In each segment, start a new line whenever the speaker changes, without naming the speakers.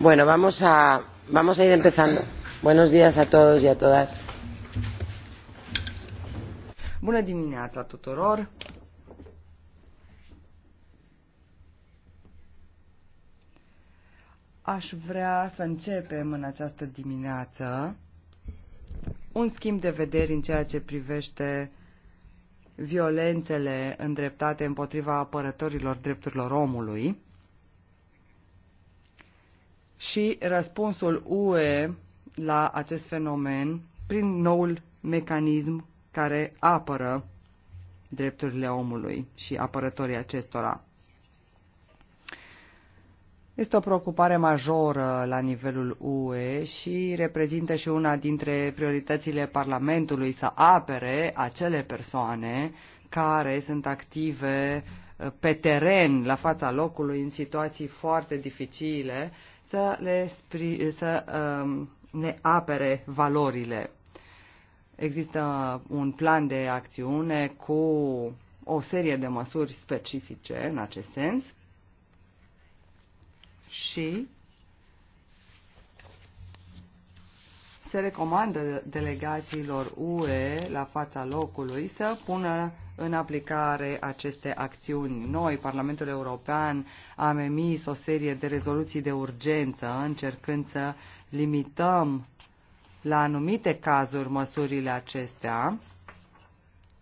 Bueno, vamos a, vamos a ir empezando. Buenos días a todos y a todas.
Bună dimineața tuturor! Aș vrea să începem în această dimineață un schimb de vederi în ceea ce privește violențele îndreptate împotriva apărătorilor drepturilor omului și răspunsul UE la acest fenomen prin noul mecanism care apără drepturile omului și apărătorii acestora. Este o preocupare majoră la nivelul UE și reprezintă și una dintre prioritățile Parlamentului să apere acele persoane care sunt active uh, pe teren, la fața locului, în situații foarte dificile să, le spri, să um, ne apere valorile. Există un plan de acțiune cu o serie de măsuri specifice în acest sens și se recomandă delegațiilor UE la fața locului să pună în aplicare aceste acțiuni. Noi, Parlamentul European, am emis o serie de rezoluții de urgență încercând să limităm la anumite cazuri măsurile acestea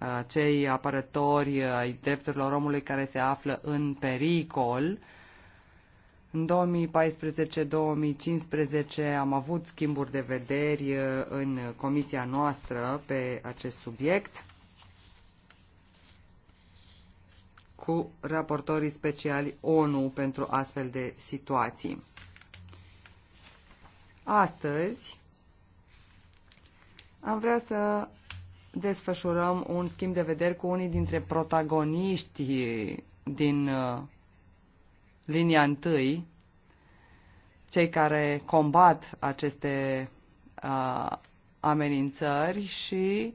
uh, cei apărători uh, ai drepturilor omului care se află în pericol. În 2014-2015 am avut schimburi de vederi uh, în comisia noastră pe acest subiect. cu raportorii speciali ONU pentru astfel de situații. Astăzi am vrea să desfășurăm un schimb de vederi cu unii dintre protagoniștii din uh, linia întâi, cei care combat aceste uh, amenințări și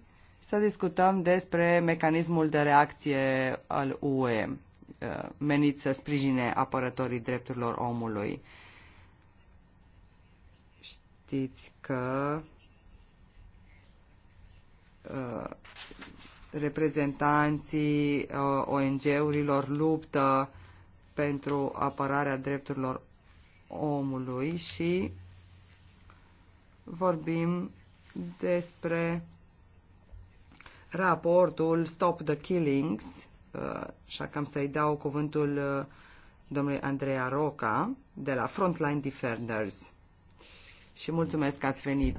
să discutăm despre mecanismul de reacție al UE uh, menit să sprijine apărătorii drepturilor omului. Știți că uh, reprezentanții uh, ONG-urilor luptă pentru apărarea drepturilor omului și vorbim despre raportul Stop the Killings, uh, așa că am să-i dau cuvântul uh, domnului Andreea Roca de la Frontline Defenders. Și mulțumesc că ați venit.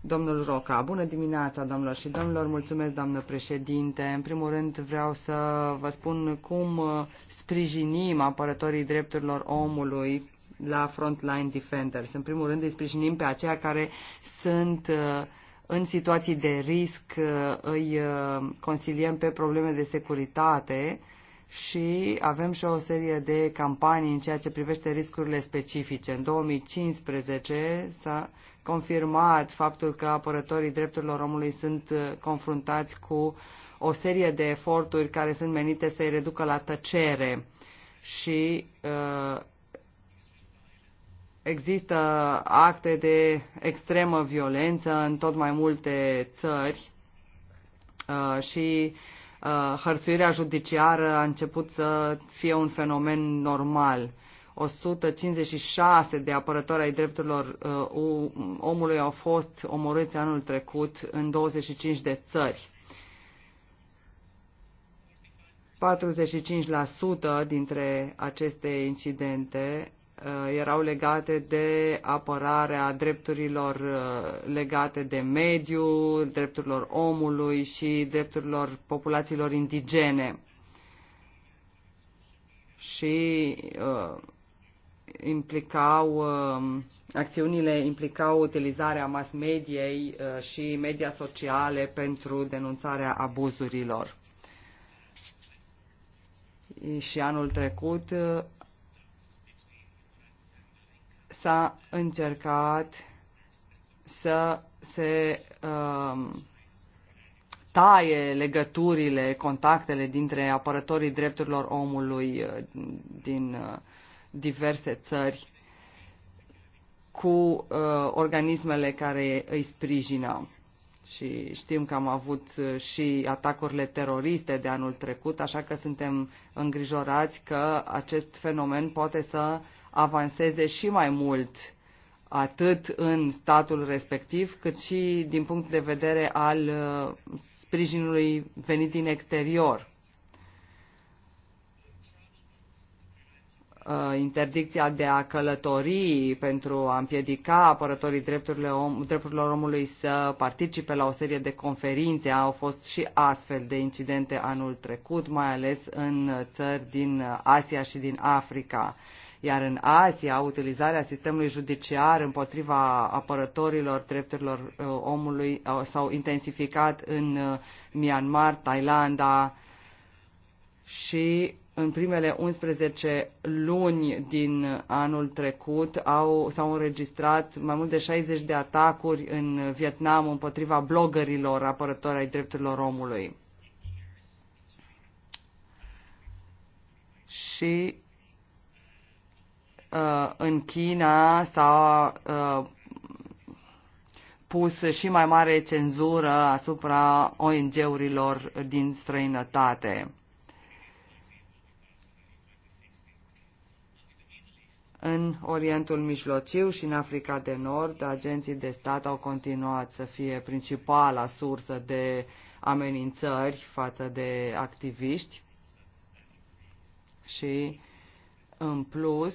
Domnul Roca, bună dimineața, domnilor și domnilor, mulțumesc, doamnă președinte. În primul rând vreau să vă spun cum uh, sprijinim apărătorii drepturilor omului la Frontline Defenders. În primul rând îi sprijinim pe aceia care sunt uh, în situații de risc uh, îi uh, consiliem pe probleme de securitate și avem și o serie de campanii în ceea ce privește riscurile specifice. În 2015 s-a confirmat faptul că apărătorii drepturilor omului sunt uh, confruntați cu o serie de eforturi care sunt menite să-i reducă la tăcere și uh, există acte de extremă violență în tot mai multe țări uh, și uh, hărțuirea judiciară a început să fie un fenomen normal. 156 de apărători ai drepturilor uh, omului au fost omorâți anul trecut în 25 de țări. 45% dintre aceste incidente Uh, erau legate de apărarea drepturilor uh, legate de mediu, drepturilor omului și drepturilor populațiilor indigene. Și uh, implicau, uh, acțiunile implicau utilizarea mass mediei uh, și media sociale pentru denunțarea abuzurilor și anul trecut uh, s-a încercat să se uh, taie legăturile, contactele dintre apărătorii drepturilor omului uh, din uh, diverse țări cu uh, organismele care îi sprijină. Și știm că am avut uh, și atacurile teroriste de anul trecut, așa că suntem îngrijorați că acest fenomen poate să uh, avanseze și mai mult atât în statul respectiv, cât și din punct de vedere al uh, sprijinului venit din exterior. Uh, interdicția de a călători pentru a împiedica apărătorii drepturilor, om, drepturilor omului să participe la o serie de conferințe. Au fost și astfel de incidente anul trecut, mai ales în țări din Asia și din Africa. Iar în Asia, utilizarea sistemului judiciar împotriva apărătorilor drepturilor uh, omului uh, s-au intensificat în uh, Myanmar, Thailanda și în primele 11 luni din anul trecut au, s-au înregistrat mai mult de 60 de atacuri în Vietnam împotriva blogărilor apărători ai drepturilor omului. Și Uh, în China s-a uh, pus și mai mare cenzură asupra ONG-urilor din străinătate. În Orientul Mijlociu și în Africa de Nord, agenții de stat au continuat să fie principala sursă de amenințări față de activiști și, în plus,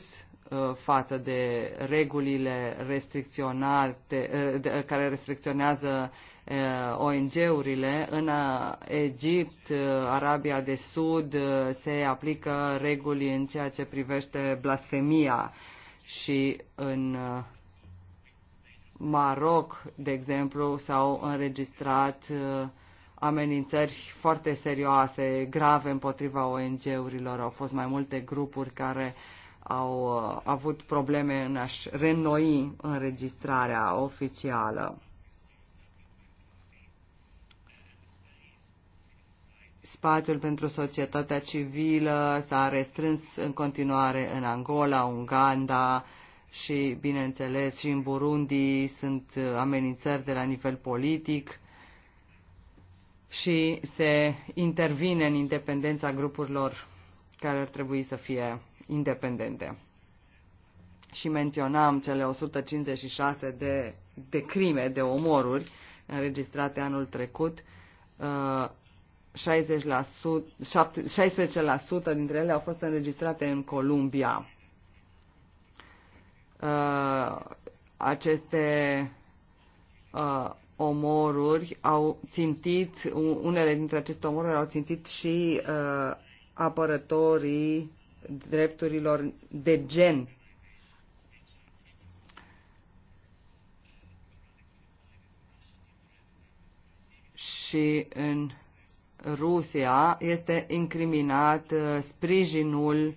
Uh, față de regulile restricționate, uh, uh, care restricționează ONG-urile. În Egipt, Arabia de Sud se aplică reguli în ceea ce privește blasfemia și în Maroc, de exemplu, s-au înregistrat amenințări foarte serioase, grave împotriva ONG-urilor. Au fost mai multe grupuri care uh, au uh, avut probleme în a-și renoi înregistrarea oficială. Spațiul pentru societatea civilă s-a restrâns în continuare în Angola, Uganda și, bineînțeles, și în Burundi sunt uh, amenințări de la nivel politic și se intervine în independența grupurilor care ar trebui să fie independente. Și menționam cele 156 de, de crime, de omoruri înregistrate anul trecut. 60%, uh, 16% dintre ele au fost înregistrate în Columbia. Uh, aceste uh, omoruri au țintit, unele dintre aceste omoruri au țintit și apărătorii drepturilor de gen. Și în Rusia este incriminat uh, sprijinul uh,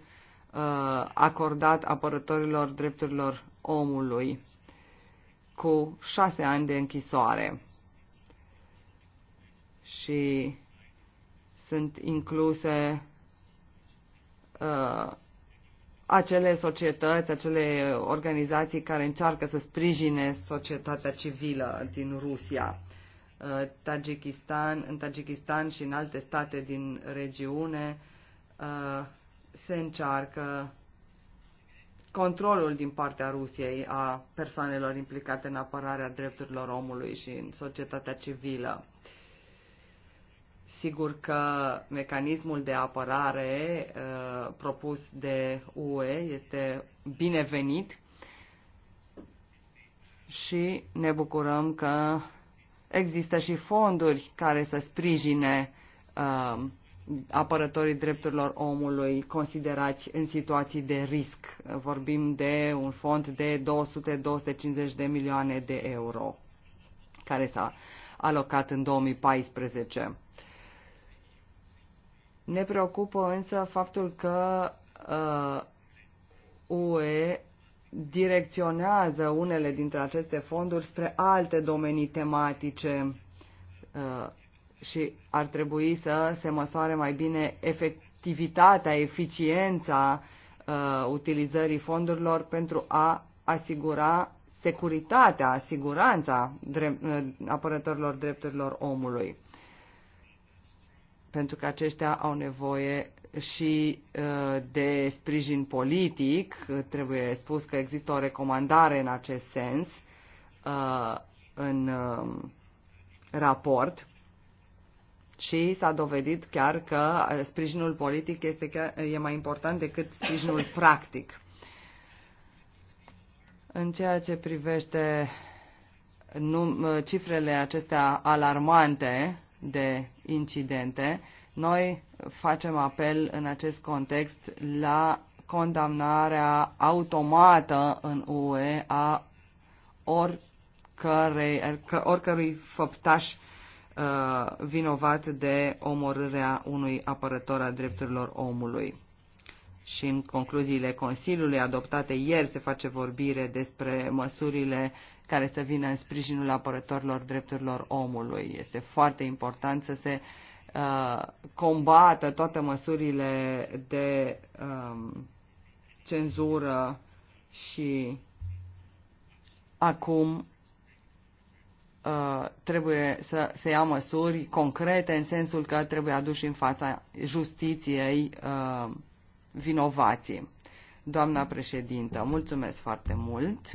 acordat apărătorilor drepturilor omului cu șase ani de închisoare și sunt incluse uh, acele societăți, acele organizații care încearcă să sprijine societatea civilă din Rusia. Uh, Tajikistan, în Tajikistan și în alte state din regiune uh, se încearcă controlul din partea Rusiei a persoanelor implicate în apărarea drepturilor omului și în societatea civilă. Sigur că mecanismul de apărare uh, propus de UE este binevenit și ne bucurăm că există și fonduri care să sprijine uh, apărătorii drepturilor omului considerați în situații de risc. Vorbim de un fond de 200-250 de milioane de euro care s-a alocat în 2014. Ne preocupă însă faptul că uh, UE direcționează unele dintre aceste fonduri spre alte domenii tematice uh, și ar trebui să se măsoare mai bine efectivitatea, eficiența uh, utilizării fondurilor pentru a asigura securitatea, siguranța drept, uh, apărătorilor drepturilor omului pentru că aceștia au nevoie și uh, de sprijin politic. Trebuie spus că există o recomandare în acest sens uh, în um, raport și s-a dovedit chiar că uh, sprijinul politic este chiar, e mai important decât sprijinul practic. În ceea ce privește num, cifrele acestea alarmante, de incidente. Noi facem apel în acest context la condamnarea automată în UE a oricărei, oricărui făptaș uh, vinovat de omorârea unui apărător a drepturilor omului și în concluziile Consiliului adoptate ieri se face vorbire despre măsurile care să vină în sprijinul apărătorilor drepturilor omului. Este foarte important să se uh, combată toate măsurile de um, cenzură și acum uh, trebuie să se ia măsuri concrete în sensul că trebuie aduși în fața justiției uh, vinovații. Doamna președintă, mulțumesc foarte mult.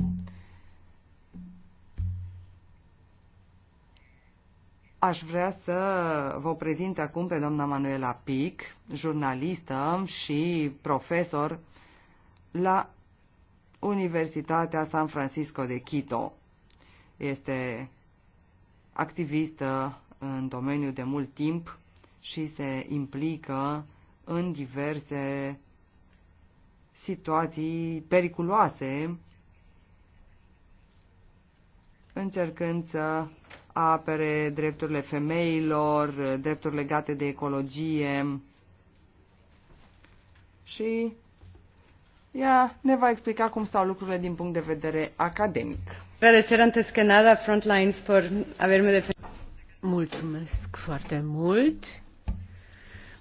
Aș vrea să vă prezint acum pe doamna Manuela Pic, jurnalistă și profesor la Universitatea San Francisco de Quito. Este activistă în domeniu de mult timp și se implică în diverse situații periculoase, încercând să apere drepturile femeilor, drepturi legate de ecologie și ea ne va explica cum stau lucrurile din punct de vedere academic. antes que nada Frontlines por haberme Mulțumesc
foarte mult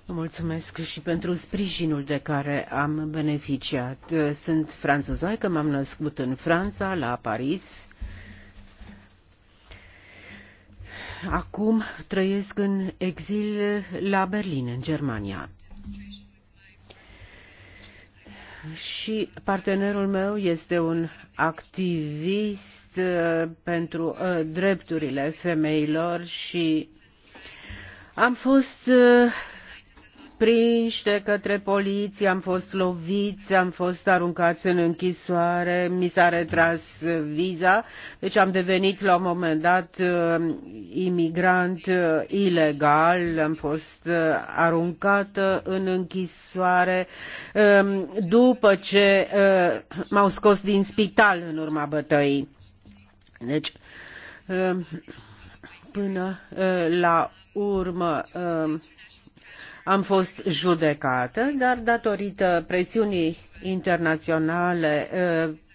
Mulțumesc și pentru sprijinul de care am beneficiat. Sunt franțuzoică, m-am născut în Franța, la Paris. Acum trăiesc în exil la Berlin, în Germania. Și partenerul meu este un activist uh, pentru uh, drepturile femeilor și am fost uh, prinși de către poliție, am fost loviți, am fost aruncați în închisoare, mi s-a retras viza, deci am devenit la un moment dat uh, imigrant uh, ilegal, am fost uh, aruncată în închisoare um, după ce m-au scos din spital în urma bătăii. Deci, um, până la urmă, um, am fost judecată, dar datorită presiunii internaționale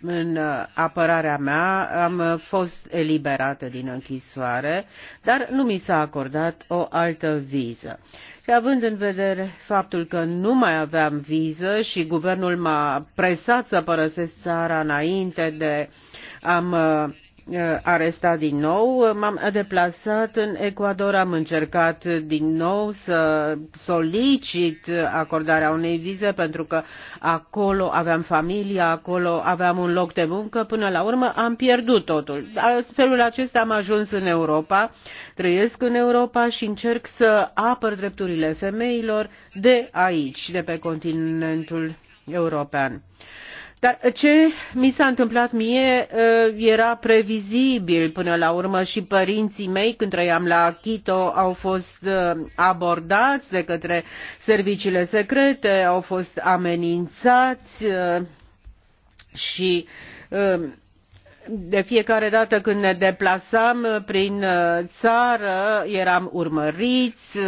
în apărarea mea am fost eliberată din închisoare, dar nu mi s-a acordat o altă viză. Și având în vedere faptul că nu mai aveam viză și guvernul m-a presat să părăsesc țara înainte de a mă Uh, arestat din nou. M-am deplasat în Ecuador, am încercat din nou să solicit acordarea unei vize pentru că acolo aveam familia, acolo aveam un loc de muncă. Până la urmă am pierdut totul. Felul acesta am ajuns în Europa, trăiesc în Europa și încerc să apăr drepturile femeilor de aici, de pe continentul european. Dar ce mi s-a întâmplat mie uh, era previzibil până la urmă și părinții mei când trăiam la Quito au fost uh, abordați de către serviciile secrete, au fost amenințați uh, și de fiecare dată când ne deplasam prin țară eram urmăriți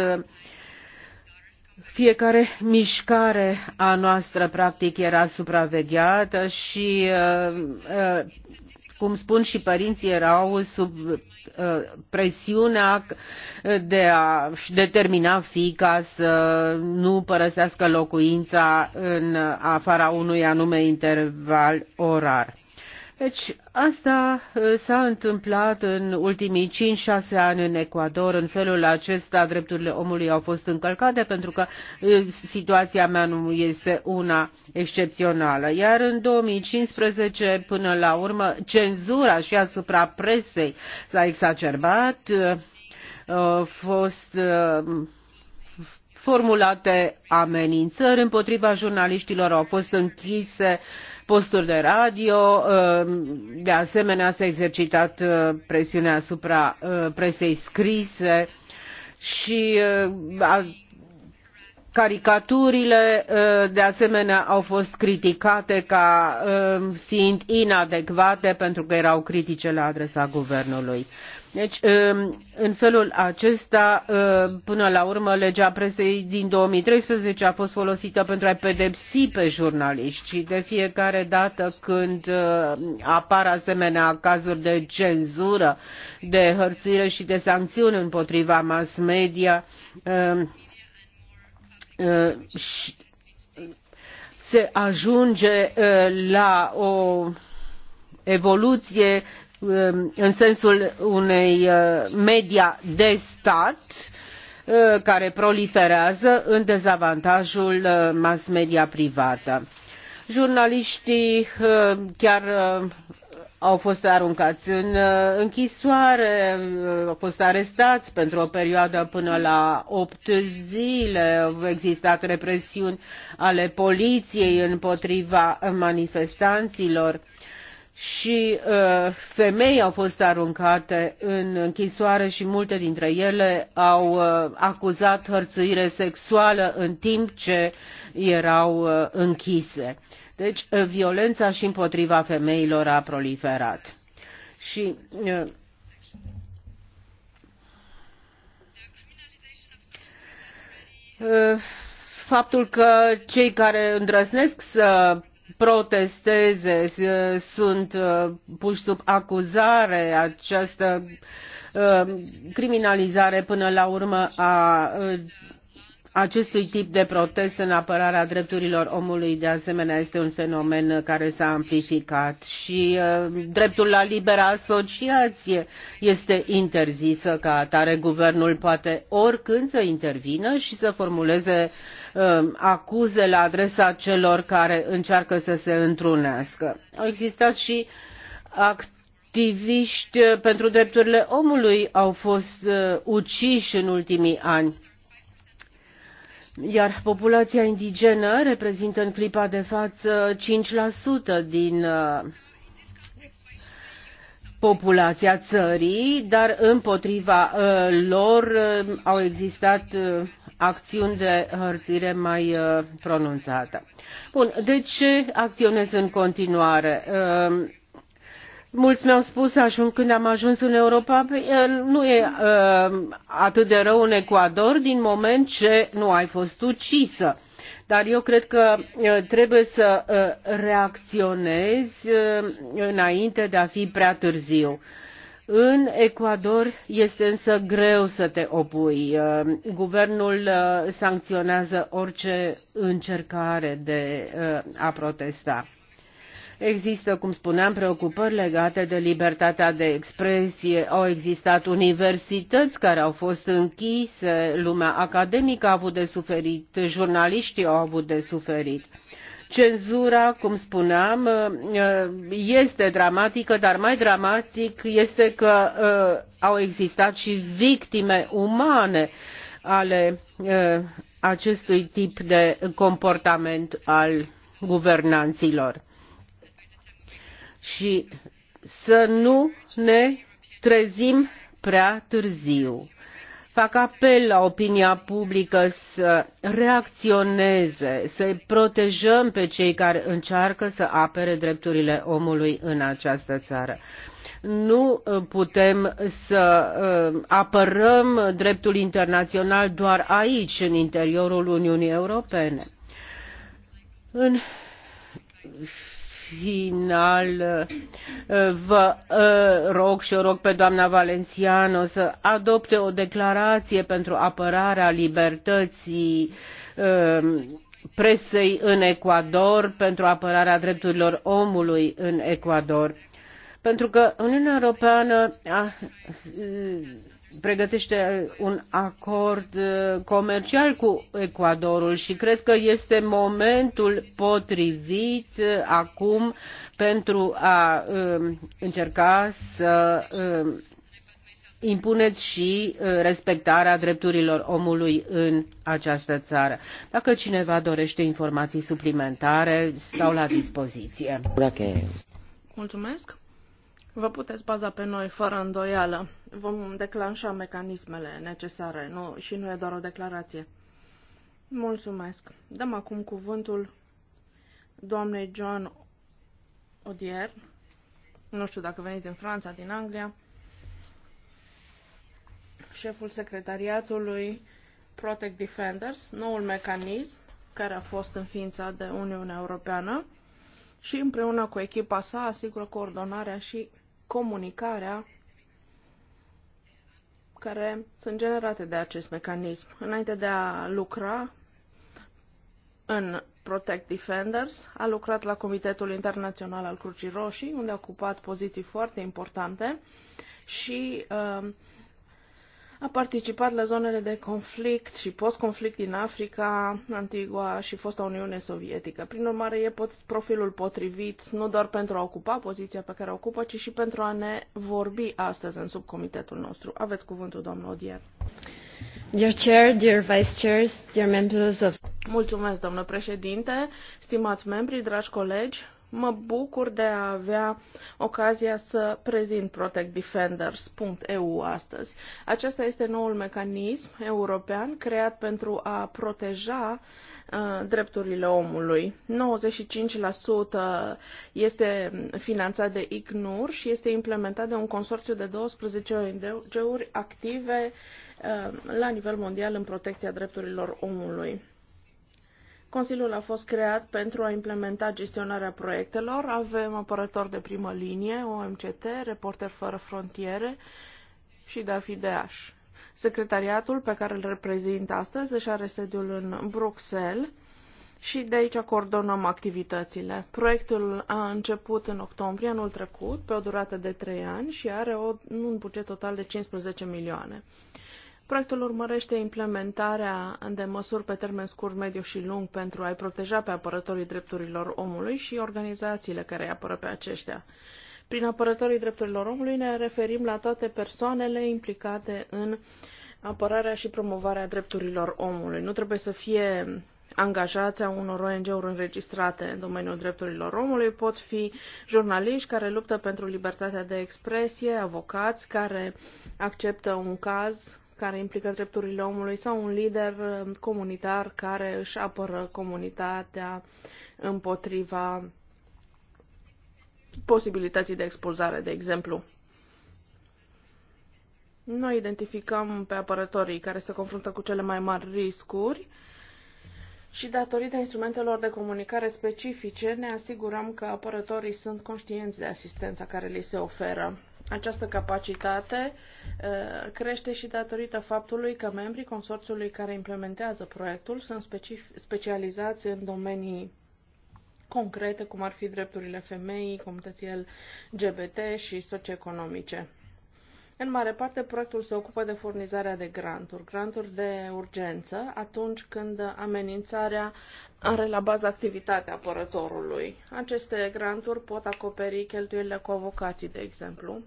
fiecare mișcare a noastră practic era supravegheată și uh, uh, cum spun și părinții erau sub uh, presiunea de a-și determina fica să nu părăsească locuința în afara unui anume interval orar. Deci asta uh, s-a întâmplat în ultimii 5-6 ani în Ecuador. În felul acesta drepturile omului au fost încălcate pentru că uh, situația mea nu este una excepțională. Iar în 2015 până la urmă cenzura și asupra presei s-a exacerbat. Uh, au fost formulate amenințări împotriva jurnaliștilor, au fost închise uh, posturi de radio. Uh, de asemenea, s-a exercitat uh, presiunea asupra uh, presei scrise și caricaturile de asemenea au fost criticate ca fiind inadecvate pentru că erau critice la adresa guvernului. Deci, um, în felul acesta, um, până la urmă, legea presei din 2013 a fost folosită pentru a pedepsi pe jurnaliști și de fiecare dată când um, apar asemenea cazuri de cenzură, de hărțuire și de sancțiuni împotriva mass media, uh, se ajunge uh, la o evoluție Um, în sensul unei uh, media de stat uh, care proliferează în dezavantajul uh, mass media privată. Jurnaliștii chiar au fost aruncați în închisoare, au fost arestați pentru o perioadă până la opt zile, au existat represiuni ale poliției împotriva manifestanților și uh, femei au fost aruncate în închisoare și multe dintre ele au uh, acuzat hărțuire sexuală în timp ce erau uh, închise. Deci uh, violența și împotriva femeilor a proliferat. Și uh, uh faptul că cei care îndrăznesc să protesteze, sunt uh, puși sub acuzare această uh, criminalizare până la urmă a uh, acestui tip de protest în apărarea drepturilor omului de asemenea este un fenomen care s a amplificat și uh, dreptul la liberă asociație este interzisă ca atare guvernul poate oricând să intervină și să formuleze uh, acuze la adresa celor care încearcă să se întrunească. Au existat și act activiști uh, pentru drepturile omului au fost uh, uciși în ultimii ani iar populația indigenă reprezintă în clipa de față 5% din uh, populația țării, dar împotriva uh, lor uh, au existat acțiuni de hărțire mai pronunțată. Bun, de ce acționez în continuare? mulți mi au spus când am ajuns în europa păi, nu e atât de rău în ecuador din moment ce nu ai fost ucisă dar eu cred că trebuie să reacționezi înainte de a fi prea târziu. În Ecuador este însă greu să te opui. Guvernul sancționează orice încercare de a protesta. Există, cum spuneam, preocupări legate de libertatea de expresie. Au existat universități care au fost închise, lumea academică a avut de suferit, jurnaliștii au avut de suferit. Cenzura, cum spuneam, eh, este dramatică, dar mai dramatic este că eh, au existat și victime umane ale eh, acestui tip de comportament al guvernanților și să nu ne trezim prea târziu. Fac apel la opinia publică să reacționeze, să-i protejăm pe cei care încearcă să apere drepturile omului în această țară nu uh, putem să uh, apărăm dreptul internațional doar aici, în interiorul Uniunii Europene. În final uh, vă uh, rog și o rog pe doamna Valenciano să adopte o declarație pentru apărarea libertății uh, presei în Ecuador, pentru apărarea drepturilor omului în Ecuador pentru că Uniunea Europeană a pregătește un acord uh, comercial cu Ecuadorul și cred că este momentul potrivit uh, acum pentru a um, încerca să um, impuneți și uh, respectarea drepturilor omului în această țară. Dacă cineva dorește informații suplimentare,
stau la dispoziție.
Mulțumesc. Vă puteți baza pe noi fără îndoială. Vom declanșa mecanismele necesare nu, și nu e doar o declarație. Mulțumesc. Dăm acum cuvântul doamnei John Odier. Nu știu dacă veniți din Franța, din Anglia. Șeful secretariatului Protect Defenders, noul mecanism care a fost înființat de Uniunea Europeană și împreună cu echipa sa asigură coordonarea și comunicarea care sunt generate de acest mecanism. Înainte de a lucra în Protect Defenders, a lucrat la Comitetul Internațional al Crucii Roșii, unde a ocupat poziții foarte importante și uh, a participat la zonele de conflict și post-conflict din Africa, Antigua și fosta Uniune Sovietică. Prin urmare, e pot, profilul potrivit nu doar pentru a ocupa poziția pe care o ocupă, ci și pentru a ne vorbi astăzi în subcomitetul nostru. Aveți cuvântul, doamnă Odier. Dear Chair, dear Vice Chairs, dear members of... Mulțumesc, doamnă președinte, stimați membri, dragi colegi. Mă bucur de a avea ocazia să prezint protectdefenders.eu astăzi. Acesta este noul mecanism european creat pentru a proteja uh, drepturile omului. 95% este finanțat de ICNUR și este implementat de un consorțiu de 12 ONG-uri active uh, la nivel mondial în protecția drepturilor omului. Consiliul a fost creat pentru a implementa gestionarea proiectelor. Avem apărători de primă linie, OMCT, Reporter Fără Frontiere și Dafideaș. Secretariatul pe care îl reprezint astăzi își are sediul în Bruxelles și de aici coordonăm activitățile. Proiectul a început în octombrie anul trecut, pe o durată de 3 ani și are o, un buget total de 15 milioane. Proiectul urmărește implementarea de măsuri pe termen scurt, mediu și lung pentru a-i proteja pe apărătorii drepturilor omului și organizațiile care îi apără pe aceștia. Prin apărătorii drepturilor omului ne referim la toate persoanele implicate în apărarea și promovarea drepturilor omului. Nu trebuie să fie angajați a unor ONG-uri înregistrate în domeniul drepturilor omului, pot fi jurnaliști care luptă pentru libertatea de expresie, avocați care acceptă un caz care implică drepturile omului sau un lider uh, comunitar care își apără comunitatea împotriva posibilității de expulzare, de exemplu. Noi identificăm pe apărătorii care se confruntă cu cele mai mari riscuri și datorită instrumentelor de comunicare specifice ne asigurăm că apărătorii sunt conștienți de asistența care li se oferă. Această capacitate uh, crește și datorită faptului că membrii consorțiului care implementează proiectul sunt specializați în domenii concrete, cum ar fi drepturile femeii, comunității LGBT și socioeconomice. În mare parte, proiectul se ocupă de furnizarea de granturi, granturi de urgență, atunci când amenințarea are la bază activitatea apărătorului. Aceste granturi pot acoperi cheltuielile cu avocații, de exemplu.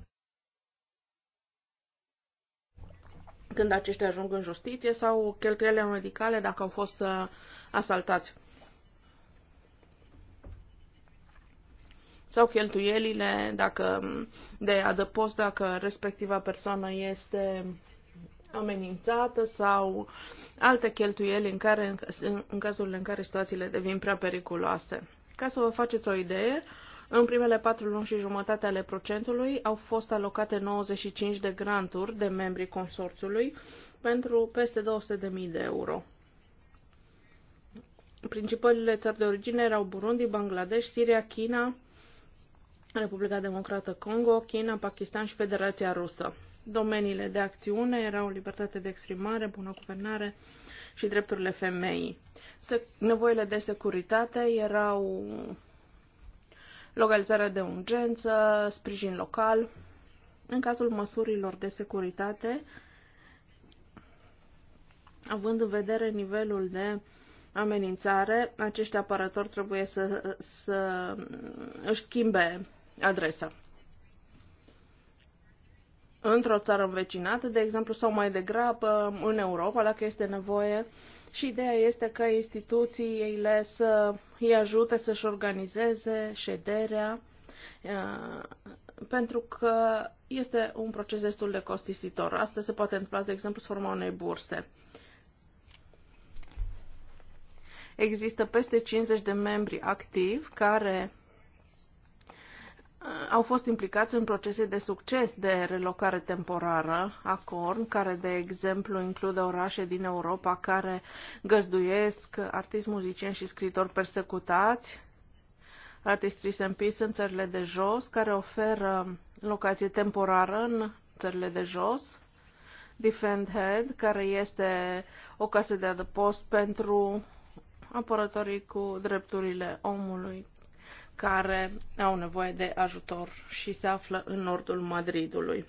când aceștia ajung în justiție sau cheltuielile medicale dacă au fost uh, asaltați sau cheltuielile dacă, de adăpost dacă respectiva persoană este amenințată sau alte cheltuieli în, care, în, în cazul în care situațiile devin prea periculoase. Ca să vă faceți o idee, în primele patru luni și jumătate ale procentului au fost alocate 95 de granturi de membrii consorțiului pentru peste 200.000 de euro. Principalele țări de origine erau Burundi, Bangladesh, Siria, China, Republica Democrată Congo, China, Pakistan și Federația Rusă. Domeniile de acțiune erau libertate de exprimare, bună guvernare și drepturile femeii. Nevoile de securitate erau localizarea de urgență, sprijin local. În cazul măsurilor de securitate, având în vedere nivelul de amenințare, acești apărători trebuie să, să își schimbe adresa. Într-o țară învecinată, de exemplu, sau mai degrabă în Europa, dacă este nevoie, și ideea este ca instituțiile să îi ajute să-și organizeze șederea, pentru că este un proces destul de costisitor. Asta se poate întâmpla, de exemplu, sub forma unei burse. Există peste 50 de membri activi care au fost implicați în procese de succes de relocare temporară a corn, care, de exemplu, include orașe din Europa care găzduiesc artiști, muzicieni și scritori persecutați, artistrii sempis în țările de jos, care oferă locație temporară în țările de jos, Defend Head, care este o casă de adăpost pentru apărătorii cu drepturile omului care au nevoie de ajutor și se află în nordul Madridului.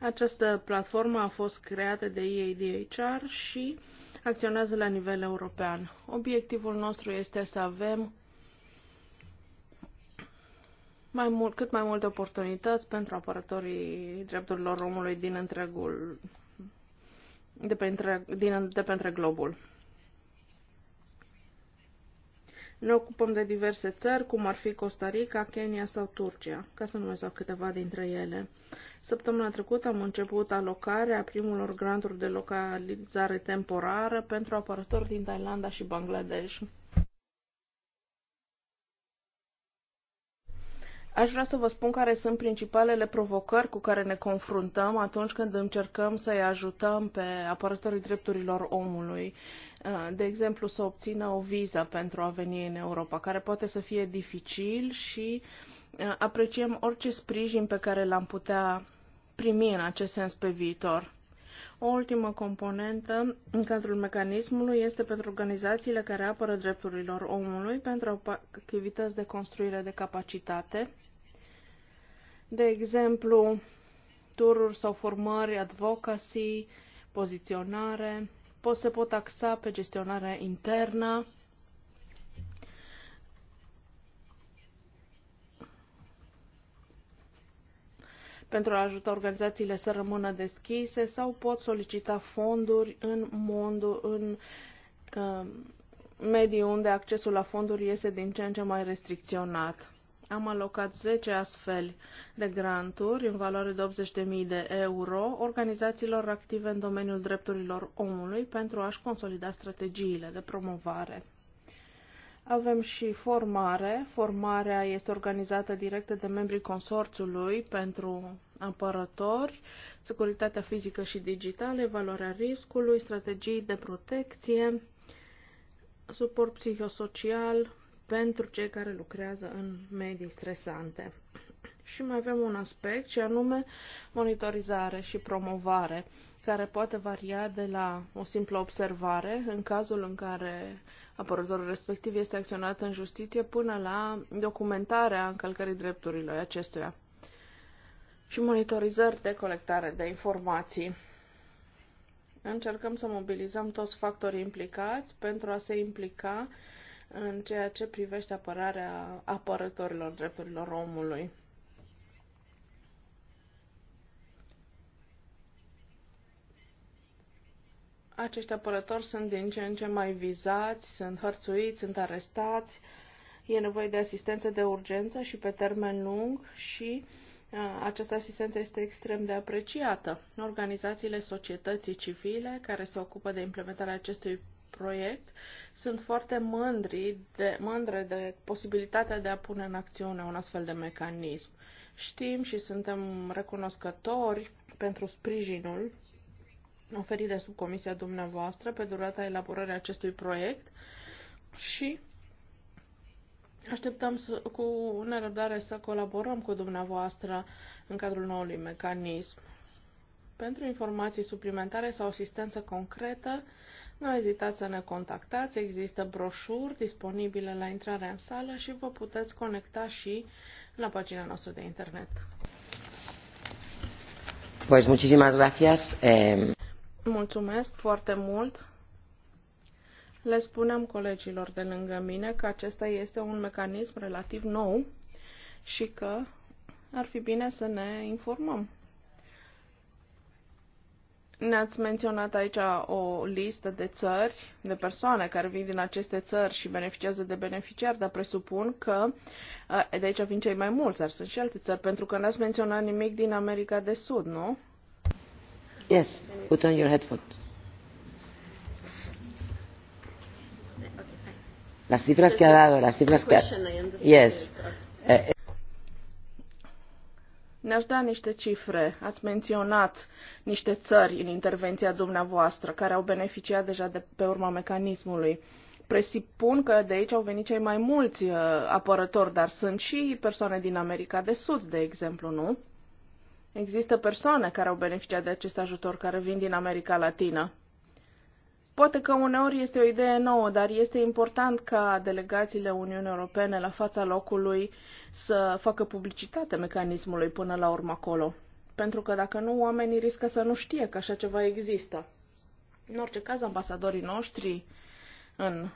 Această platformă a fost creată de EADHR și acționează la nivel european. Obiectivul nostru este să avem mai mult, cât mai multe oportunități pentru apărătorii drepturilor omului din întregul de pe, întreg, din, de pe întreg globul. Ne ocupăm de diverse țări, cum ar fi Costa Rica, Kenya sau Turcia, ca să numesc câteva dintre ele. Săptămâna trecută am început alocarea primulor granturi de localizare temporară pentru apărători din Thailanda și Bangladesh. Aș vrea să vă spun care sunt principalele provocări cu care ne confruntăm atunci când încercăm să-i ajutăm pe apărătorii drepturilor omului Uh, de exemplu, să obțină o viză pentru a veni în Europa, care poate să fie dificil și uh, apreciem orice sprijin pe care l-am putea primi în acest sens pe viitor. O ultimă componentă în cadrul mecanismului este pentru organizațiile care apără drepturilor omului pentru activități de construire de capacitate, de exemplu, tururi sau formări, advocacy, poziționare, pot, se pot axa pe gestionarea internă, pentru a ajuta organizațiile să rămână deschise sau pot solicita fonduri în mondul, în uh, um, medii unde accesul la fonduri este din ce în ce mai restricționat. Am alocat 10 astfel de granturi în valoare de 80.000 de euro organizațiilor active în domeniul drepturilor omului pentru a-și consolida strategiile de promovare. Avem și formare. Formarea este organizată direct de membrii consorțiului pentru apărători, securitatea fizică și digitală, evaluarea riscului, strategii de protecție, suport psihosocial, pentru cei care lucrează în medii stresante. Și mai avem un aspect, și anume monitorizare și promovare, care poate varia de la o simplă observare, în cazul în care apărătorul respectiv este acționat în justiție, până la documentarea încălcării drepturilor acestuia și monitorizări de colectare de informații. Încercăm să mobilizăm toți factorii implicați pentru a se implica în ceea ce privește apărarea apărătorilor drepturilor omului. Acești apărători sunt din ce în ce mai vizați, sunt hărțuiți, sunt arestați, e nevoie de asistență de urgență și pe termen lung și această asistență este extrem de apreciată. Organizațiile societății civile care se ocupă de implementarea acestui proiect sunt foarte mândri de, mândre de posibilitatea de a pune în acțiune un astfel de mecanism. Știm și suntem recunoscători pentru sprijinul oferit de subcomisia dumneavoastră pe durata elaborării acestui proiect și Așteptăm să, cu nerăbdare să colaborăm cu dumneavoastră în cadrul noului mecanism. Pentru informații suplimentare sau asistență concretă, nu ezitați să ne contactați, există broșuri disponibile la intrarea în sală și vă puteți conecta și la pagina noastră de internet.
Pues muchísimas gracias. Eh...
Mulțumesc foarte mult. Le spunem colegilor de lângă mine că acesta este un mecanism relativ nou și că ar fi bine să ne informăm ne-ați menționat aici o listă de țări, de persoane care vin din aceste țări și beneficiază de beneficiari, dar presupun că eh, de aici vin cei mai mulți, dar sunt și alte țări, pentru că n-ați menționat nimic din America de Sud, nu?
Yes, put on your headphone.
Las cifras que ha dado, las cifras que ha... Yes. Eh, ne-aș da niște cifre. Ați menționat niște țări în intervenția dumneavoastră care au beneficiat deja de pe urma mecanismului. Presupun că de aici au venit cei mai mulți uh, apărători, dar sunt și persoane din America de Sud, de exemplu, nu? Există persoane care au beneficiat de acest ajutor care vin din America Latină. Poate că uneori este o idee nouă, dar este important ca delegațiile Uniunii Europene la fața locului să facă publicitate mecanismului până la urmă acolo. Pentru că dacă nu, oamenii riscă să nu știe că așa ceva există. În orice caz, ambasadorii noștri în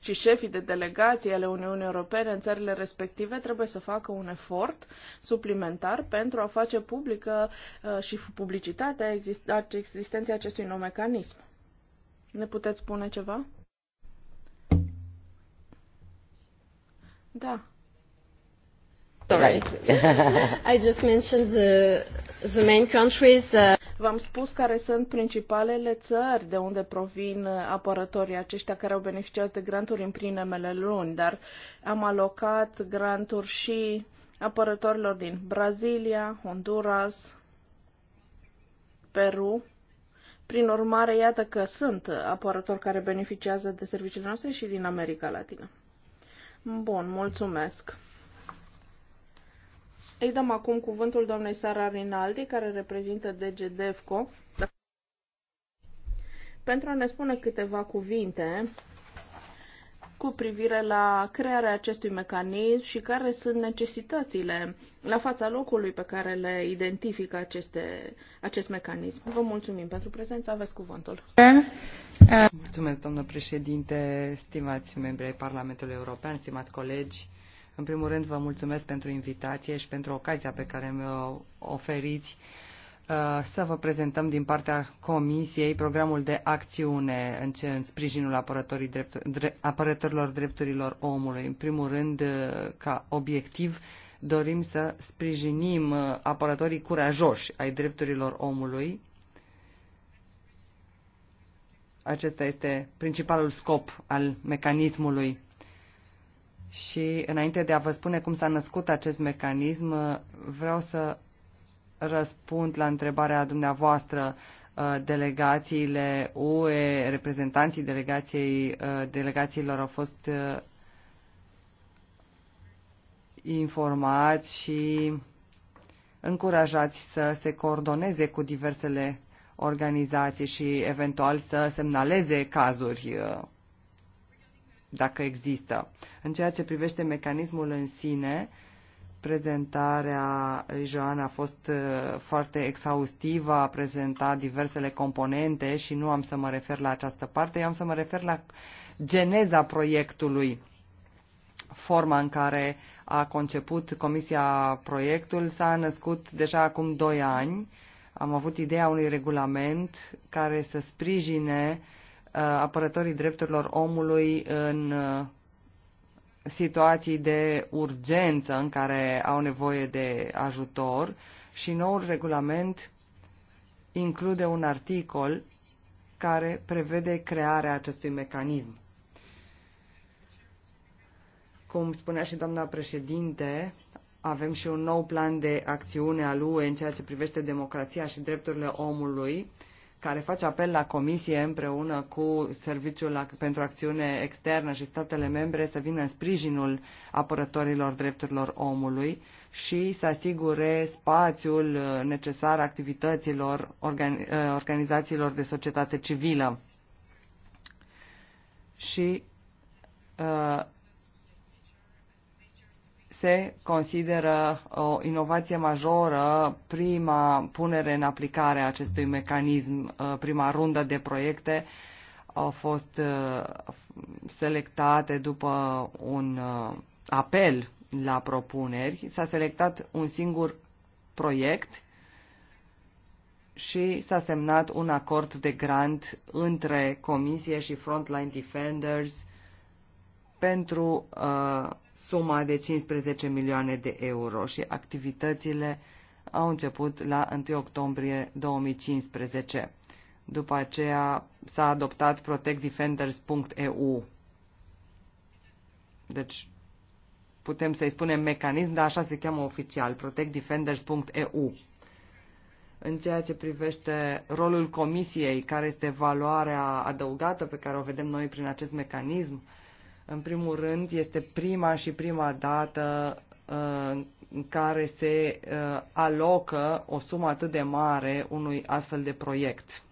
și șefii de delegații ale Uniunii Europene în țările respective trebuie să facă un efort suplimentar pentru a face publică uh, și publicitatea existenței acestui nou mecanism. Ne puteți spune ceva? Da. Sorry. I just mentioned the the main countries. Uh... V-am spus care sunt principalele țări de unde provin apărătorii aceștia care au beneficiat de granturi în primele luni, dar am alocat granturi și apărătorilor din Brazilia, Honduras, Peru. Prin urmare, iată că sunt apărători care beneficiază de serviciile noastre și din America Latină. Bun, mulțumesc. Îi dăm acum cuvântul doamnei Sara Rinaldi, care reprezintă DG DEFCO, pentru a ne spune câteva cuvinte cu privire la crearea acestui mecanism și care sunt necesitățile la fața locului pe care le identifică aceste, acest mecanism. Vă mulțumim pentru prezență, aveți
cuvântul. Mulțumesc, domnul președinte, stimați membri ai Parlamentului European, stimați colegi. În primul rând, vă mulțumesc pentru invitație și pentru ocazia pe care mi-o oferiți uh, să vă prezentăm din partea Comisiei programul de acțiune în, ce, în sprijinul apărătorii dreptu, dre, apărătorilor drepturilor omului. În primul rând, uh, ca obiectiv, dorim să sprijinim uh, apărătorii curajoși ai drepturilor omului. Acesta este principalul scop al mecanismului și înainte de a vă spune cum s-a născut acest mecanism, vreau să răspund la întrebarea dumneavoastră uh, delegațiile UE, reprezentanții delegației, uh, delegațiilor au fost uh, informați și încurajați să se coordoneze cu diversele organizații și eventual să semnaleze cazuri dacă există. În ceea ce privește mecanismul în sine, prezentarea lui Joan a fost uh, foarte exhaustivă, a prezentat diversele componente și nu am să mă refer la această parte, eu am să mă refer la geneza proiectului, forma în care a conceput Comisia proiectul, s-a născut deja acum 2 ani. Am avut ideea unui regulament care să sprijine uh, Uh, apărătorii drepturilor omului în uh, situații de urgență în care au nevoie de ajutor și noul regulament include un articol care prevede crearea acestui mecanism. Cum spunea și doamna președinte, avem și un nou plan de acțiune al UE în ceea ce privește democrația și drepturile omului, care face apel la Comisie împreună cu Serviciul pentru Acțiune Externă și statele membre să vină în sprijinul apărătorilor drepturilor omului și să asigure spațiul uh, necesar activităților uh, organizațiilor de societate civilă. Și uh, se consideră o inovație majoră prima punere în aplicare a acestui mecanism, uh, prima rundă de proiecte au fost uh, selectate după un uh, apel la propuneri. S-a selectat un singur proiect și s-a semnat un acord de grant între Comisie și Frontline Defenders pentru uh, suma de 15 milioane de euro și activitățile au început la 1 octombrie 2015. După aceea s-a adoptat protectdefenders.eu. Deci putem să-i spunem mecanism, dar așa se cheamă oficial, protectdefenders.eu. În ceea ce privește rolul comisiei, care este valoarea adăugată pe care o vedem noi prin acest mecanism, în primul rând, este prima și prima dată uh, în care se uh, alocă o sumă atât de mare unui astfel de proiect.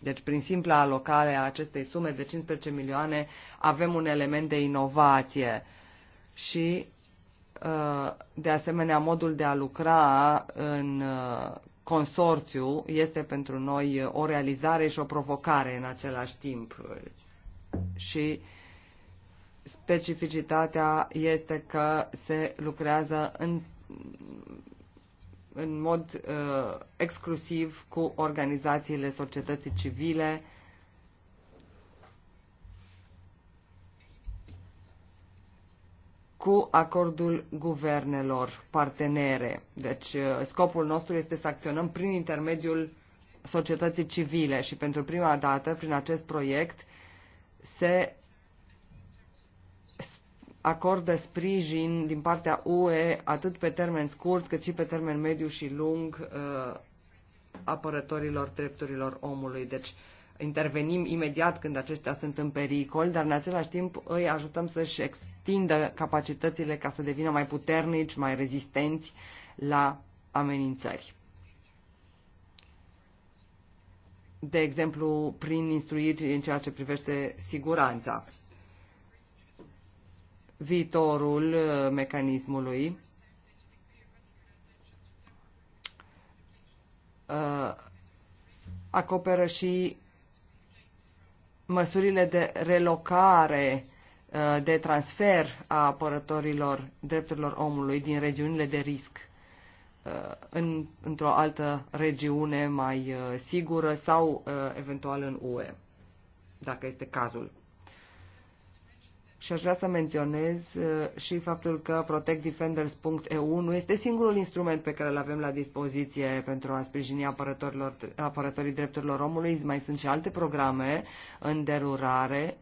Deci, prin simpla alocare a acestei sume de 15 milioane, avem un element de inovație și, uh, de asemenea, modul de a lucra în consorțiu este pentru noi o realizare și o provocare în același timp și specificitatea este că se lucrează în, în mod uh, exclusiv cu organizațiile societății civile, cu acordul guvernelor partenere. Deci uh, scopul nostru este să acționăm prin intermediul societății civile și pentru prima dată, prin acest proiect, se acordă sprijin din partea UE atât pe termen scurt cât și pe termen mediu și lung uh, apărătorilor drepturilor omului. Deci intervenim imediat când aceștia sunt în pericol, dar în același timp îi ajutăm să-și extindă capacitățile ca să devină mai puternici, mai rezistenți la amenințări. de exemplu, prin instruiri în ceea ce privește siguranța. Viitorul uh, mecanismului uh, acoperă și măsurile de relocare, uh, de transfer a apărătorilor drepturilor omului din regiunile de risc Uh, în, într-o altă regiune mai uh, sigură sau uh, eventual în UE, dacă este cazul. Și aș vrea să menționez și faptul că protectdefenders.eu nu este singurul instrument pe care îl avem la dispoziție pentru a sprijini apărătorilor, apărătorii drepturilor omului. Mai sunt și alte programe în derurare.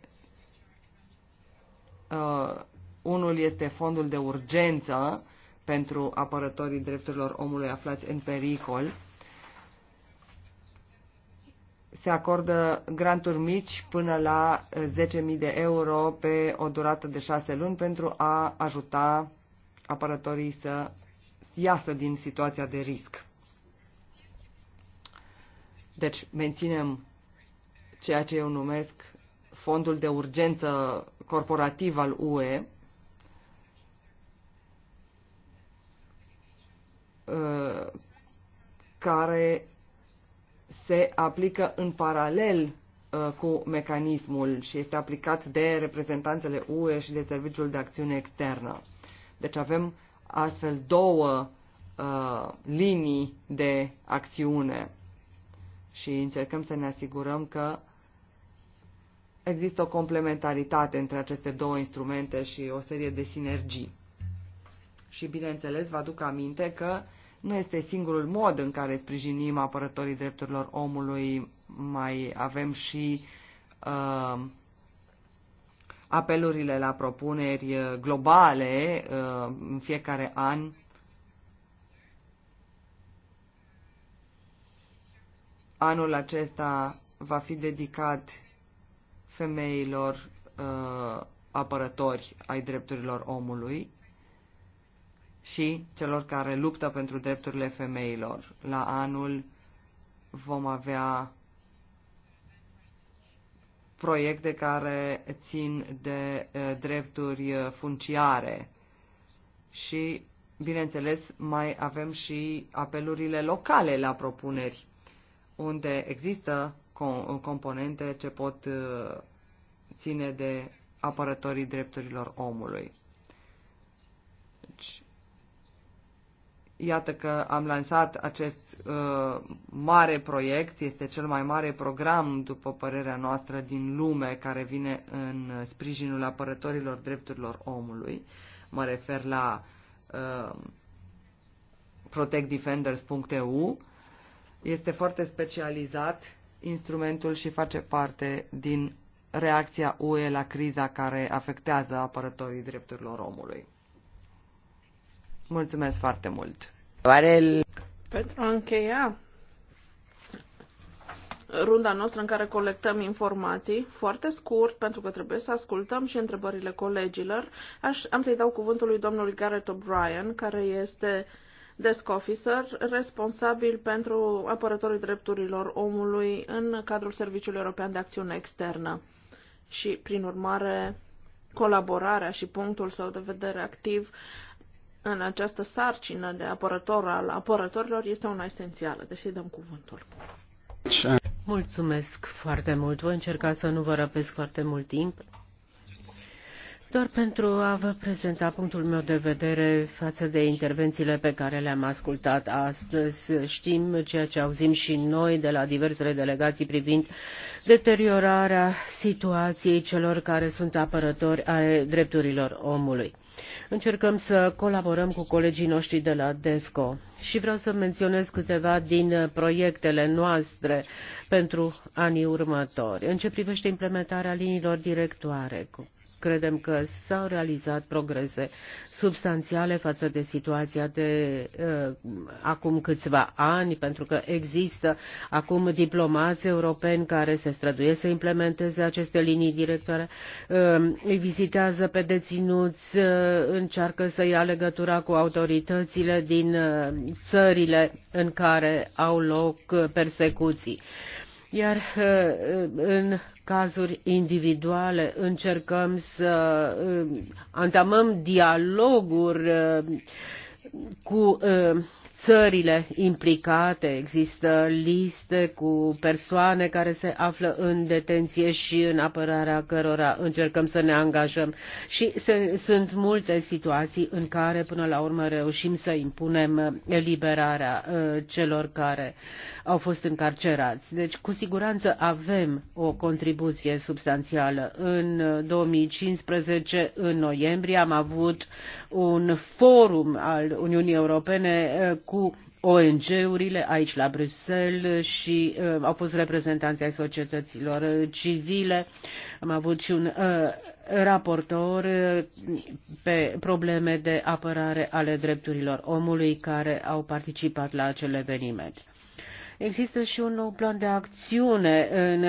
Uh, unul este fondul de urgență pentru apărătorii drepturilor omului aflați în pericol. Se acordă granturi mici până la 10.000 eh, de euro pe o durată de șase luni pentru a ajuta apărătorii să iasă din situația de risc. Deci menținem ceea ce eu numesc fondul de urgență corporativ al UE, Uh, care se aplică în paralel uh, cu mecanismul și este aplicat de reprezentanțele UE și de Serviciul de Acțiune Externă. Deci avem astfel două uh, linii de acțiune și încercăm să ne asigurăm că există o complementaritate între aceste două instrumente și o serie de sinergii. Și bineînțeles, vă aduc aminte că uh, nu este singurul mod în care sprijinim apărătorii drepturilor omului, mai avem și uh, apelurile la propuneri uh, globale uh, în fiecare an. Anul acesta va fi dedicat femeilor uh, apărători ai drepturilor omului și celor care luptă pentru drepturile femeilor. La anul vom avea proiecte care țin de eh, drepturi eh, funciare și, bineînțeles, mai avem și apelurile locale la propuneri, unde există componente ce pot eh, ține de apărătorii drepturilor omului. Deci, Iată că am lansat acest uh, mare proiect, este cel mai mare program, după părerea noastră, din lume care vine în sprijinul apărătorilor drepturilor omului. Mă refer la uh, protectdefenders.eu. Este foarte specializat instrumentul și face parte din reacția UE la criza care afectează apărătorii drepturilor omului. Mulțumesc foarte mult!
Pentru a încheia runda noastră în care colectăm informații, foarte scurt, pentru că trebuie să ascultăm și întrebările colegilor, aș, am să-i dau cuvântul lui domnul Garrett O'Brien, care este desk officer, responsabil pentru apărătorii drepturilor omului în cadrul Serviciului European de Acțiune Externă. Și, prin urmare, colaborarea și punctul său de vedere activ în această sarcină de apărător al apărătorilor este una esențială, deși dăm
cuvântul. Mulțumesc foarte mult. Voi încerca să nu vă răpesc foarte mult timp. Doar pentru a vă prezenta punctul meu de vedere față de intervențiile pe care le-am ascultat astăzi, știm ceea ce auzim și noi de la diversele delegații privind deteriorarea situației celor care sunt apărători ale drepturilor omului. Încercăm să colaborăm cu colegii noștri de la DEFCO și vreau să menționez câteva din proiectele noastre pentru anii următori. În ce privește implementarea liniilor directoare, Credem că s-au realizat progrese substanțiale față de situația de uh, acum câțiva ani, pentru că există acum diplomați europeni care se străduiesc să implementeze aceste linii directoare, uh, îi vizitează pe deținuți, uh, încearcă să ia legătura cu autoritățile din uh, țările în care au loc persecuții. Uh, iar uh, uh, în cazuri individuale încercăm să uh, antamăm dialoguri cu țările implicate, există liste cu persoane care se află în detenție și în apărarea cărora încercăm să ne angajăm. Și se, sunt multe situații în care până la urmă reușim să impunem eliberarea uh, celor care au fost încarcerați. Deci cu siguranță avem o contribuție substanțială. În 2015, uh, în noiembrie, am avut un forum al Uniunii Europene eh, cu ONG-urile aici la Bruxelles și uh, au fost reprezentanții ai societăților eh, civile. Am avut și un uh, raportor uh, pe probleme de apărare ale drepturilor omului care au participat la acel eveniment. Există și un nou plan de acțiune în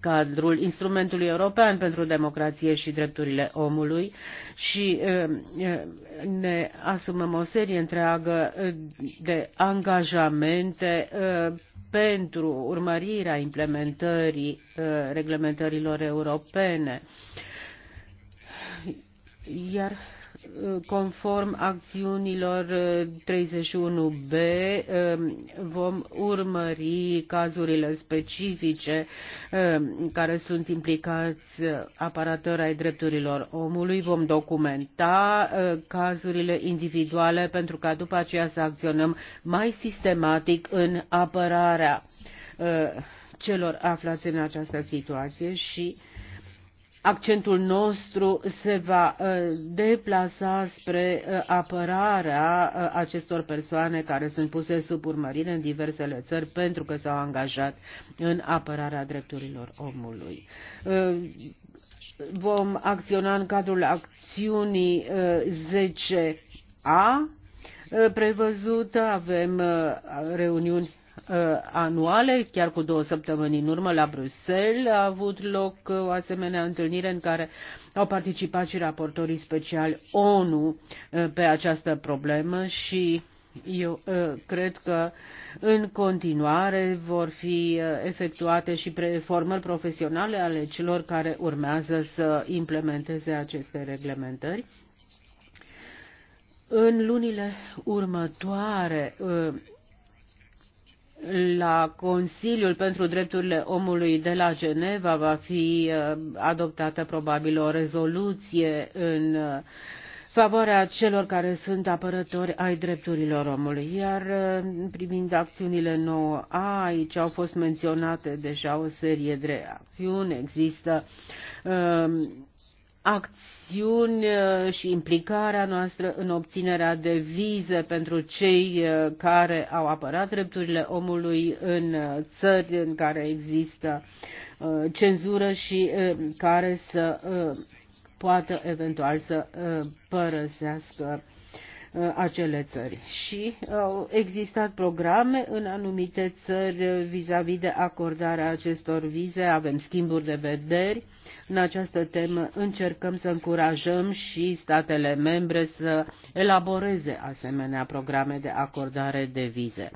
cadrul instrumentului european pentru democrație și drepturile omului și ne asumăm o serie întreagă de angajamente pentru urmărirea implementării reglementărilor europene. Iar conform acțiunilor 31B, uh, um, vom urmări cazurile specifice um, care sunt implicați aparatori ai drepturilor omului, vom documenta uh, cazurile individuale pentru ca după aceea să acționăm mai sistematic în apărarea uh, celor aflați în această situație și uh, accentul nostru se va uh, deplasa spre uh, apărarea uh, acestor persoane care sunt puse sub urmărire în diversele țări pentru că s-au angajat în apărarea drepturilor omului. Vom acționa în cadrul acțiunii 10A prevăzută, avem reuniuni Uh, anuale, chiar cu două săptămâni în urmă la Bruxelles a avut loc uh, o asemenea întâlnire în care au participat și raportorii speciali ONU uh, pe această problemă și eu cred că în continuare vor fi efectuate și formări profesionale ale celor care urmează să implementeze aceste reglementări. În lunile următoare la Consiliul pentru Drepturile Omului de la Geneva va fi uh, adoptată probabil o rezoluție în uh, favoarea celor care sunt apărători ai drepturilor omului. Iar uh, privind acțiunile 9A, aici au fost menționate deja o serie de acțiuni. Există acțiuni uh, și implicarea noastră în obținerea de vize pentru cei uh, care au apărat drepturile omului în uh, țări în care există cenzură și care să poată eventual să părăsească Uh, acele țări. Și uh, au existat programe în anumite țări vis-a-vis -vis de acordarea acestor vize, avem schimburi de vederi. În această temă încercăm să încurajăm și statele membre să elaboreze asemenea programe de acordare de vize.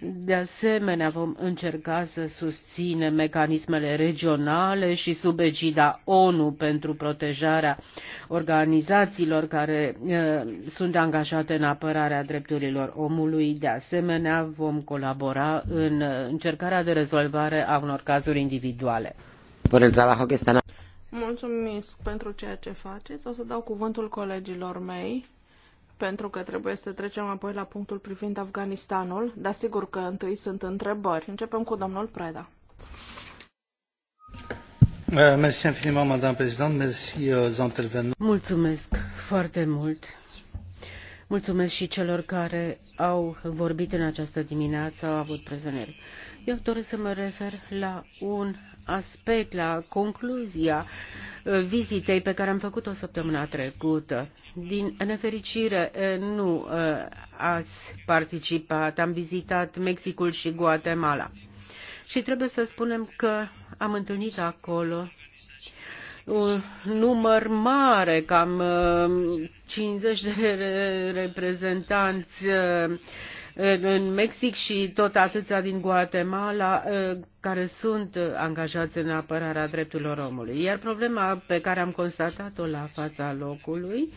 De asemenea, vom încerca să susținem mecanismele regionale și sub egida ONU pentru protejarea organizațiilor care uh, sunt angajate celelalte în apărarea drepturilor omului. De asemenea, vom colabora în încercarea de rezolvare a unor cazuri individuale.
Mulțumesc pentru ceea ce faceți. O să dau cuvântul colegilor mei pentru că trebuie să trecem apoi la punctul privind Afganistanul, dar sigur că întâi sunt întrebări. Începem cu domnul Preda.
Euh, Mulțumesc foarte mult Mulțumesc și celor care au vorbit în această dimineață, au avut prezoneri. Eu doresc să mă refer la un aspect, la concluzia uh, vizitei pe care am făcut-o săptămâna trecută. Din nefericire, uh, nu uh, ați participat, am vizitat Mexicul și Guatemala. Și trebuie să spunem că am întâlnit acolo un număr mare, cam 50 uh, de reprezentanți uh, în Mexic și tot atâția din Guatemala uh, care sunt angajați în apărarea drepturilor omului. Iar problema pe care am constatat-o la fața locului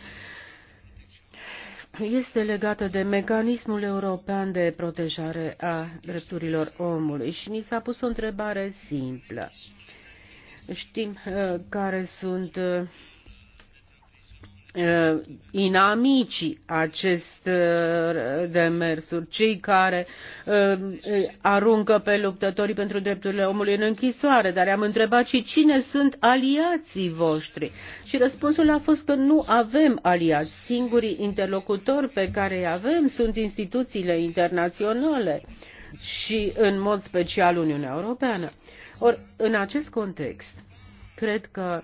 este legată de mecanismul european de protejare a drepturilor omului și mi s-a pus o întrebare simplă. Știm uh, care sunt uh, inamicii acest uh, demersuri, cei care aruncă pe luptătorii pentru drepturile omului în închisoare, dar am întrebat și cine sunt aliații voștri. Și răspunsul a fost că nu avem aliați. Singurii interlocutori pe care îi avem sunt instituțiile internaționale și în mod special Uniunea Europeană. Uh, Or, în acest context, cred că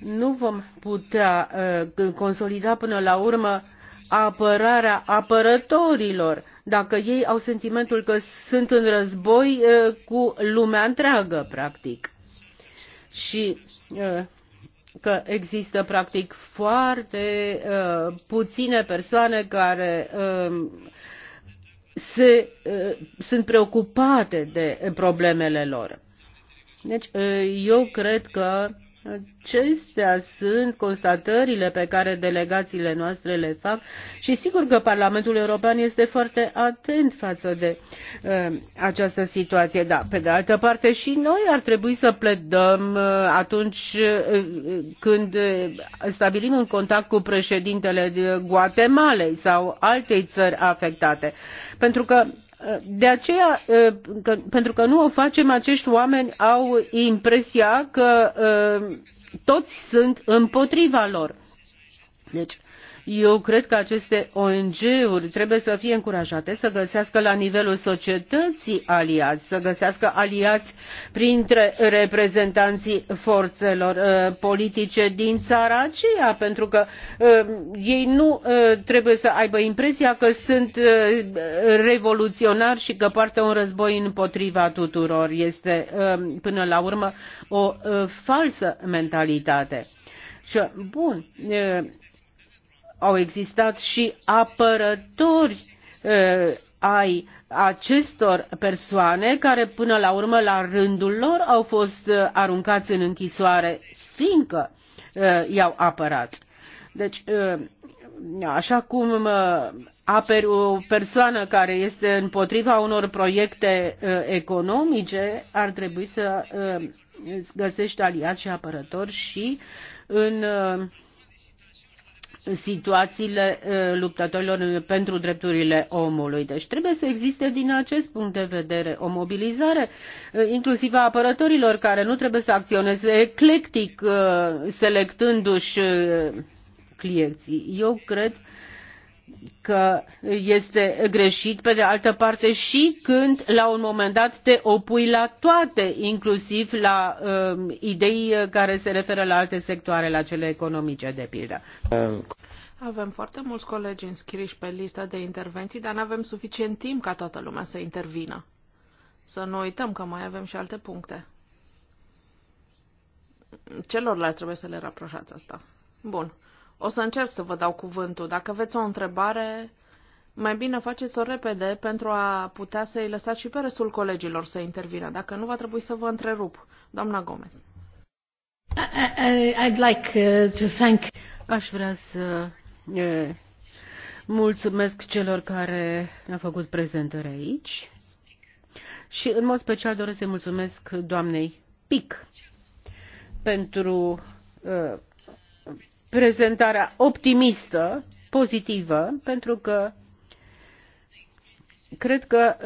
nu vom putea uh, consolida până la urmă apărarea apărătorilor dacă ei au sentimentul că sunt în război uh, cu lumea întreagă, practic. Și uh, că există practic foarte uh, puține persoane care uh, se, sunt preocupate de problemele lor. Deci, eu cred că Acestea sunt constatările pe care delegațiile noastre le fac și sigur că Parlamentul European este foarte atent față de uh, această situație. Da, pe de altă parte și noi ar trebui să pledăm uh, atunci uh, uh când uh, stabilim un contact cu președintele Guatemalei sau altei țări afectate. Pentru că de aceea, ă, că, pentru că nu o facem, acești oameni au impresia că ă, toți sunt împotriva lor. Deci, eu cred că aceste ONG-uri trebuie să fie încurajate să găsească la nivelul societății aliați, să găsească aliați printre reprezentanții forțelor uh, politice din țara aceea, pentru că uh, ei nu uh, trebuie să aibă impresia că sunt uh, revoluționari și că poartă un război împotriva tuturor. Este uh, până la urmă o uh, falsă mentalitate. Și, bun, uh, au existat și apărători uh, ai acestor persoane care până la urmă la rândul lor au fost uh, aruncați în închisoare fiindcă uh, i-au apărat. Deci, așa cum aperi o persoană care este împotriva unor proiecte economice, ar trebui să găsești aliați și apărători și în uh, situațiile luptătorilor pentru drepturile omului. Deci trebuie să existe din acest punct de vedere o mobilizare, inclusiv a apărătorilor care nu trebuie să acționeze eclectic, selectându-și clienții. Eu cred că este greșit pe de altă parte și când la un moment dat te opui la toate, inclusiv la um, idei uh, care se referă la alte sectoare, la cele economice, de pildă.
Avem foarte mulți colegi înscriși pe lista de intervenții, dar nu avem suficient timp ca toată lumea să intervină. Să nu uităm că mai avem și alte puncte. Celorlalți trebuie să le raproșați asta. Bun. O să încerc să vă dau cuvântul. Dacă aveți o întrebare, mai bine faceți-o repede pentru a putea să-i lăsați și pe restul colegilor să intervină. Dacă nu, va trebui să vă întrerup. Doamna Gomez.
I'd like uh, to thank... Aș vrea să mulțumesc celor care au făcut prezentări aici și în mod special doresc să mulțumesc doamnei Pic pentru prezentarea optimistă, pozitivă, pentru că cred că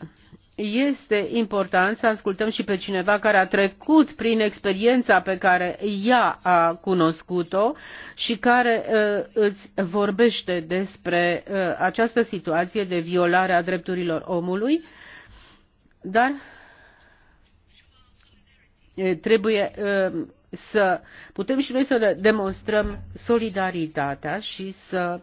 uh, este important să ascultăm și pe cineva care a trecut prin experiența pe care ea a cunoscut-o și care uh, îți vorbește despre uh, această situație de violare a drepturilor omului, dar trebuie să putem și noi să le demonstrăm solidaritatea și să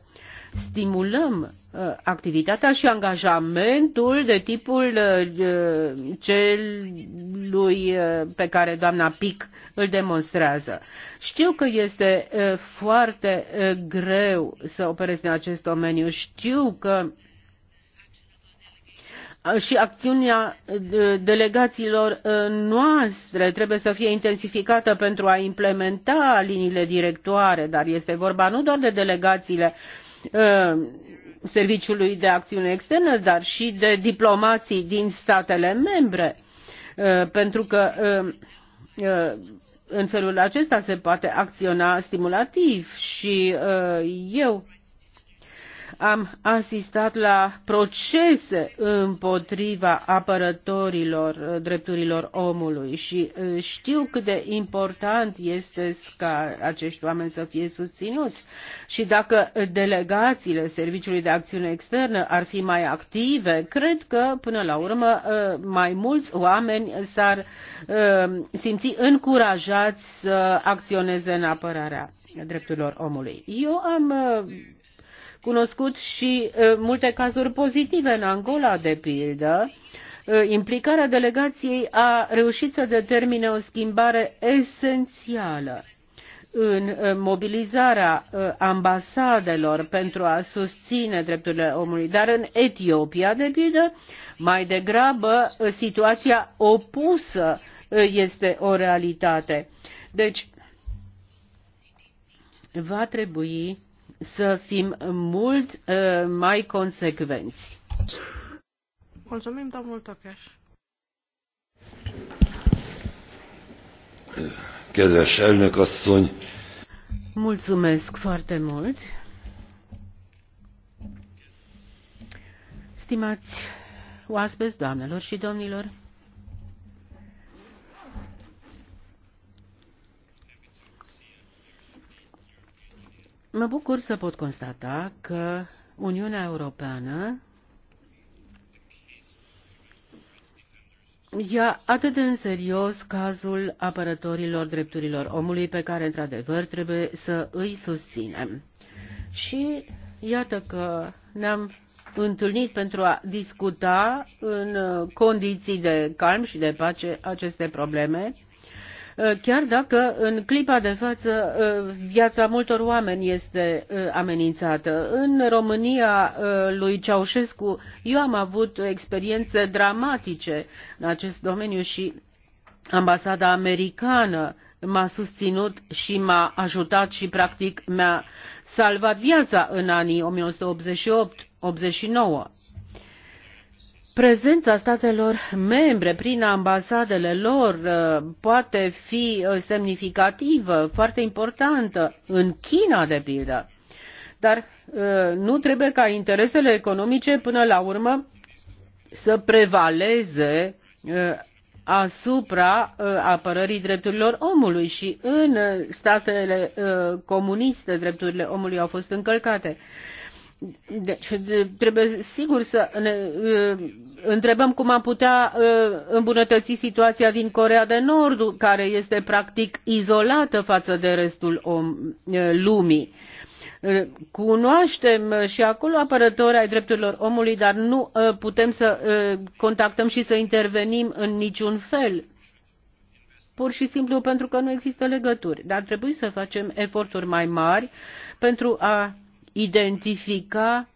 stimulăm uh, activitatea și angajamentul de tipul uh, uh celui uh, pe care doamna Pic îl demonstrează. Știu că este uh, foarte uh, greu să operezi în acest domeniu, știu că uh, și acțiunea uh, delegațiilor uh, noastre trebuie să fie intensificată pentru a implementa liniile directoare, dar este vorba nu doar de delegațiile uh, Serviciului de Acțiune Externă, dar și de diplomații din statele membre, pentru că în felul acesta se poate acționa stimulativ și eu am asistat la procese împotriva apărătorilor uh, drepturilor omului și uh, știu cât de important este ca acești oameni să fie susținuți. Și dacă delegațiile Serviciului de Acțiune Externă ar fi mai active, cred că, până la urmă, uh, mai mulți oameni s-ar simți încurajați să acționeze în apărarea drepturilor omului. Eu am cunoscut și multe cazuri pozitive în Angola, de pildă. Implicarea delegației a reușit să determine o schimbare esențială în mobilizarea ambasadelor pentru a susține drepturile omului. Dar în Etiopia, de pildă, mai degrabă situația opusă este o realitate. Deci, va trebui să fim mult uh, mai consecvenți.
Mulțumim, domnul Tocheș.
Kedves elnök asszony! Mulțumesc foarte mult! Stimați oaspeți, doamnelor și domnilor! Mă bucur să pot constata că Uniunea Europeană ia atât de în serios cazul apărătorilor drepturilor omului pe care, într-adevăr, trebuie să îi susținem. Și iată că ne-am întâlnit pentru a discuta în condiții de calm și de pace aceste probleme Uh, chiar dacă în clipa de față uh, viața multor oameni este uh, amenințată. În România lui Ceaușescu eu am avut experiențe dramatice în acest domeniu și ambasada americană m-a susținut și m-a ajutat și practic mi-a salvat viața în anii 1988-89 prezența statelor membre prin ambasadele lor uh, poate fi uh, semnificativă, foarte importantă, în China, de pildă. Dar uh, nu trebuie ca interesele economice, până la urmă, să prevaleze asupra apărării drepturilor omului și în statele comuniste drepturile omului au fost încălcate. Deci trebuie sigur să ne întrebăm cum am putea îmbunătăți situația din Corea de Nord, care este practic izolată față de restul lumii. Cunoaștem și acolo apărători ai drepturilor omului, dar nu putem să contactăm și să intervenim în niciun fel pur și simplu pentru că nu există legături. Dar trebuie să facem eforturi mai mari pentru a identifica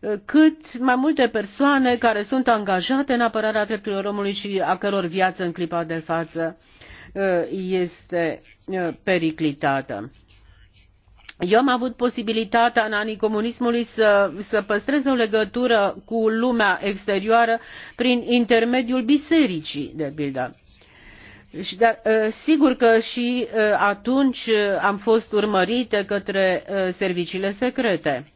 uh, cât mai multe persoane care sunt angajate în apărarea drepturilor omului și a căror viață în clipa de față uh, este uh, periclitată. Eu am avut posibilitatea în anii comunismului să, să păstrez o legătură cu lumea exterioară prin intermediul bisericii, de pildă. Și da, ă, sigur că și ă, atunci ă, am fost urmărite către serviciile secrete.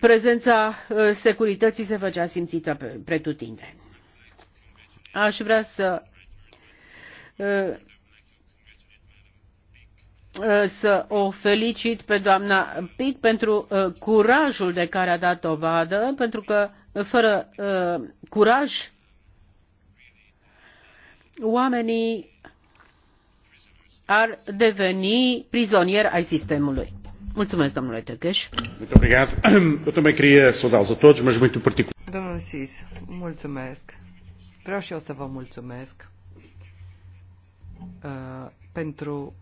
Prezența securității se făcea simțită pretutindeni. Aș vrea să să o felicit pe doamna Pic pentru curajul de care a dat dovadă, pentru că fără curaj oamenii ar deveni prizonieri ai sistemului. Mulțumesc, domnule Tăgăș. Eu
Domnul Sis, mulțumesc. Vreau și eu să vă mulțumesc uh, pentru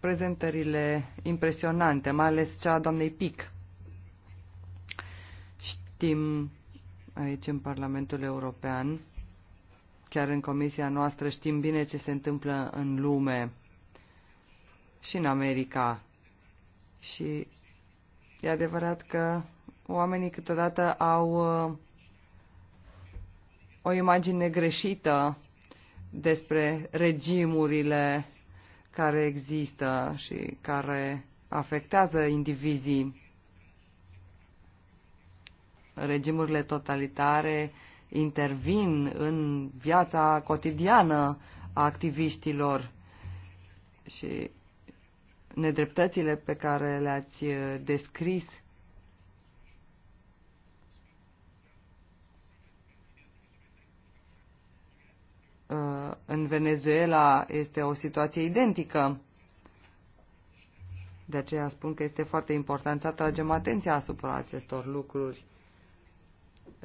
prezentările impresionante, mai ales cea a doamnei Pic. Știm aici în Parlamentul European Chiar în comisia noastră știm bine ce se întâmplă în lume și în America. Și e adevărat că oamenii câteodată au uh, o imagine greșită despre regimurile care există și care afectează indivizii. Regimurile totalitare intervin în viața cotidiană a activiștilor și nedreptățile pe care le-ați uh, descris uh, în Venezuela este o situație identică. De aceea spun că este foarte important să atragem atenția asupra acestor lucruri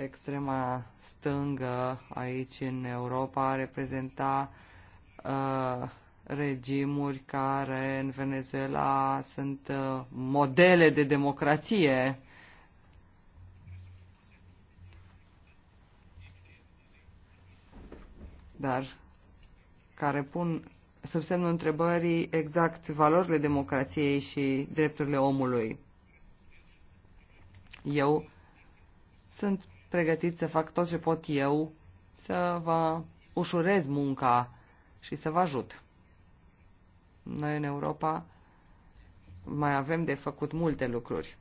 extrema stângă aici în Europa reprezenta uh, regimuri care în Venezuela sunt uh, modele de democrație. Dar care pun sub semnul întrebării exact valorile democrației și drepturile omului. Eu sunt pregătit să fac tot ce pot eu să vă ușurez munca și să vă ajut. Noi în Europa mai avem de făcut multe lucruri.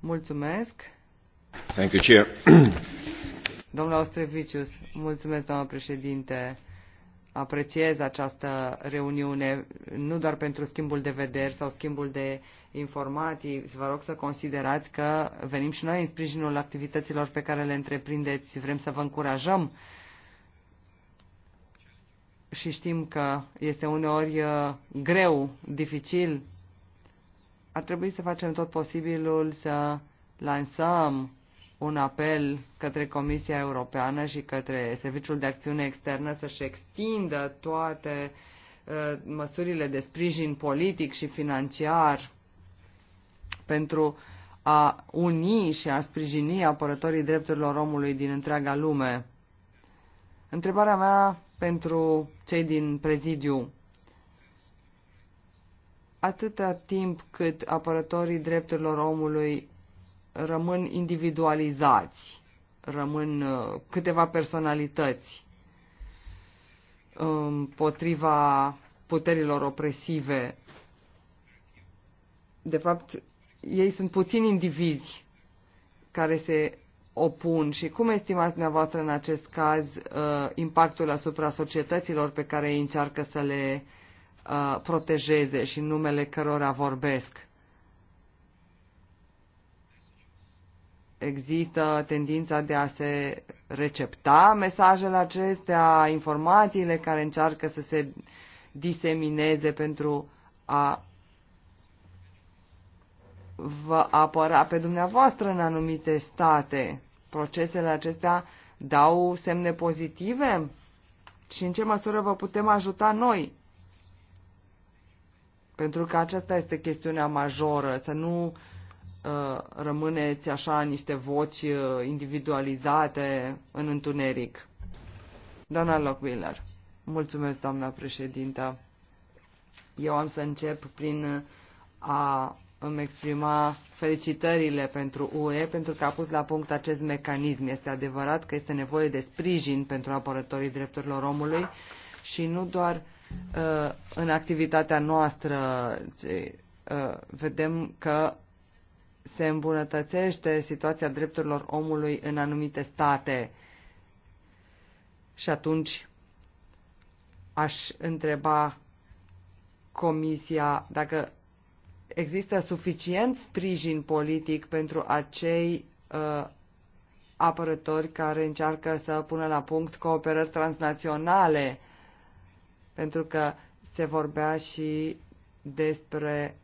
Mulțumesc!
Thank you, Chair.
Domnule Ostrevicius, mulțumesc, doamnă președinte apreciez această reuniune, nu doar pentru schimbul de vederi sau schimbul de informații. Vă rog să considerați că venim și noi în sprijinul activităților pe care le întreprindeți. Vrem să vă încurajăm și știm că este uneori uh, greu, dificil. Ar trebui să facem tot posibilul să lansăm un apel către Comisia Europeană și către Serviciul de Acțiune Externă să-și extindă toate uh, măsurile de sprijin politic și financiar pentru a uni și a sprijini apărătorii drepturilor omului din întreaga lume. Întrebarea mea pentru cei din prezidiu. Atâta timp cât apărătorii drepturilor omului rămân individualizați, rămân uh, câteva personalități împotriva um, puterilor opresive. De fapt, ei sunt puțini indivizi care se opun și cum estimați dumneavoastră în acest caz uh, impactul asupra societăților pe care ei încearcă să le uh, protejeze și numele cărora vorbesc? există tendința de a se recepta mesajele acestea, informațiile care încearcă să se disemineze pentru a vă apăra pe dumneavoastră în anumite state. Procesele acestea dau semne pozitive și în ce măsură vă putem ajuta noi? Pentru că aceasta este chestiunea majoră, să nu uh, Uh, rămâneți așa niște voci uh, individualizate în întuneric. Doamna Lockwiller. Mulțumesc, doamna președintă. Eu am să încep prin a îmi exprima felicitările pentru UE pentru că a pus la punct acest mecanism. Este adevărat că este nevoie de sprijin pentru apărătorii drepturilor omului și nu doar uh, în activitatea noastră. Ci, uh, vedem că se îmbunătățește situația drepturilor omului în anumite state. Și atunci aș întreba Comisia dacă există suficient sprijin politic pentru acei uh, apărători care încearcă să pună la punct cooperări transnaționale, pentru că se vorbea și despre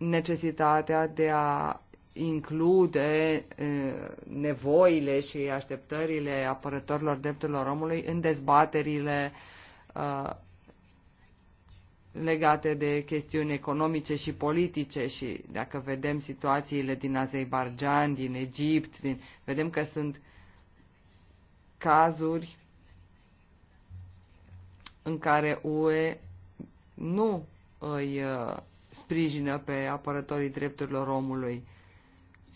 necesitatea de a include nevoile și așteptările apărătorilor drepturilor omului în dezbaterile legate de chestiuni economice și politice și dacă vedem situațiile din Azerbaijan, din Egipt, din, vedem că sunt cazuri în care UE nu îi sprijină pe apărătorii drepturilor omului.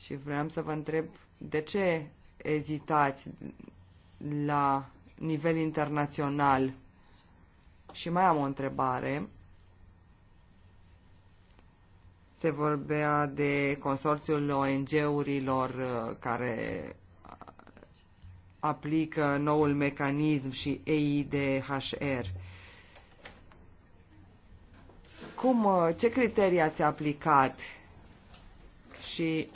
Și vreau să vă întreb de ce ezitați la nivel internațional. Și mai am o întrebare. Se vorbea de consorțiul ONG-urilor uh, care aplică noul mecanism și EIDHR cum, uh, ce criterii ați aplicat și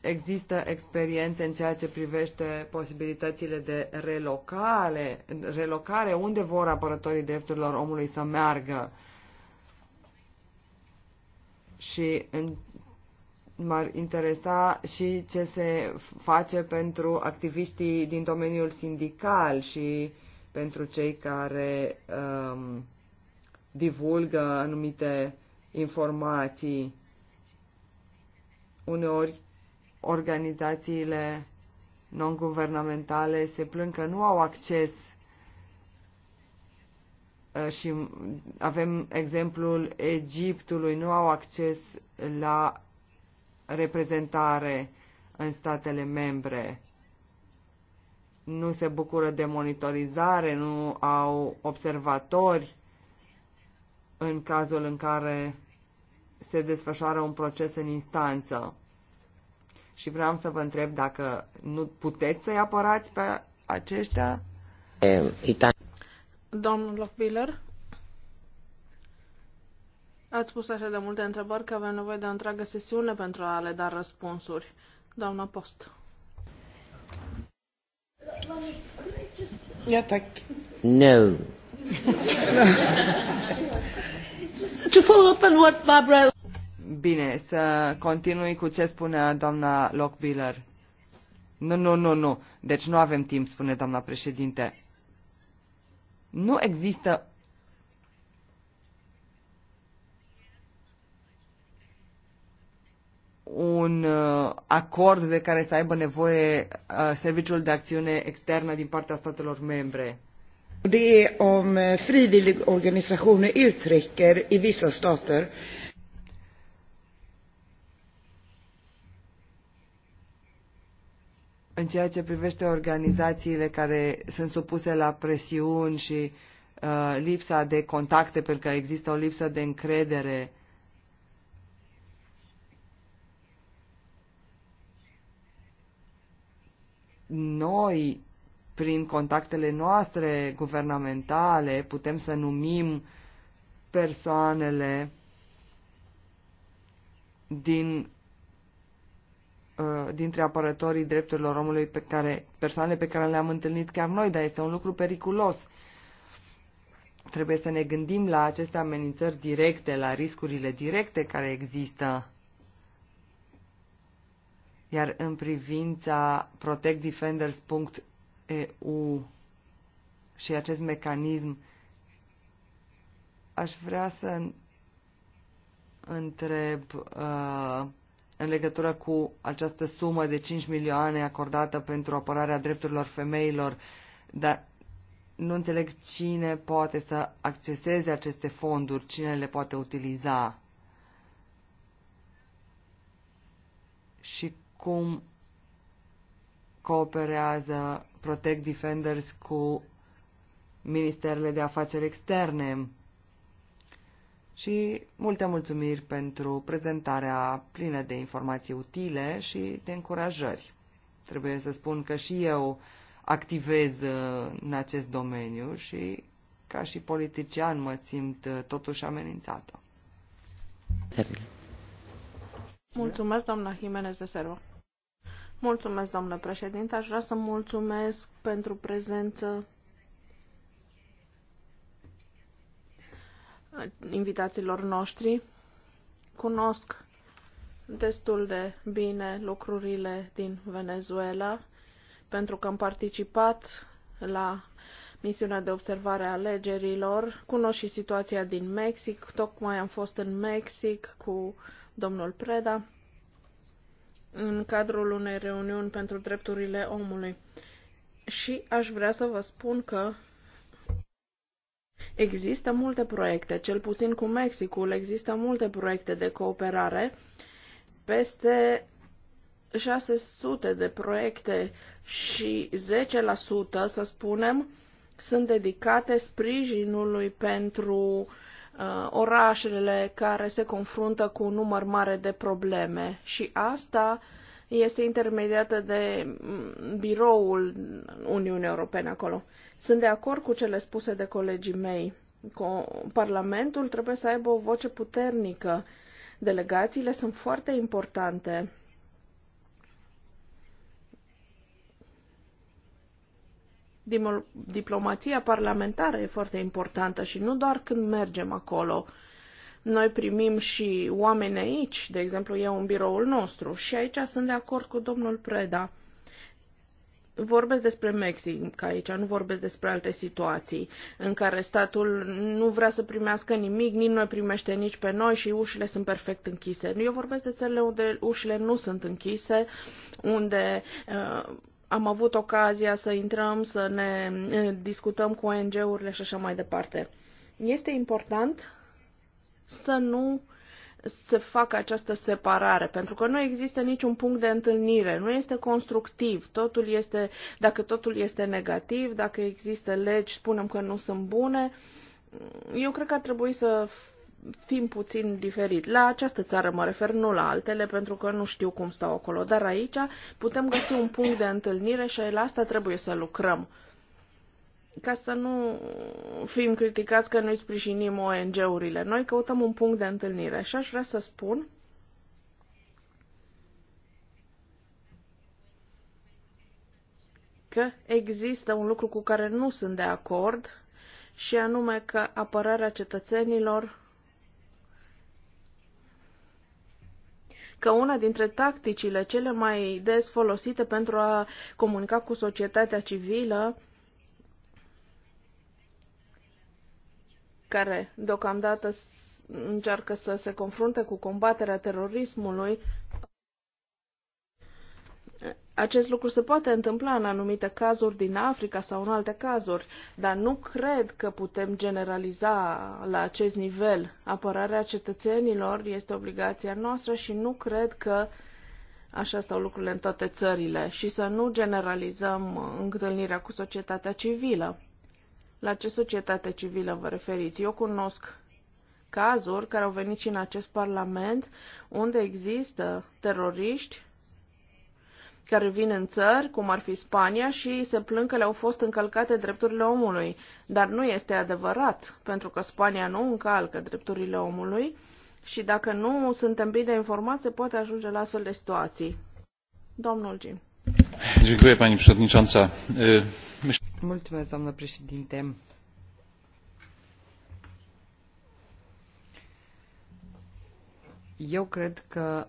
există experiențe în ceea ce privește posibilitățile de relocare, relocare unde vor apărătorii drepturilor omului să meargă și în, m-ar interesa și ce se face pentru activiștii din domeniul sindical și pentru cei care um, divulgă anumite informații. Uneori organizațiile non-guvernamentale se plâng că nu au acces uh, și avem exemplul Egiptului, nu au acces la reprezentare în statele membre. Nu se bucură de monitorizare, nu au observatori în cazul în care se desfășoară un proces în instanță. Și vreau să vă întreb dacă nu puteți să-i apărați pe aceștia?
Domnul Lockbiller, ați pus așa de multe întrebări că avem nevoie de o întreagă sesiune pentru a le da răspunsuri. Doamna Post.
Ja,
No.
to follow up on what Barbara... Bine, să continui cu ce spune doamna Lockbiller. Nu, nu, nu, nu. Deci nu avem timp, spune doamna președinte. Nu există un uh, acord de care să aibă nevoie uh, Serviciul de Acțiune Externă din partea statelor membre. Det är om eh, frivilligorganisationer uttrycker i vissa stater în ceea ce privește organizațiile care sunt supuse la presiuni și uh, lipsa de contacte, pentru că există o lipsă de încredere. Noi prin contactele noastre guvernamentale putem să numim persoanele din uh, dintre apărătorii drepturilor omului pe care, persoanele pe care le-am întâlnit chiar noi, dar este un lucru periculos. Trebuie să ne gândim la aceste amenințări directe, la riscurile directe care există. Iar în privința protectdefenders.org EU și acest mecanism, aș vrea să întreb uh, în legătură cu această sumă de 5 milioane acordată pentru apărarea drepturilor femeilor, dar nu înțeleg cine poate să acceseze aceste fonduri, cine le poate utiliza și cum cooperează Protect Defenders cu Ministerele de Afaceri Externe. Și multe mulțumiri pentru prezentarea plină de informații utile și de încurajări. Trebuie să spun că și eu activez uh, în acest domeniu și ca și politician mă simt uh, totuși amenințată.
Mulțumesc, doamna Jimenez de Servo. Mulțumesc, domnule președinte. Aș vrea să mulțumesc pentru prezență invitațiilor noștri. Cunosc destul de bine lucrurile din Venezuela, pentru că am participat la misiunea de observare a alegerilor. Cunosc și situația din Mexic. Tocmai am fost în Mexic cu domnul Preda în cadrul unei reuniuni pentru drepturile omului. Și aș vrea să vă spun că există multe proiecte, cel puțin cu Mexicul, există multe proiecte de cooperare, peste 600 de proiecte și 10%, să spunem, sunt dedicate sprijinului pentru uh, Uh, orașele care se confruntă cu un număr mare de probleme și asta este intermediată de mm, biroul Uniunii Europene acolo. Sunt de acord cu cele spuse de colegii mei. Parlamentul trebuie să aibă o voce puternică. Delegațiile sunt foarte importante Diplomația parlamentară e foarte importantă și nu doar când mergem acolo. Noi primim și oameni aici, de exemplu eu în biroul nostru și aici sunt de acord cu domnul Preda. Vorbesc despre Mexic aici, nu vorbesc despre alte situații în care statul nu vrea să primească nimic, nici nu primește nici pe noi și ușile sunt perfect închise. Eu vorbesc de țările unde ușile nu sunt închise, unde uh, am avut ocazia să intrăm, să ne discutăm cu ONG-urile și așa mai departe. Este important să nu se facă această separare, pentru că nu există niciun punct de întâlnire, nu este constructiv, totul este, dacă totul este negativ, dacă există legi, spunem că nu sunt bune, eu cred că ar trebui să fim puțin diferit. La această țară mă refer, nu la altele, pentru că nu știu cum stau acolo, dar aici putem găsi un punct de întâlnire și la asta trebuie să lucrăm. Ca să nu fim criticați că noi sprijinim ONG-urile. Noi căutăm un punct de întâlnire și aș vrea să spun că există un lucru cu care nu sunt de acord și anume că apărarea cetățenilor că una dintre tacticile cele mai des folosite pentru a comunica cu societatea civilă care deocamdată încearcă să se confrunte cu combaterea terorismului acest lucru se poate întâmpla în anumite cazuri din Africa sau în alte cazuri, dar nu cred că putem generaliza la acest nivel. Apărarea cetățenilor este obligația noastră și nu cred că așa stau lucrurile în toate țările și să nu generalizăm întâlnirea cu societatea civilă. La ce societate civilă vă referiți? Eu cunosc cazuri care au venit și în acest parlament unde există teroriști care vin în țări, cum ar fi Spania, și se plâng că le-au fost încălcate drepturile omului. Dar nu este adevărat, pentru că Spania nu încalcă drepturile omului și dacă nu suntem bine informați, poate ajunge la astfel de situații. Domnul Gin.
Dziękuję Pani Przewodnicząca. Mulțumesc, doamnă președinte. Eu cred că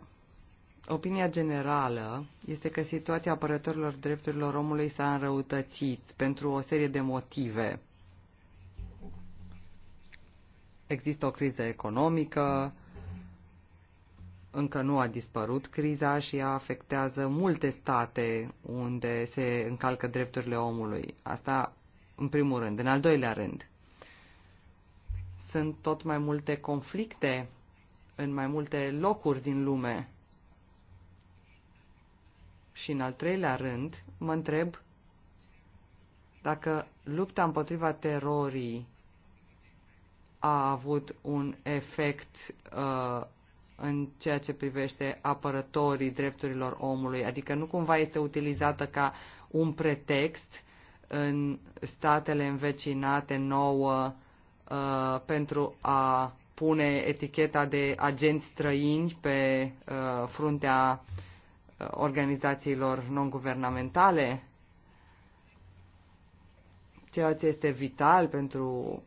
Opinia generală este că situația apărătorilor drepturilor omului s-a înrăutățit pentru o serie de motive. Există o criză economică, încă nu a dispărut criza și ea afectează multe state unde se încalcă drepturile omului. Asta în primul rând. În al doilea rând, sunt tot mai multe conflicte în mai multe locuri din lume și în al treilea rând, mă întreb dacă lupta împotriva terorii a avut un efect uh, în ceea ce privește apărătorii drepturilor omului, adică nu cumva este utilizată ca un pretext în statele învecinate nouă uh, pentru a pune eticheta de agenți străini pe uh, fruntea uh, organizațiilor non-guvernamentale, ceea ce este vital pentru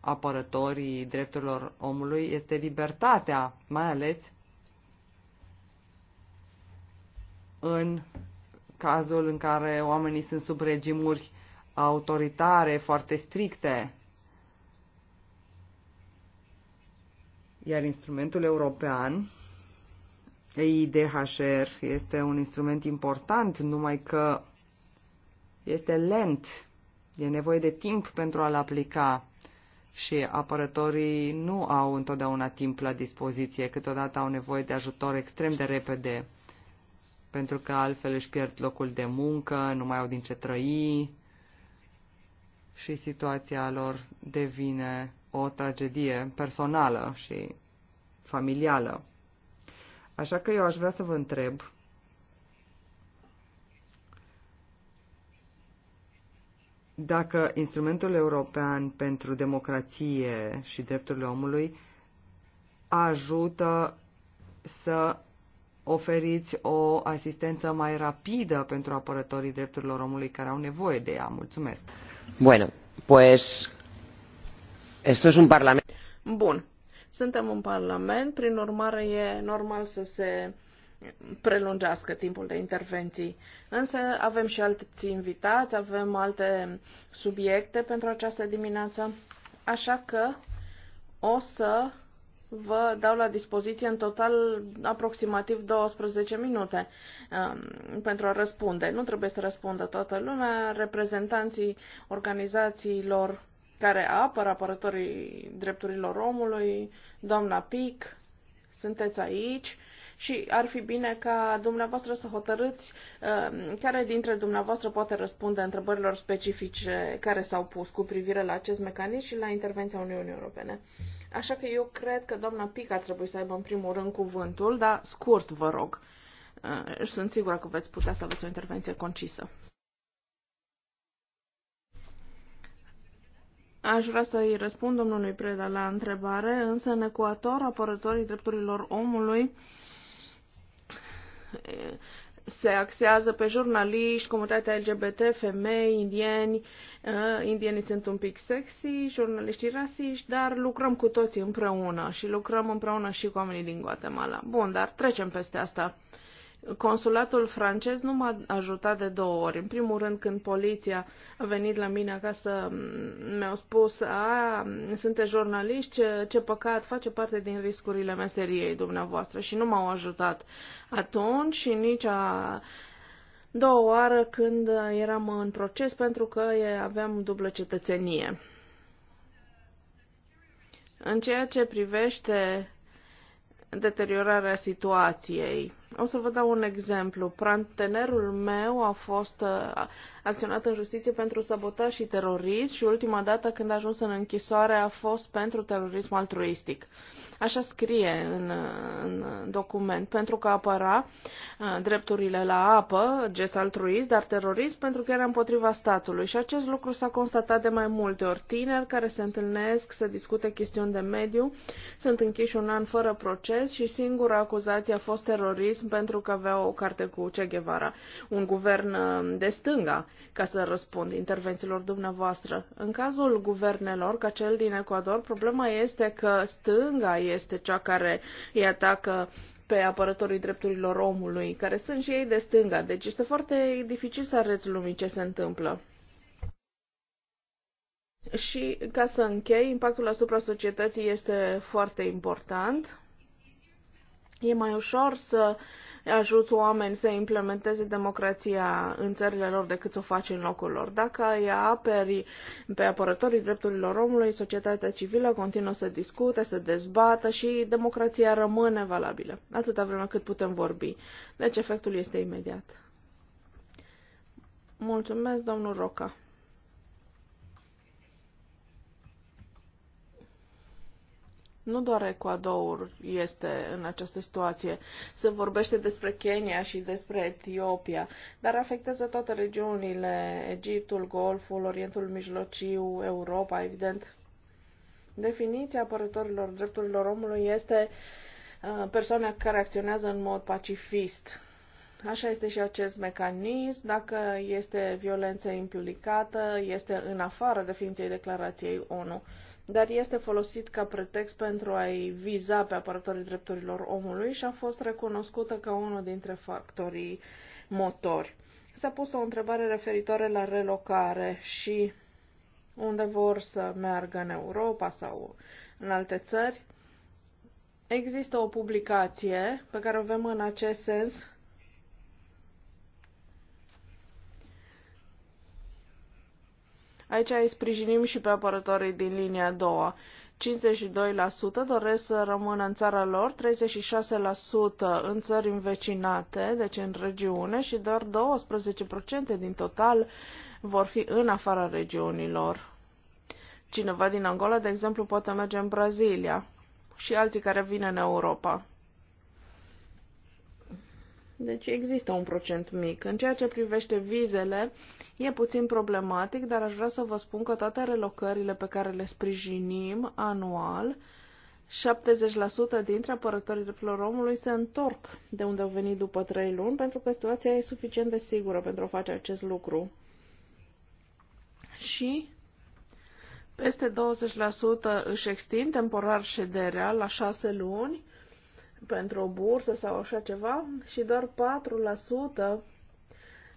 apărătorii drepturilor omului este libertatea, mai ales în cazul în care oamenii sunt sub regimuri autoritare, foarte stricte. Iar instrumentul european IDHR este un instrument important, numai că este lent, e nevoie de timp pentru a-l aplica și apărătorii nu au întotdeauna timp la dispoziție, câteodată au nevoie de ajutor extrem de repede, pentru că altfel își pierd locul de muncă, nu mai au din ce trăi și situația lor devine o tragedie personală și familială. Așa că eu aș vrea să vă întreb dacă instrumentul european pentru democrație și drepturile omului ajută să oferiți o asistență mai rapidă pentru apărătorii drepturilor omului care au nevoie de ea. Mulțumesc. Bueno, pues esto es un parlament. Bun.
Suntem în Parlament, prin urmare e normal să se prelungească timpul de intervenții. Însă avem și alți invitați, avem alte subiecte pentru această dimineață, așa că o să vă dau la dispoziție în total aproximativ 12 minute um, pentru a răspunde. Nu trebuie să răspundă toată lumea, reprezentanții organizațiilor care apără apărătorii drepturilor omului, doamna Pic, sunteți aici și ar fi bine ca dumneavoastră să hotărâți uh, care dintre dumneavoastră poate răspunde întrebărilor specifice care s-au pus cu privire la acest mecanism și la intervenția Uniunii Europene. Așa că eu cred că doamna Pic ar trebui să aibă în primul rând cuvântul, dar scurt vă rog. Uh, sunt sigură că veți putea să aveți o intervenție concisă. Aș vrea să îi răspund domnului Preda la întrebare, însă în Ecuator, apărătorii drepturilor omului se axează pe jurnaliști, comunitatea LGBT, femei, indieni. Ă, indienii sunt un pic sexy, jurnaliștii rasiști, dar lucrăm cu toții împreună și lucrăm împreună și cu oamenii din Guatemala. Bun, dar trecem peste asta. Consulatul francez nu m-a ajutat de două ori. În primul rând, când poliția a venit la mine acasă, mi-au spus, a, sunteți jurnaliști, ce, ce păcat, face parte din riscurile meseriei dumneavoastră și nu m-au ajutat atunci și nici a doua oară când eram în proces pentru că aveam dublă cetățenie. În ceea ce privește deteriorarea situației, o să vă dau un exemplu. Prantenerul meu a fost uh, acționat în justiție pentru sabotaj și terorism și ultima dată când a ajuns în închisoare a fost pentru terorism altruistic. Așa scrie în, uh, în document, pentru că apăra uh, drepturile la apă, gest altruist, dar terorism pentru că era împotriva statului. Și acest lucru s-a constatat de mai multe ori. Tineri care se întâlnesc să discute chestiuni de mediu sunt închiși un an fără proces și singura acuzație a fost terorism comunism pentru că avea o carte cu Che Guevara, un guvern uh, de stânga, ca să răspund intervențiilor dumneavoastră. În cazul guvernelor, ca cel din Ecuador, problema este că stânga este cea care îi atacă pe apărătorii drepturilor omului, care sunt și ei de stânga, deci este foarte dificil să arăți lumii ce se întâmplă. Și ca să închei, impactul asupra societății este foarte important. E mai ușor să ajuți oameni să implementeze democrația în țările lor decât să o faci în locul lor. Dacă îi aperi pe apărătorii drepturilor omului, societatea civilă continuă să discute, să dezbată și democrația rămâne valabilă, atâta vreme cât putem vorbi. Deci efectul este imediat. Mulțumesc, domnul Roca. Nu doar Ecuador este în această situație. Se vorbește despre Kenya și despre Etiopia, dar afectează toate regiunile, Egiptul, Golful, Orientul Mijlociu, Europa, evident. Definiția apărătorilor drepturilor omului este uh, persoana care acționează în mod pacifist. Așa este și acest mecanism. Dacă este violență implicată, este în afară definiției declarației ONU dar este folosit ca pretext pentru a-i viza pe apărătorii drepturilor omului și a fost recunoscută ca unul dintre factorii motori. S-a pus o întrebare referitoare la relocare și unde vor să meargă în Europa sau în alte țări. Există o publicație pe care o avem în acest sens Aici îi sprijinim și pe apărătorii din linia a doua. 52% doresc să rămână în țara lor, 36% în țări învecinate, deci în regiune, și doar 12% din total vor fi în afara regiunilor. Cineva din Angola, de exemplu, poate merge în Brazilia și alții care vin în Europa. Deci există un procent mic. În ceea ce privește vizele, E puțin problematic, dar aș vrea să vă spun că toate relocările pe care le sprijinim anual, 70% dintre apărătorii drepturilor omului se întorc de unde au venit după 3 luni, pentru că situația e suficient de sigură pentru a face acest lucru. Și peste 20% își extind temporar șederea la 6 luni pentru o bursă sau așa ceva și doar 4%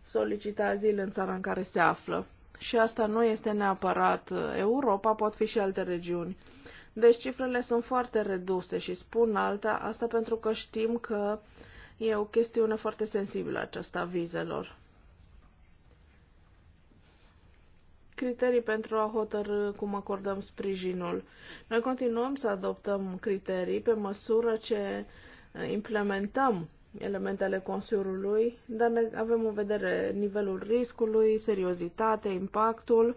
solicita azil în țara în care se află. Și asta nu este neapărat uh, Europa, pot fi și alte regiuni. Deci cifrele sunt foarte reduse și spun alta, asta pentru că știm că e o chestiune foarte sensibilă aceasta vizelor. criterii pentru a hotărâ cum acordăm sprijinul. Noi continuăm să adoptăm criterii pe măsură ce uh, implementăm elemente ale consiliului, dar ne avem în vedere nivelul riscului, seriozitatea, impactul.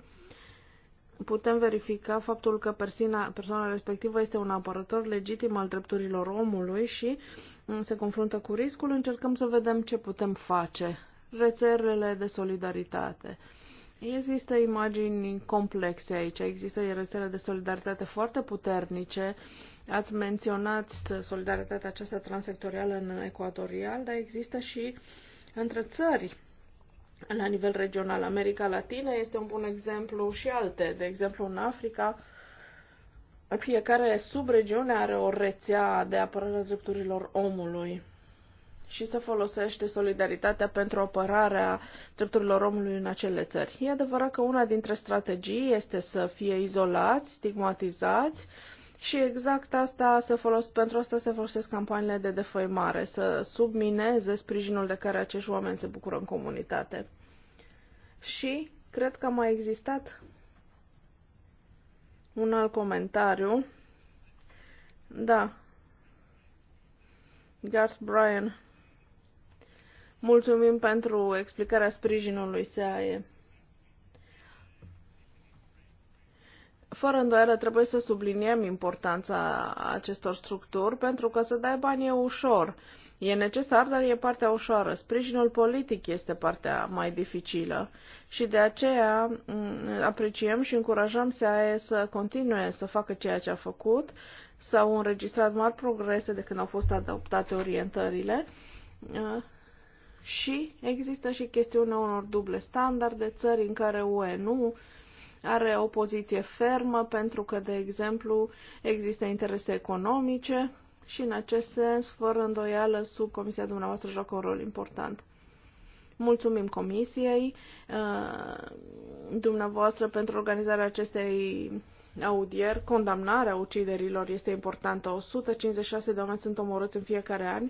Putem verifica faptul că persina, persoana respectivă este un apărător legitim al drepturilor omului și mm, se confruntă cu riscul, încercăm să vedem ce putem face. Rețelele de solidaritate. Există imagini complexe aici, există rețele de solidaritate foarte puternice Ați menționat solidaritatea aceasta transectorială în ecuatorial, dar există și între țări la nivel regional. America Latină este un bun exemplu și alte. De exemplu, în Africa, fiecare subregiune are o rețea de apărare a drepturilor omului și să folosește solidaritatea pentru apărarea drepturilor omului în acele țări. E adevărat că una dintre strategii este să fie izolați, stigmatizați, și exact asta se folosesc, pentru asta se folosesc campaniile de defăimare, să submineze sprijinul de care acești oameni se bucură în comunitate. Și cred că a mai existat un alt comentariu. Da. Garth Brian, Mulțumim pentru explicarea sprijinului SAE. Fără îndoială trebuie să subliniem importanța acestor structuri pentru că să dai bani e ușor. E necesar, dar e partea ușoară. Sprijinul politic este partea mai dificilă și de aceea mm, apreciem și încurajăm SAE să continue să facă ceea ce a făcut. S-au înregistrat mari progrese de când au fost adoptate orientările uh, și există și chestiunea unor duble standarde, țări în care UE nu are o poziție fermă pentru că, de exemplu, există interese economice și, în acest sens, fără îndoială, sub comisia dumneavoastră joacă un rol important. Mulțumim comisiei uh, dumneavoastră pentru organizarea acestei audieri. Condamnarea uciderilor este importantă. 156 de oameni sunt omorâți în fiecare an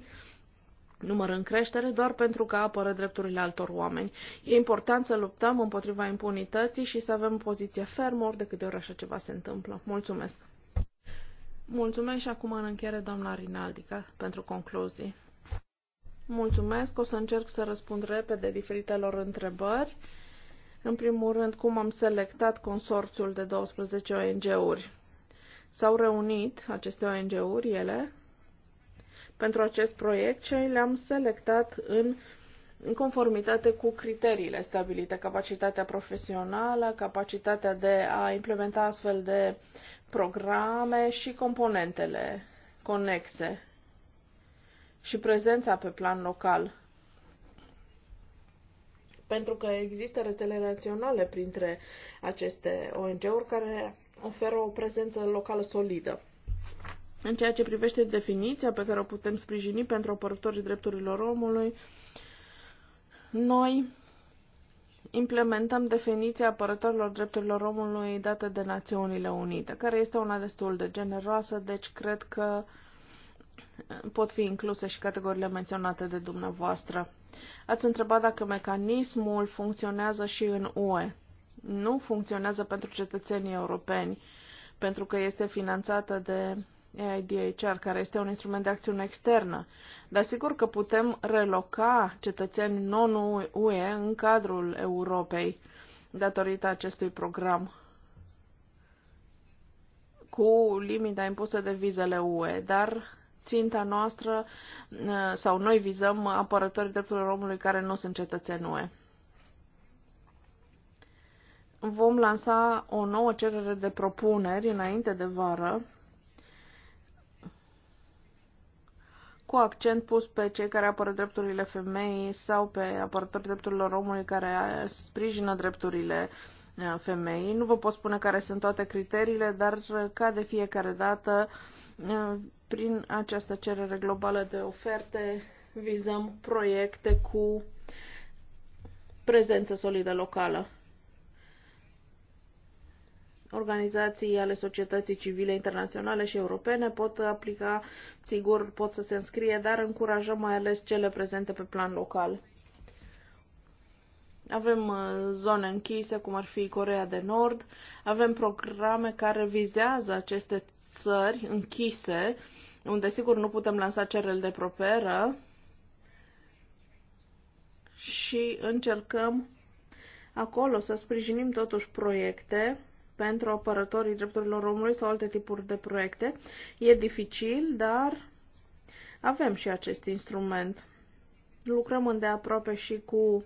număr în creștere doar pentru că apără drepturile altor oameni. E important să luptăm împotriva impunității și să avem poziție fermă ori de câte ori așa ceva se întâmplă. Mulțumesc! Mulțumesc și acum în încheiere doamna Rinaldica pentru concluzii. Mulțumesc, o să încerc să răspund repede diferitelor întrebări. În primul rând, cum am selectat consorțiul de 12 ONG-uri. S-au reunit aceste ONG-uri, ele, pentru acest proiect și le-am selectat în în conformitate cu criteriile stabilite, capacitatea profesională, capacitatea de a implementa astfel de programe și componentele conexe și prezența pe plan local. Pentru că există rețele naționale printre aceste ONG-uri care oferă o prezență locală solidă. În ceea ce privește definiția pe care o putem sprijini pentru apărătorii drepturilor omului, noi implementăm definiția apărătorilor drepturilor omului dată de Națiunile Unite, care este una destul de generoasă, deci cred că pot fi incluse și categoriile menționate de dumneavoastră. Ați întrebat dacă mecanismul funcționează și în UE. Nu funcționează pentru cetățenii europeni, pentru că este finanțată de EIDHR, care este un instrument de acțiune externă. Dar sigur că putem reloca cetățeni non-UE în cadrul Europei datorită acestui program cu limita impusă de vizele UE, dar ținta noastră sau noi vizăm apărătorii drepturilor omului care nu sunt cetățeni UE. Vom lansa o nouă cerere de propuneri înainte de vară cu accent pus pe cei care apără drepturile femeii sau pe apărători drepturilor omului care sprijină drepturile uh, femeii. Nu vă pot spune care sunt toate criteriile, dar uh, ca de fiecare dată, uh, prin această cerere globală de oferte, vizăm proiecte cu prezență solidă locală. Organizații ale societății civile internaționale și europene pot aplica, sigur, pot să se înscrie, dar încurajăm mai ales cele prezente pe plan local. Avem uh, zone închise, cum ar fi Corea de Nord, avem programe care vizează aceste țări închise, unde sigur nu putem lansa cerel de properă și încercăm acolo să sprijinim totuși proiecte pentru apărătorii drepturilor omului sau alte tipuri de proiecte. E dificil, dar avem și acest instrument. Lucrăm îndeaproape și cu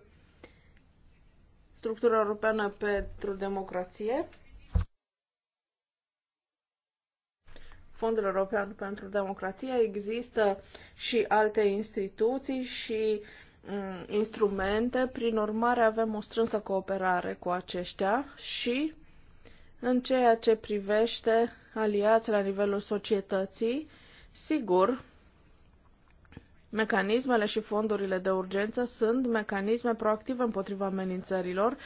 structura europeană pentru democrație, Fondul European pentru Democrație, există și alte instituții și mm, instrumente, prin urmare avem o strânsă cooperare cu aceștia și în ceea ce privește aliați la nivelul societății, sigur, mecanismele și fondurile de urgență sunt mecanisme proactive împotriva amenințărilor,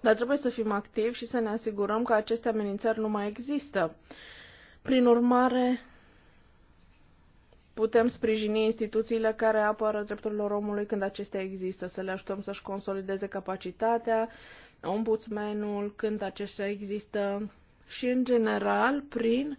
dar trebuie să fim activi și să ne asigurăm că aceste amenințări nu mai există. Prin urmare, putem sprijini instituțiile care apără drepturile omului când acestea există, să le ajutăm să-și consolideze capacitatea, ombudsmanul, când acesta există și, în general, prin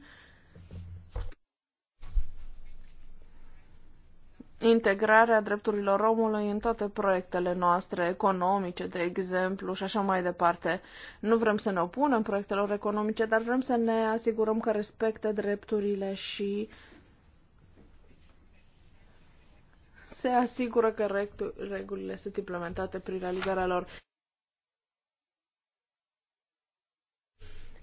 integrarea drepturilor omului în toate proiectele noastre economice, de exemplu, și așa mai departe. Nu vrem să ne opunem proiectelor economice, dar vrem să ne asigurăm că respectă drepturile și se asigură că regulile sunt implementate prin realizarea lor.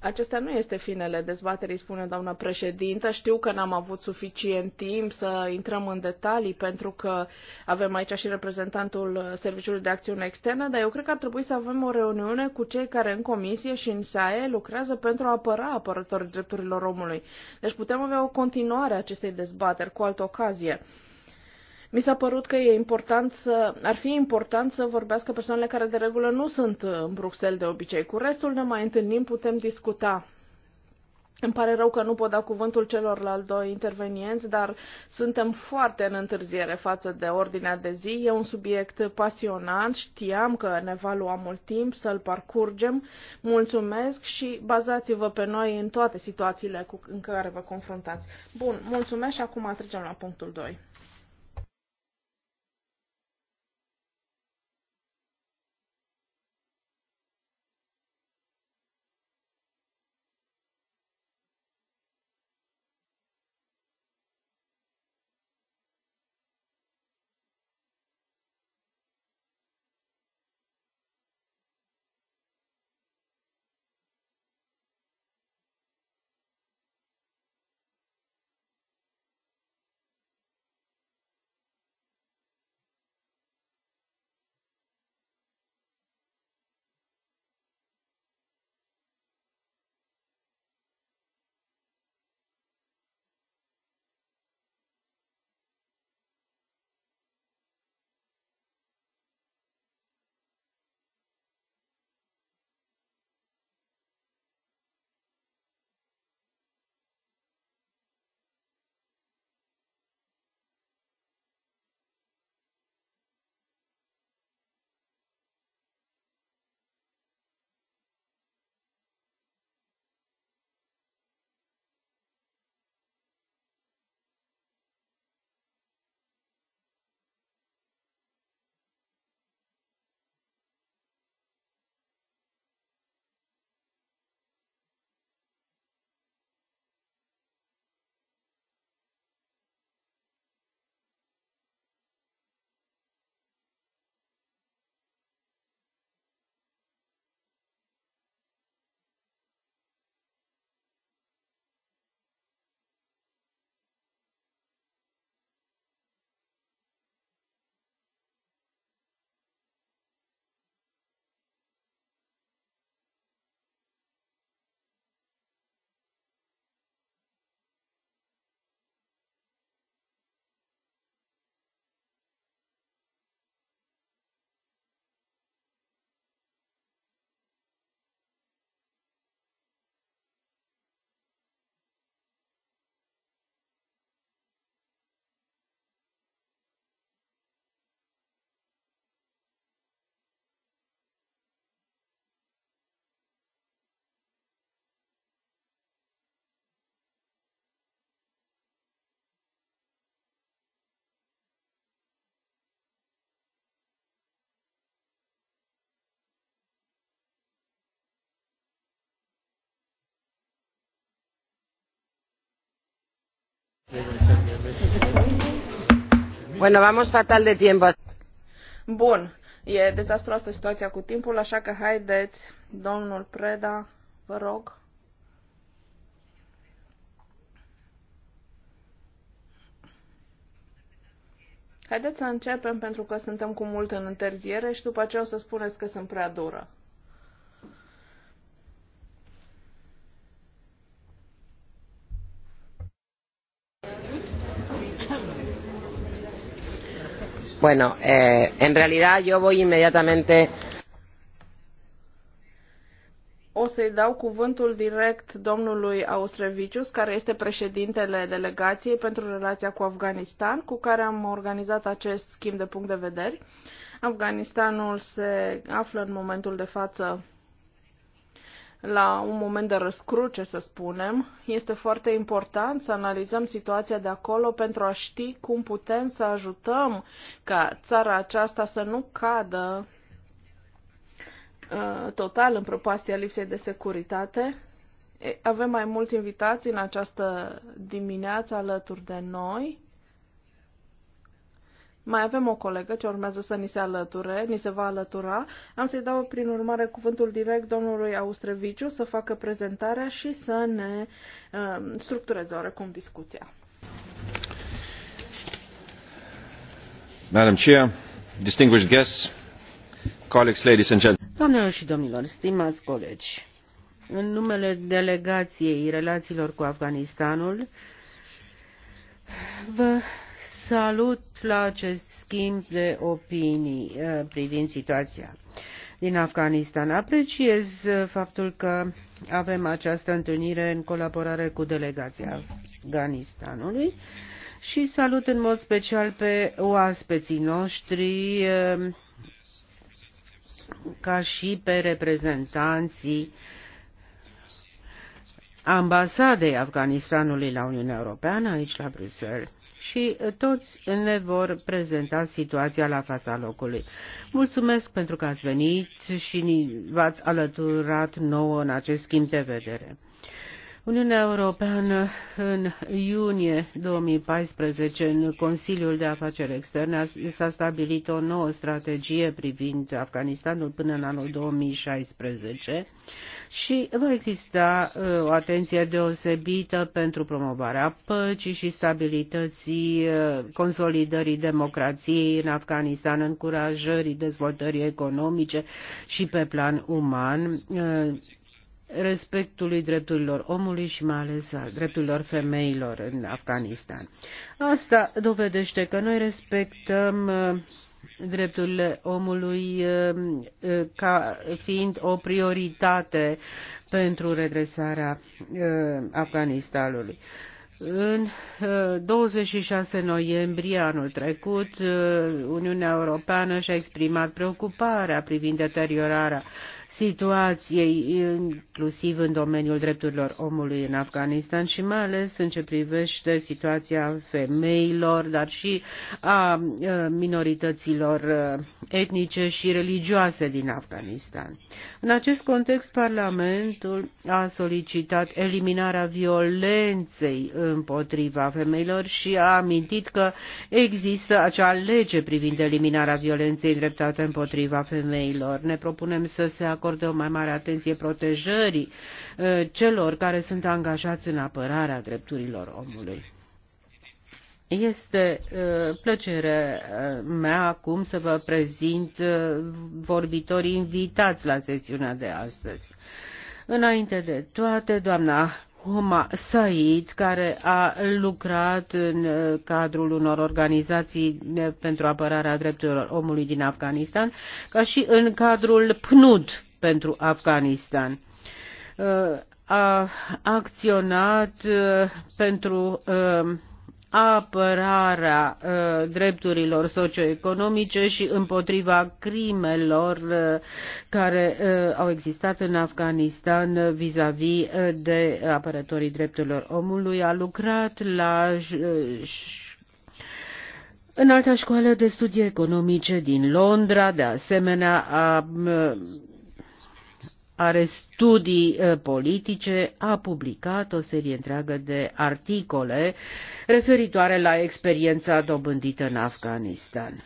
Acesta nu este finele dezbaterii, spune doamna președintă. Știu că n-am avut suficient timp să intrăm în detalii pentru că avem aici și reprezentantul Serviciului de Acțiune Externă, dar eu cred că ar trebui să avem o reuniune cu cei care în comisie și în SAE lucrează pentru a apăra apărătorii drepturilor omului. Deci putem avea o continuare a acestei dezbateri cu altă ocazie. Mi s-a părut că e important să, ar fi important să vorbească persoanele care de regulă nu sunt în Bruxelles de obicei. Cu restul ne mai întâlnim, putem discuta îmi pare rău că nu pot da cuvântul celorlalți doi intervenienți, dar suntem foarte în întârziere față de ordinea de zi. E un subiect pasionant, știam că ne va lua mult timp să-l parcurgem. Mulțumesc și bazați-vă pe noi în toate situațiile cu, în care vă confruntați. Bun, mulțumesc și acum trecem la punctul 2.
Bueno, vamos fatal de tiempo.
Bun, e dezastroasă situația cu timpul, așa că haideți, domnul Preda, vă rog. Haideți să începem pentru că suntem cu mult în întârziere și după aceea o să spuneți că sunt prea dură.
Bueno, eh, en realidad yo voy inmediatamente.
O să-i dau cuvântul direct domnului Austrevicius, care este președintele delegației pentru relația cu Afganistan, cu care am organizat acest schimb de punct de vedere. Afganistanul se află în momentul de față la un moment de răscruce, să spunem, este foarte important să analizăm situația de acolo pentru a ști cum putem să ajutăm ca țara aceasta să nu cadă uh, total în propastia lipsei de securitate. Avem mai mulți invitați în această dimineață alături de noi. Mai avem o colegă ce urmează să ni se alăture, ni se va alătura. Am să-i dau prin urmare cuvântul direct domnului Austreviciu să facă prezentarea și să ne uh, structureze oarecum discuția. Madam Chair, distinguished guests,
colleagues, ladies and gentlemen. Doamnelor și domnilor, stimați colegi, în numele delegației relațiilor cu Afganistanul, vă salut la acest schimb de opinii uh, privind situația din Afganistan. Apreciez uh, faptul că avem această întâlnire în colaborare cu delegația Afganistanului și salut în mod special pe oaspeții noștri uh, ca și pe reprezentanții ambasadei Afganistanului la Uniunea Europeană aici la Bruxelles și toți ne vor prezenta situația la fața locului. Mulțumesc pentru că ați venit și v-ați alăturat nouă în acest schimb de vedere. Uniunea Europeană în iunie 2014 în Consiliul de Afaceri Externe s-a stabilit o nouă strategie privind Afganistanul până în anul 2016 și va exista uh, o atenție deosebită pentru promovarea păcii și stabilității, uh, consolidării democrației în Afganistan, încurajării dezvoltării economice și pe plan uman uh, respectului drepturilor omului și mai ales a drepturilor femeilor în Afganistan. Asta dovedește că noi respectăm uh, drepturile omului uh, uh, ca fiind o prioritate pentru redresarea Afganistanului. În 26 noiembrie anul trecut, Uniunea Europeană și-a exprimat preocuparea privind deteriorarea situației, inclusiv în domeniul drepturilor omului în Afganistan și mai ales în ce privește situația femeilor, dar și a minorităților etnice și religioase din Afganistan. În acest context, Parlamentul a solicitat eliminarea violenței împotriva femeilor și a amintit că există acea lege privind eliminarea violenței dreptate împotriva femeilor. Ne propunem să se acorde acorde o mai mare atenție protejării uh, celor care sunt angajați în apărarea drepturilor omului. Este uh, plăcerea uh, mea acum să vă prezint vorbitorii invitați la sesiunea de astăzi. Înainte de toate, doamna Huma Said, care a lucrat în cadrul unor organizații pentru apărarea drepturilor omului din Afganistan, ca și în cadrul PNUD, pentru Afganistan. Uh, a acționat uh, pentru uh, apărarea drepturilor socioeconomice și împotriva crimelor care au existat în Afganistan vis-a-vis -vis de apărătorii drepturilor omului. A lucrat la în alta școală de studii economice din Londra, de asemenea, a are studii uh, politice, a publicat o serie întreagă de articole referitoare la experiența dobândită în Afganistan.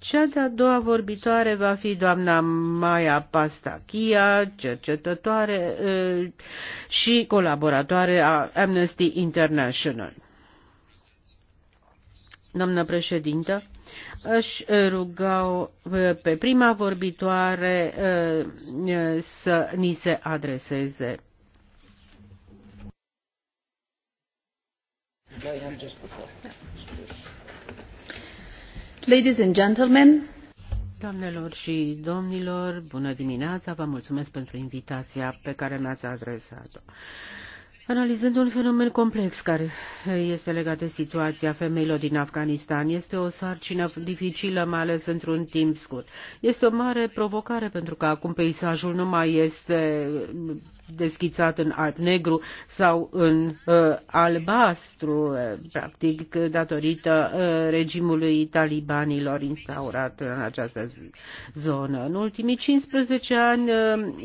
Cea de-a doua vorbitoare va fi doamna Maia Pastachia, cercetătoare uh, și colaboratoare a Amnesty International. Doamnă președintă, Aș ruga uh, pe prima vorbitoare uh, uh, să ni se adreseze. Ladies and gentlemen, Doamnelor și domnilor, bună dimineața, vă mulțumesc pentru invitația pe care mi-ați adresat-o. Analizând un fenomen complex care este legat de situația femeilor din Afganistan, este o sarcină dificilă, mai ales într-un timp scurt. Este o mare provocare pentru că acum peisajul nu mai este deschițat în alb-negru sau în uh, albastru, uh, practic datorită uh, regimului talibanilor instaurat în această zonă. În ultimii 15 ani uh,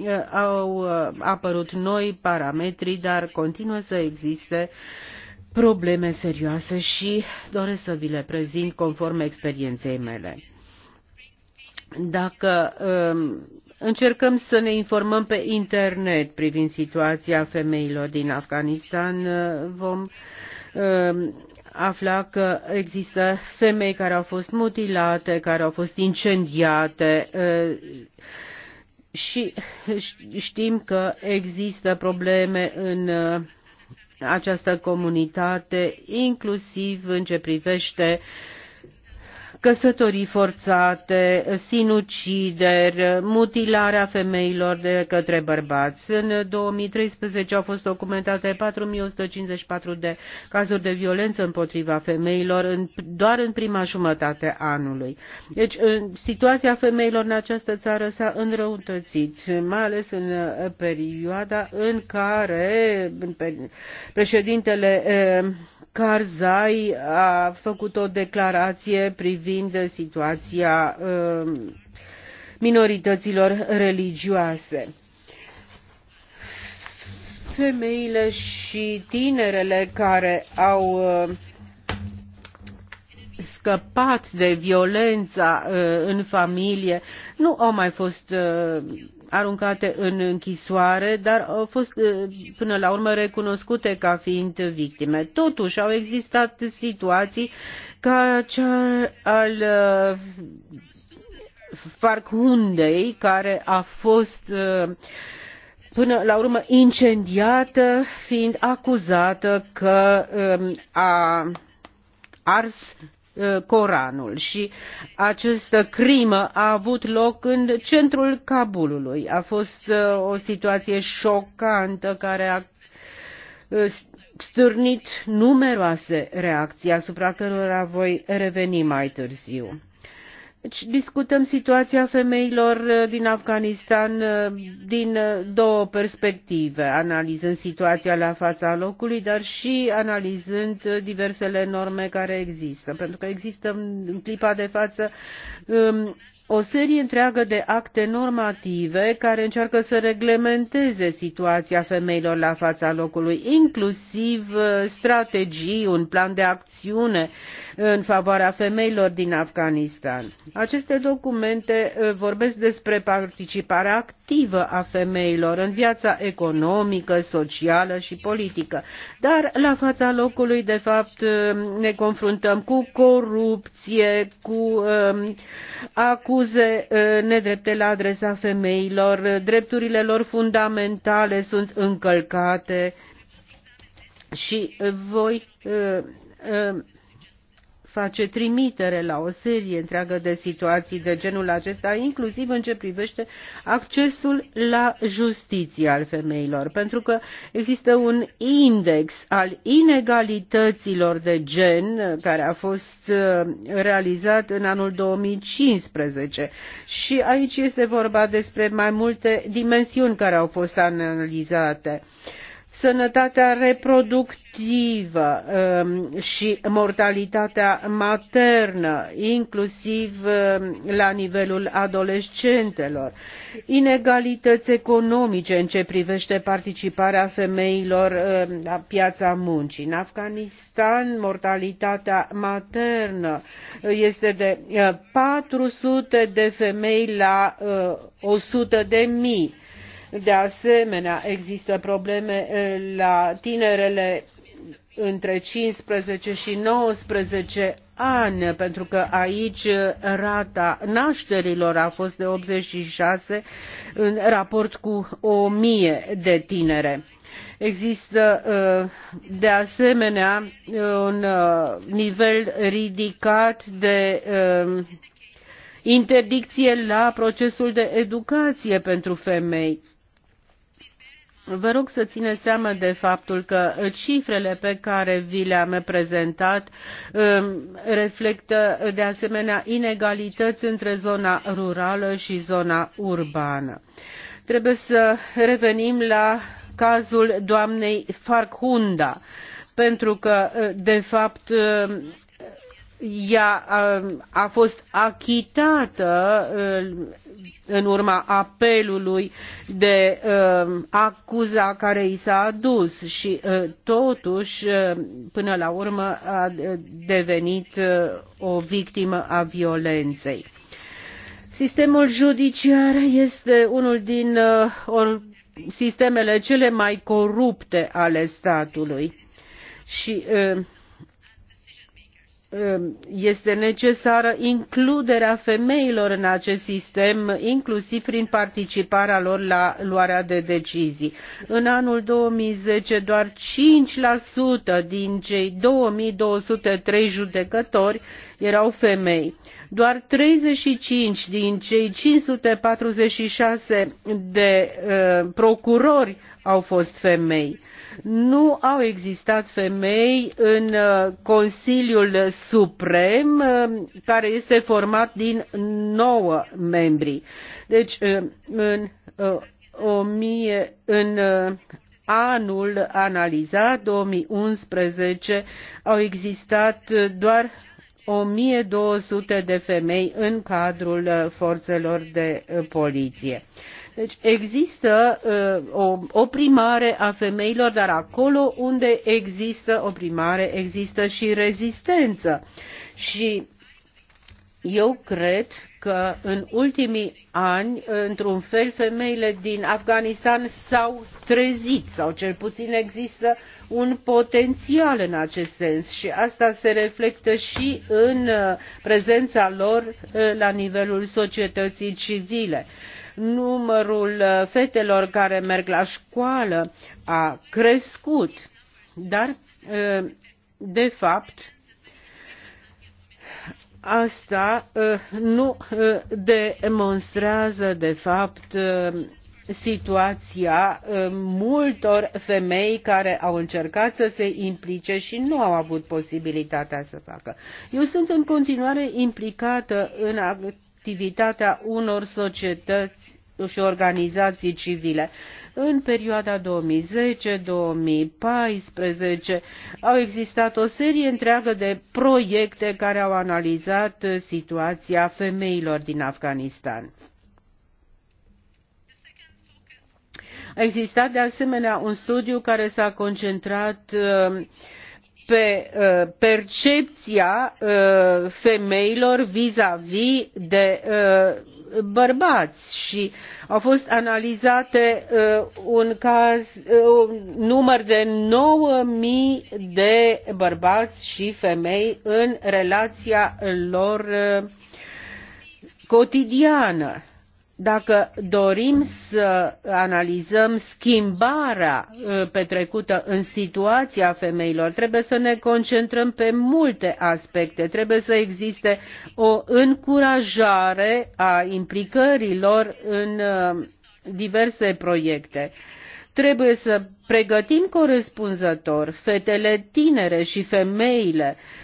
uh, au uh, apărut noi parametri, dar continuă să existe probleme serioase și doresc să vi le prezint conform experienței mele. Dacă uh, Încercăm să ne informăm pe internet privind situația femeilor din Afganistan. Vom uh, afla că există femei care au fost mutilate, care au fost incendiate uh, și știm că există probleme în uh, această comunitate, inclusiv în ce privește uh, căsătorii forțate, sinucideri, mutilarea femeilor de către bărbați. În 2013 au fost documentate 4154 de cazuri de violență împotriva femeilor în, doar în prima jumătate a anului. Deci situația femeilor în această țară s-a înrăutățit, mai ales în perioada în care președintele eh, Karzai a făcut o declarație privind situația um, minorităților religioase. Femeile și tinerele care au um, scăpat de violența uh, în familie nu au mai fost uh, aruncate în închisoare, dar au fost eh, până la urmă recunoscute ca fiind victime. Totuși au existat situații ca cea al eh, Farcundei, care a fost eh, până la urmă incendiată, fiind acuzată că a ars Uh, Coranul și această crimă a avut loc în centrul Kabulului. A fost uh, o situație șocantă care a uh, stârnit numeroase reacții asupra cărora voi reveni mai târziu. Deci, discutăm situația femeilor uh, din Afganistan uh, din uh, două perspective, analizând situația la fața locului, dar și analizând diversele norme care există, pentru că există în clipa de față um, o serie întreagă de acte normative care încearcă să reglementeze situația femeilor la fața locului, inclusiv uh, strategii, un plan de acțiune în favoarea femeilor din Afganistan. Aceste documente uh, vorbesc despre participarea activă a femeilor în viața economică, socială și politică. Dar la fața locului, de fapt, uh, ne confruntăm cu corupție, cu um, acu abuze uh, nedrepte la adresa femeilor, drepturile lor fundamentale sunt încălcate și uh, voi uh, face trimitere la o serie întreagă de situații de genul acesta, inclusiv în ce privește accesul la justiție al femeilor, pentru că există un index al inegalităților de gen care a fost uh, realizat în anul 2015 și aici este vorba despre mai multe dimensiuni care au fost analizate. Uh, sănătatea reproductivă um, și mortalitatea maternă, inclusiv um, la nivelul adolescentelor, inegalități economice în ce privește participarea femeilor um, la piața muncii. În Afganistan, mortalitatea maternă este de 400 uh, de femei la 100 uh, de mii de asemenea, există probleme eh, la tinerele între 15 și 19 ani, pentru că aici rata nașterilor a fost de 86 în raport cu 1000 de tinere. Există eh, de asemenea un eh, nivel ridicat de interdicție la procesul de educație pentru femei Vă rog să țineți seama de faptul că uh, cifrele pe care vi le-am prezentat um, reflectă uh, de asemenea inegalități între zona rurală și zona urbană. Trebuie să revenim la cazul doamnei Farcunda, pentru că, uh, de fapt, um, ea um, a, fost achitată um, în urma apelului de um, acuza care i s-a adus și uh, totuși uh, până la urmă a uh, devenit o victimă a violenței. Sistemul judiciar este unul din sistemele cele mai corupte ale statului și Ehm, este necesară includerea femeilor în acest sistem, inclusiv prin participarea lor la luarea de decizii. În anul 2010, doar 5% din cei 2203 judecători erau femei. Doar 35 din cei 546 de uh, procurori au fost femei nu au existat femei în uh, Consiliul Suprem, uh, care este format din nouă membri. Deci, uh, în, o mie, în anul analizat, 2011, au existat doar 1200 de femei în cadrul forțelor de poliție. Deci există uh, o oprimare a femeilor, dar acolo unde există oprimare, există și rezistență. Și eu cred că în ultimii ani, într-un fel, femeile din Afganistan s-au trezit sau cel puțin există un potențial în acest sens și asta se reflectă și în uh, prezența lor uh, la nivelul societății civile. Uh, numărul uh, fetelor care merg la școală a crescut, dar uh, de fapt asta uh, nu demonstrează de fapt situația multor femei care au încercat să se implice și nu au avut posibilitatea să facă. Eu sunt în continuare implicată în activitatea unor societăți și organizații civile. În perioada 2010-2014 au existat o serie întreagă de proiecte care au analizat situația femeilor din Afganistan. A existat de asemenea un studiu care s-a concentrat uh, pe uh, percepția uh, femeilor vis-a-vis de uh, bărbați și au fost analizate un caz, un număr de 9000 de bărbați și femei în relația lor cotidiană dacă dorim să analizăm schimbarea uh, petrecută în situația femeilor, trebuie să ne concentrăm pe multe aspecte. Trebuie să existe o încurajare a implicărilor în uh, diverse proiecte. Trebuie să pregătim corespunzător fetele tinere și femeile uh,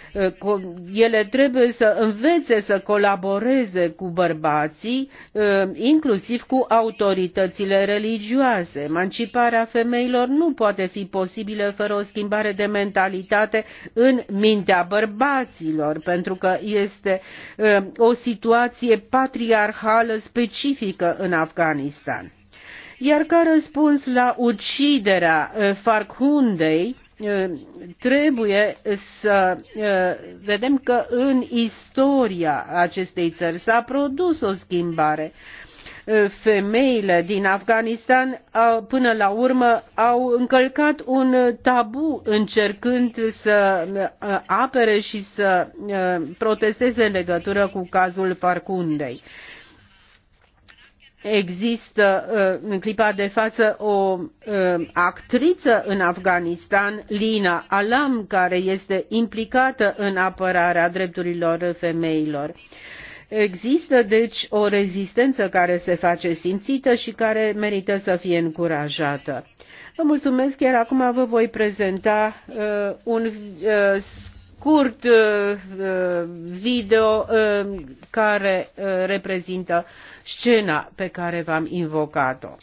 ele trebuie să învețe să colaboreze cu bărbații, uh, inclusiv cu autoritățile religioase. Emanciparea femeilor nu poate fi posibilă fără o schimbare de mentalitate în mintea bărbaților, pentru că este uh, o situație patriarhală specifică în Afganistan. Iar ca răspuns la uciderea uh, Farkhundei, trebuie să vedem că în istoria acestei țări s-a produs o schimbare. Femeile din Afganistan până la urmă au încălcat un tabu încercând să apere și să protesteze în legătură cu cazul Farcundei. Există uh, în clipa de față o uh, actriță în Afganistan, Lina Alam, care este implicată în apărarea drepturilor femeilor. Există deci o rezistență care se face simțită și care merită să fie încurajată. Vă mulțumesc, iar acum vă voi prezenta uh, un uh, scurt uh, uh, video uh, care reprezintă scena pe care v am invocat o.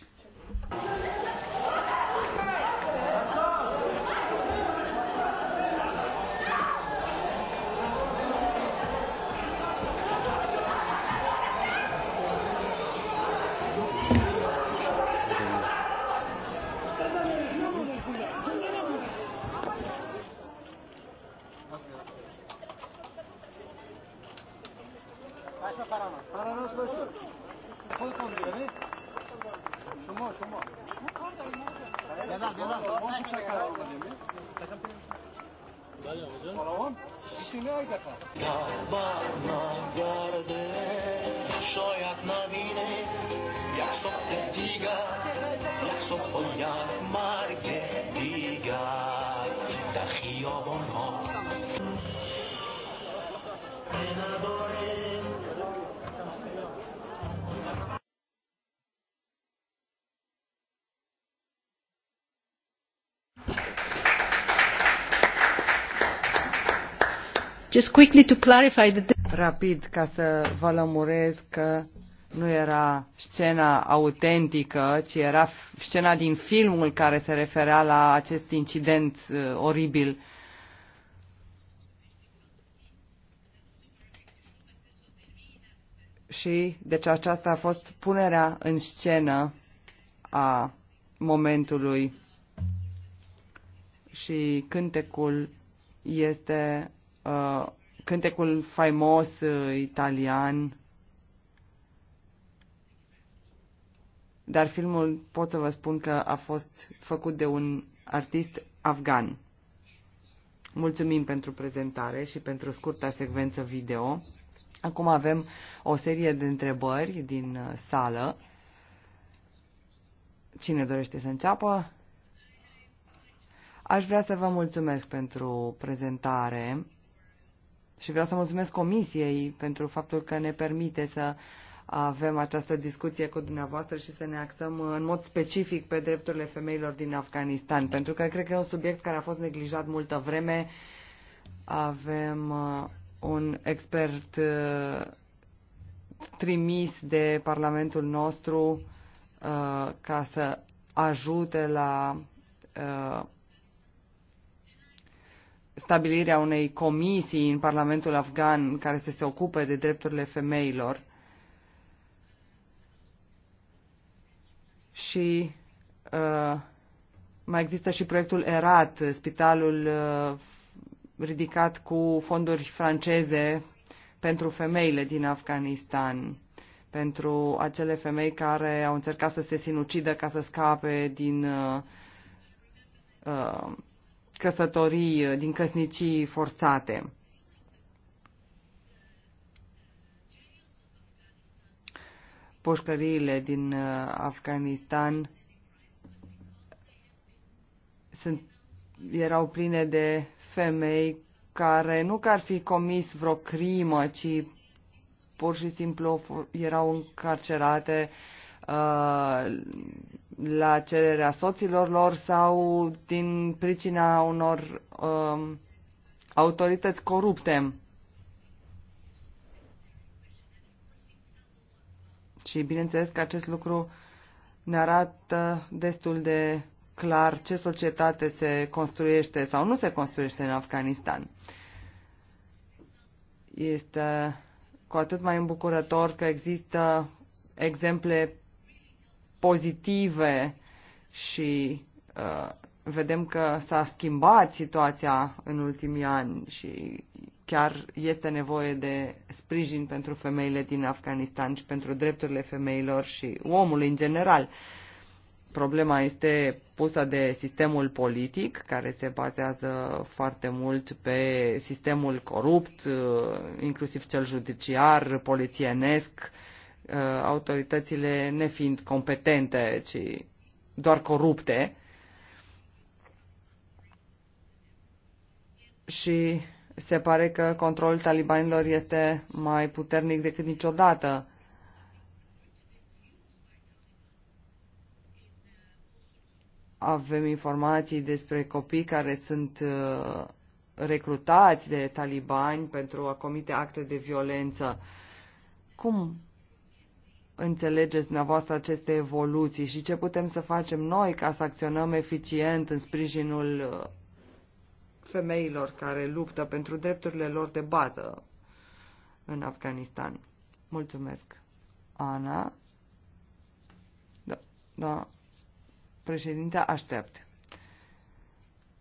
Palavon, içine ayda kal.
Bağma
Just quickly to clarify that this... Rapid, ca să vă lămurez că nu era scena autentică, ci era scena din filmul care se referea la acest incident uh, oribil. Și, deci, aceasta a fost punerea în scenă a momentului și cântecul este Uh, cântecul faimos uh, italian. Dar filmul pot să vă spun că a fost făcut de un artist afgan. Mulțumim pentru prezentare și pentru scurta secvență video. Acum avem o serie de întrebări din uh, sală. Cine dorește să înceapă? Aș vrea să vă mulțumesc pentru prezentare. Și vreau să mulțumesc Comisiei pentru faptul că ne permite să avem această discuție cu dumneavoastră și să ne axăm în mod specific pe drepturile femeilor din Afganistan, pentru că cred că e un subiect care a fost neglijat multă vreme. Avem uh, un expert uh, trimis de Parlamentul nostru uh, ca să ajute la stabilirea unei comisii în Parlamentul afgan care să se ocupe de drepturile femeilor și uh, mai există și proiectul ERAT, spitalul uh, ridicat cu fonduri franceze pentru femeile din Afganistan, pentru acele femei care au încercat să se sinucidă ca să scape din uh, uh, căsătorii, uh, din căsnicii forțate. Poșcăriile din uh, Afganistan sunt, erau pline de femei care nu că ar fi comis vreo crimă, ci pur și simplu erau încarcerate uh, la cererea soților lor sau din pricina unor um, autorități corupte. Și bineînțeles că acest lucru ne arată destul de clar ce societate se construiește sau nu se construiește în Afganistan. Este cu atât mai îmbucurător că există exemple pozitive și uh, vedem că s-a schimbat situația în ultimii ani și chiar este nevoie de sprijin pentru femeile din Afganistan și pentru drepturile femeilor și omului în general. Problema este pusă de sistemul politic, care se bazează foarte mult pe sistemul corupt, uh, inclusiv cel judiciar, polițienesc, Uh, autoritățile nefiind competente, ci doar corupte. Și se pare că controlul talibanilor este mai puternic decât niciodată. Avem informații despre copii care sunt uh, recrutați de talibani pentru a comite acte de violență. Cum înțelegeți dumneavoastră aceste evoluții și ce putem să facem noi ca să acționăm eficient în sprijinul uh, femeilor care luptă pentru drepturile lor de bază în Afganistan. Mulțumesc, Ana. Da, da. Președinte, aștept.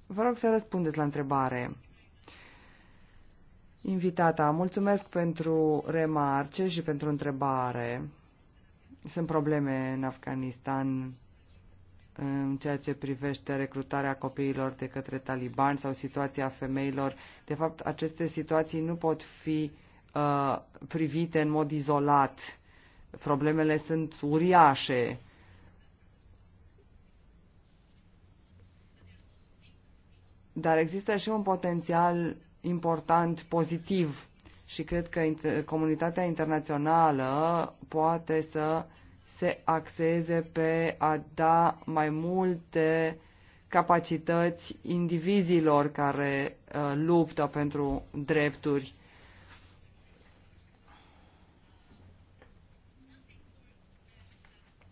Vă rog să răspundeți la întrebare. Invitata, mulțumesc pentru remarce și pentru întrebare. Sunt probleme în Afganistan în ceea ce privește recrutarea copiilor de către talibani sau situația femeilor. De fapt, aceste situații nu pot fi uh, privite în mod izolat. Problemele sunt uriașe. Dar există și un potențial important pozitiv și cred că comunitatea internațională poate să se axeze pe a da mai multe capacități indivizilor care uh, luptă pentru drepturi.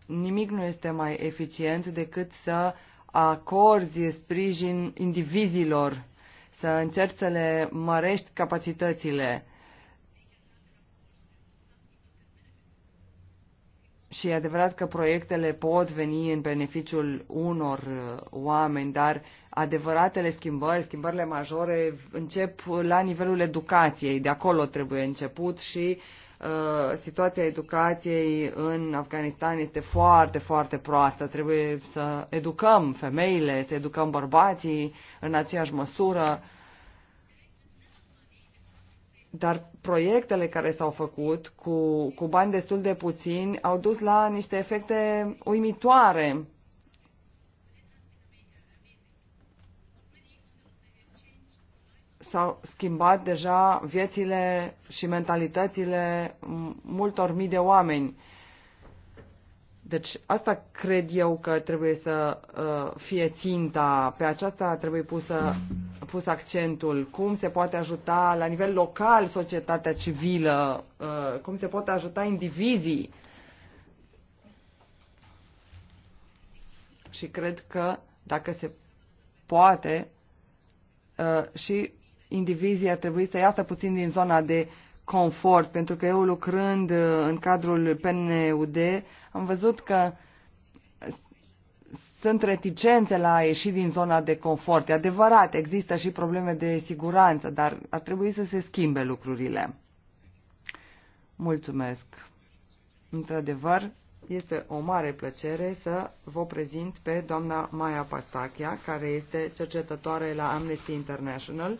Nimic nu este mai eficient decât să acorzi sprijin indivizilor, să încerci să le mărești capacitățile și e adevărat că proiectele pot veni în beneficiul unor uh, oameni, dar adevăratele schimbări, schimbările majore, încep la nivelul educației. De acolo trebuie început și uh, situația educației în Afganistan este foarte, foarte proastă. Trebuie să educăm femeile, să educăm bărbații în aceeași măsură. Dar proiectele care s-au făcut cu, cu bani destul de puțini au dus la niște efecte uimitoare. S-au schimbat deja viețile și mentalitățile multor mii de oameni deci asta cred eu că trebuie să uh, fie ținta, pe aceasta trebuie pusă, pus accentul, cum se poate ajuta la nivel local societatea civilă, uh, cum se poate ajuta indivizii. Și cred că dacă se poate, uh, și indivizii ar trebui să iasă puțin din zona de confort, pentru că eu lucrând uh, în cadrul PNUD, am văzut că sunt reticențe la a ieși din zona de confort. E adevărat, există și probleme de siguranță, dar ar trebui să se schimbe lucrurile. Mulțumesc! Într-adevăr, este o mare plăcere să vă prezint pe doamna Maia Pastachia, care este cercetătoare la Amnesty International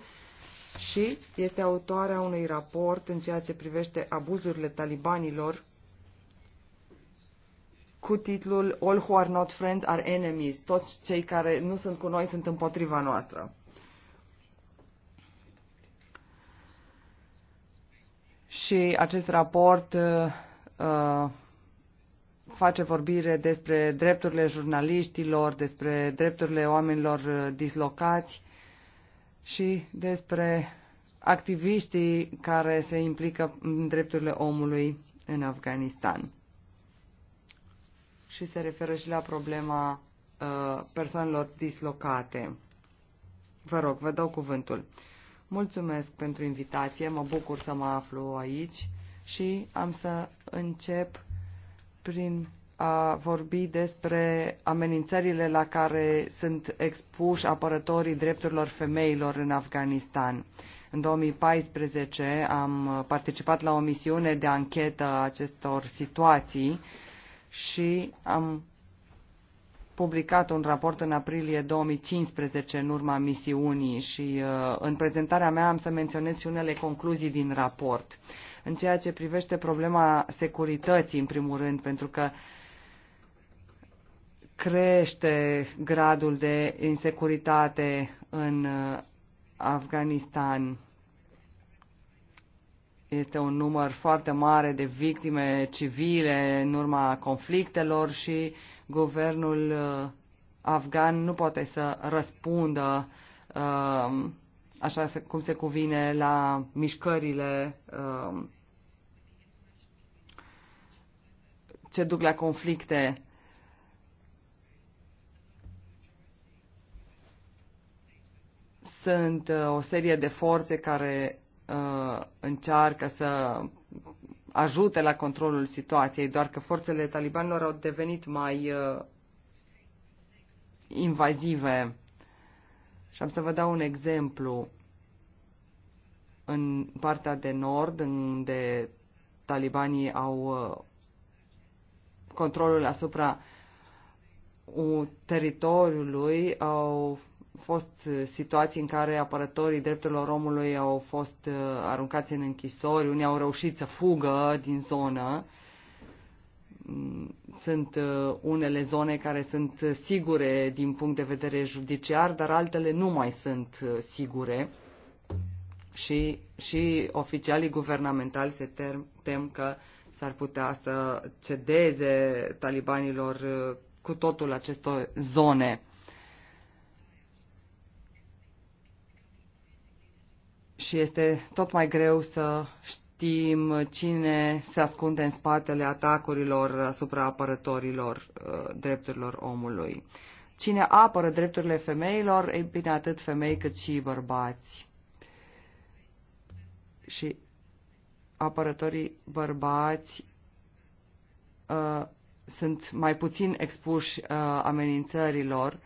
și este autoarea unui raport în ceea ce privește abuzurile talibanilor cu titlul All who are not friends are enemies. Toți cei care nu sunt cu noi sunt împotriva noastră. Și acest raport uh, uh face vorbire despre drepturile jurnaliștilor, despre drepturile oamenilor uh, dislocați și despre activiștii care se implică în drepturile omului în Afganistan și se referă și la problema uh, persoanelor dislocate. Vă rog, vă dau cuvântul. Mulțumesc pentru invitație, mă bucur să mă aflu aici și am să încep prin a vorbi despre amenințările la care sunt expuși apărătorii drepturilor femeilor în Afganistan. În 2014 am participat la o misiune de anchetă a acestor situații și am publicat un raport în aprilie 2015 în urma misiunii și uh, în prezentarea mea am să menționez și unele concluzii din raport. În ceea ce privește problema securității, în primul rând, pentru că crește gradul de insecuritate în uh, Afganistan este un număr foarte mare de victime civile în urma conflictelor și guvernul uh, afgan nu poate să răspundă uh, așa cum se cuvine la mișcările uh, ce duc la conflicte. Sunt o serie de forțe care uh, încearcă să ajute la controlul situației, doar că forțele talibanilor au devenit mai uh, invazive. Și am să vă dau un exemplu. În partea de nord, unde talibanii au uh, controlul asupra teritoriului, au fost uh, situații în care apărătorii drepturilor omului au fost uh, aruncați în închisori, unii au reușit să fugă din zonă. Mm, sunt uh, unele zone care sunt sigure din punct de vedere judiciar, dar altele nu mai sunt sigure și, și oficialii guvernamentali se term, tem că s-ar putea să cedeze talibanilor cu totul aceste zone. și este tot mai greu să știm cine se ascunde în spatele atacurilor asupra apărătorilor uh, drepturilor omului. Cine apără drepturile femeilor, e bine atât femei cât și bărbați. Și apărătorii bărbați uh, sunt mai puțin expuși uh, amenințărilor.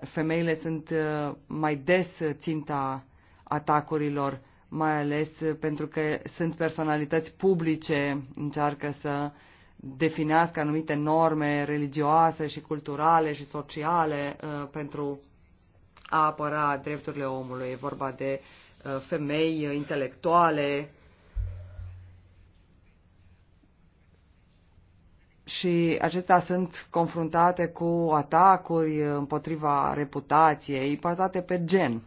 Femeile sunt uh, mai des ținta atacurilor, mai ales pentru că sunt personalități publice, încearcă să definească anumite norme religioase și culturale și sociale uh, pentru a apăra drepturile omului. E vorba de uh, femei intelectuale și acestea sunt confruntate cu atacuri împotriva reputației bazate pe gen.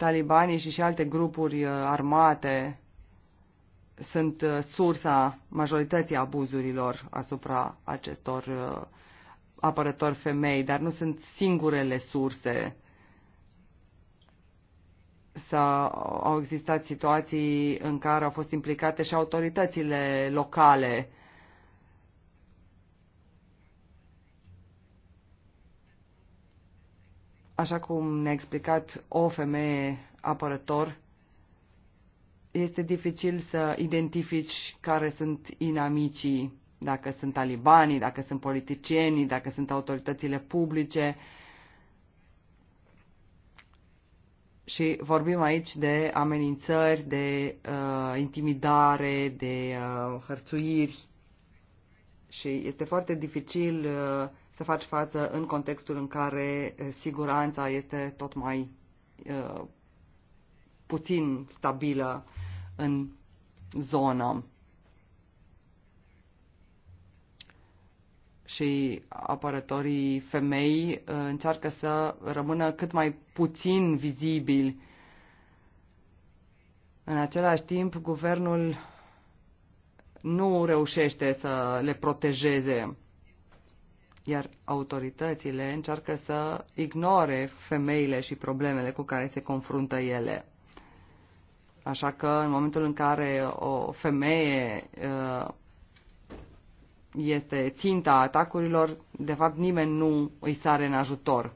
talibanii și și alte grupuri uh, armate sunt uh, sursa majorității abuzurilor asupra acestor uh, apărători femei, dar nu sunt singurele surse. Sau au existat situații în care au fost implicate și autoritățile locale așa cum ne-a explicat o femeie apărător, este dificil să identifici care sunt inamicii, dacă sunt talibanii, dacă sunt politicienii, dacă sunt autoritățile publice. Și vorbim aici de amenințări, de uh, intimidare, de uh, hărțuiri. Și este foarte dificil uh, să faci față în contextul în care siguranța este tot mai puțin stabilă în zonă. și apărătorii femei încearcă să rămână cât mai puțin vizibili. În același timp, guvernul nu reușește să le protejeze iar autoritățile încearcă să ignore femeile și problemele cu care se confruntă ele. Așa că în momentul în care o femeie uh, este ținta atacurilor, de fapt nimeni nu îi sare în ajutor.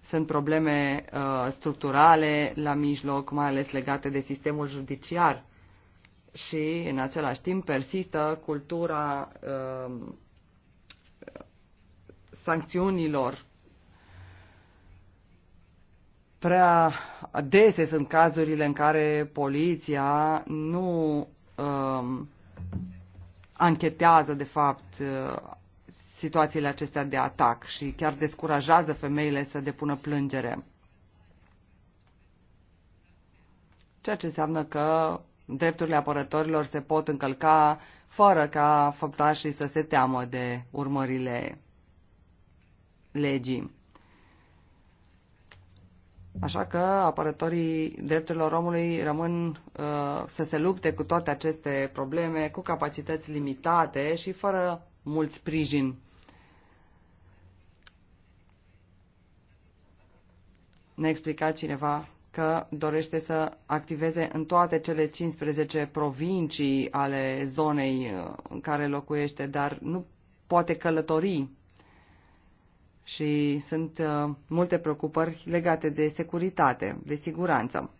Sunt probleme uh, structurale la mijloc, mai ales legate de sistemul judiciar și în același timp persistă cultura uh, sancțiunilor. Prea dese sunt cazurile în care poliția nu um, anchetează, de fapt, uh, situațiile acestea de atac și chiar descurajează femeile să depună plângere. Ceea ce înseamnă că drepturile apărătorilor se pot încălca fără ca făptașii să se teamă de urmările legii. Așa că apărătorii drepturilor omului rămân uh, să se lupte cu toate aceste probleme, cu capacități limitate și fără mult sprijin. Ne explica cineva că dorește să activeze în toate cele 15 provincii ale zonei uh, în care locuiește, dar nu poate călători și sunt uh, multe preocupări legate de securitate, de siguranță.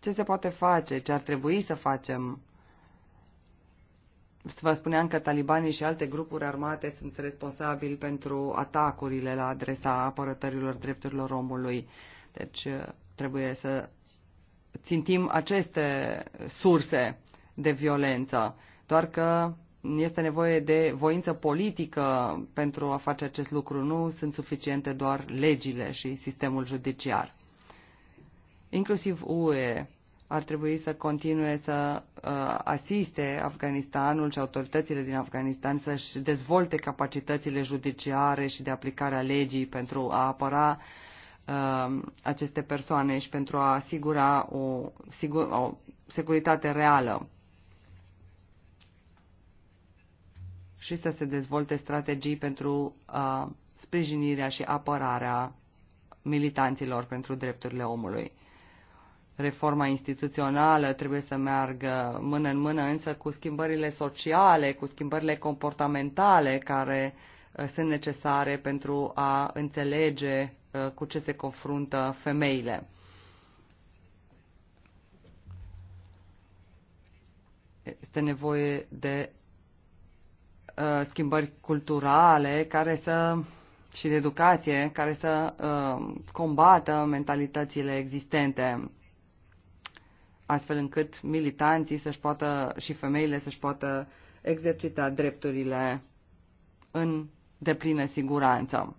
Ce se poate face? Ce ar trebui să facem? Să vă spuneam că talibanii și alte grupuri armate sunt responsabili pentru atacurile la adresa apărătorilor drepturilor omului. Deci uh, trebuie să țintim aceste surse de violență, doar că este nevoie de voință politică pentru a face acest lucru. Nu sunt suficiente doar legile și sistemul judiciar. Inclusiv UE ar trebui să continue să uh, asiste Afganistanul și autoritățile din Afganistan să-și dezvolte capacitățile judiciare și de aplicare a legii pentru a apăra uh, Um, aceste persoane și pentru a asigura o, sigur, o securitate reală și să se dezvolte strategii pentru a, uh, sprijinirea și apărarea militanților pentru drepturile omului. Reforma instituțională trebuie să meargă mână în mână însă cu schimbările sociale, cu schimbările comportamentale care uh, sunt necesare pentru a înțelege Uh, cu ce se confruntă femeile. Este nevoie de uh, schimbări culturale care să și de educație care să uh, combată mentalitățile existente, astfel încât militanții să-și poată și femeile să-și poată exercita drepturile în deplină siguranță.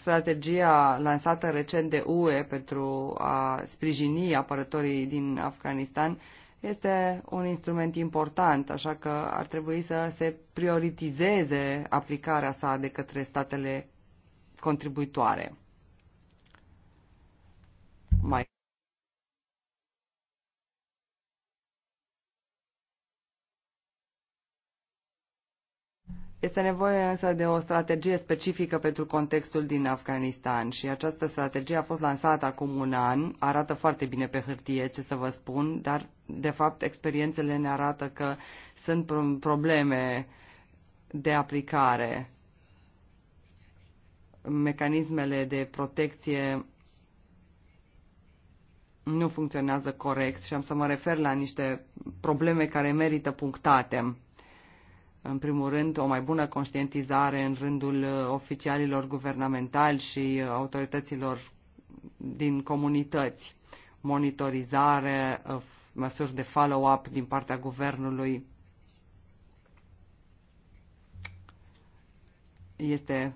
strategia lansată recent de UE pentru a sprijini apărătorii din Afganistan este un instrument important, așa că ar trebui să se prioritizeze aplicarea sa de către statele contribuitoare. Mai Este nevoie însă de o strategie specifică pentru contextul din Afganistan și această strategie a fost lansată acum un an. Arată foarte bine pe hârtie, ce să vă spun, dar de fapt experiențele ne arată că sunt probleme de aplicare. Mecanismele de protecție nu funcționează corect și am să mă refer la niște probleme care merită punctate în primul rând, o mai bună conștientizare în rândul uh, oficialilor guvernamentali și autorităților din comunități, monitorizare, uh, măsuri de follow-up din partea guvernului. Este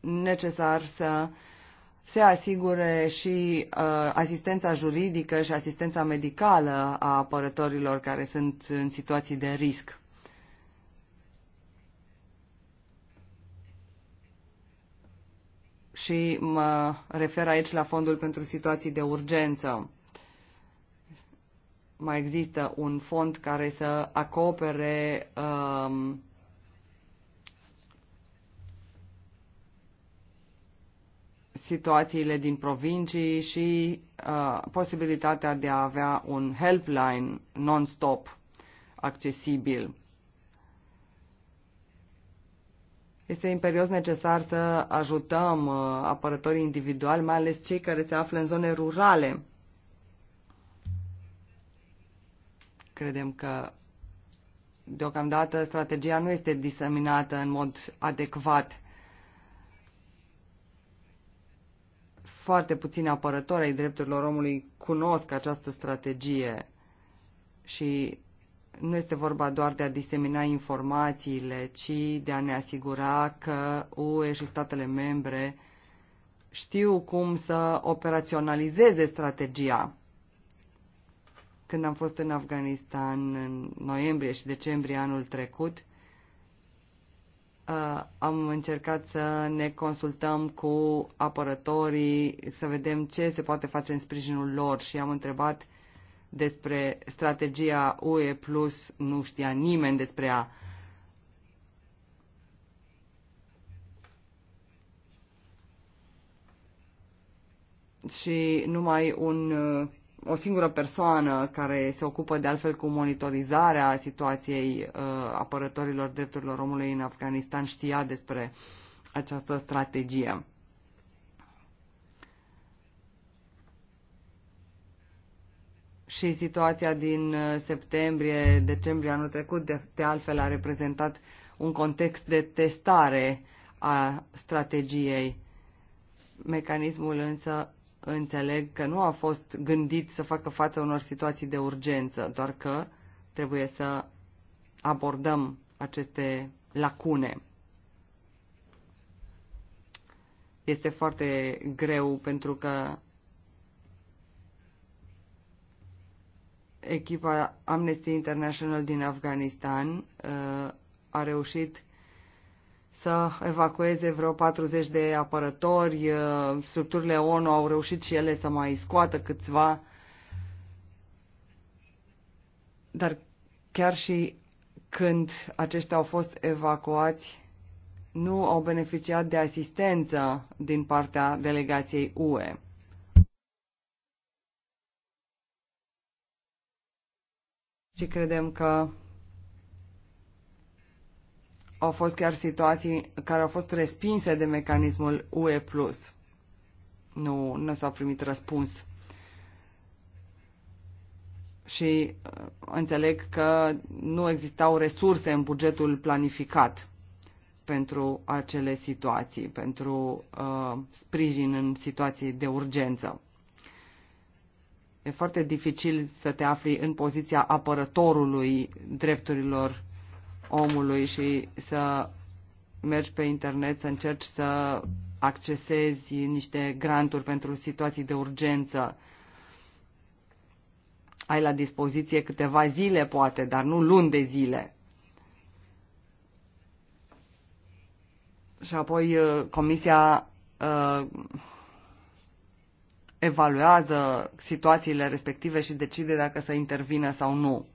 necesar să uh, se asigure și uh, asistența juridică și asistența medicală a apărătorilor care sunt în situații de risc. Și mă refer aici la fondul pentru situații de urgență. Mai există un fond care să acopere uh, situațiile din provincii și uh, posibilitatea de a avea un helpline non-stop accesibil. Este imperios necesar să ajutăm uh, apărătorii individuali, mai ales cei care se află în zone rurale. Credem că deocamdată strategia nu este diseminată în mod adecvat foarte puțini apărători ai drepturilor omului cunosc această strategie și nu este vorba doar de a disemina informațiile, ci de a ne asigura că UE și statele membre știu cum să operaționalizeze strategia. Când am fost în Afganistan în noiembrie și decembrie anul trecut, Uh, am încercat să ne consultăm cu apărătorii, să vedem ce se poate face în sprijinul lor și am întrebat despre strategia UE+, plus nu știa nimeni despre ea. Și numai un uh, o singură persoană care se ocupă de altfel cu monitorizarea situației uh, apărătorilor drepturilor omului în Afganistan știa despre această strategie. Și situația din uh, septembrie, decembrie anul trecut, de, de altfel, a reprezentat un context de testare a strategiei. Mecanismul însă înțeleg că nu a fost gândit să facă față unor situații de urgență, doar că trebuie să abordăm aceste lacune. Este foarte greu pentru că echipa Amnesty International din Afganistan uh, a reușit să evacueze vreo 40 de apărători. Uh, structurile ONU au reușit și ele să mai scoată câțiva. Dar chiar și când aceștia au fost evacuați, nu au beneficiat de asistență din partea delegației UE. Și credem că au fost chiar situații care au fost respinse de mecanismul UE+. Nu, nu s-a primit răspuns. Și uh, înțeleg că nu existau resurse în bugetul planificat pentru acele situații, pentru uh, sprijin în situații de urgență. E foarte dificil să te afli în poziția apărătorului drepturilor omului și să mergi pe internet să încerci să accesezi niște granturi pentru situații de urgență. Ai la dispoziție câteva zile, poate, dar nu luni de zile. Și apoi uh, comisia uh, evaluează situațiile respective și decide dacă să intervină sau nu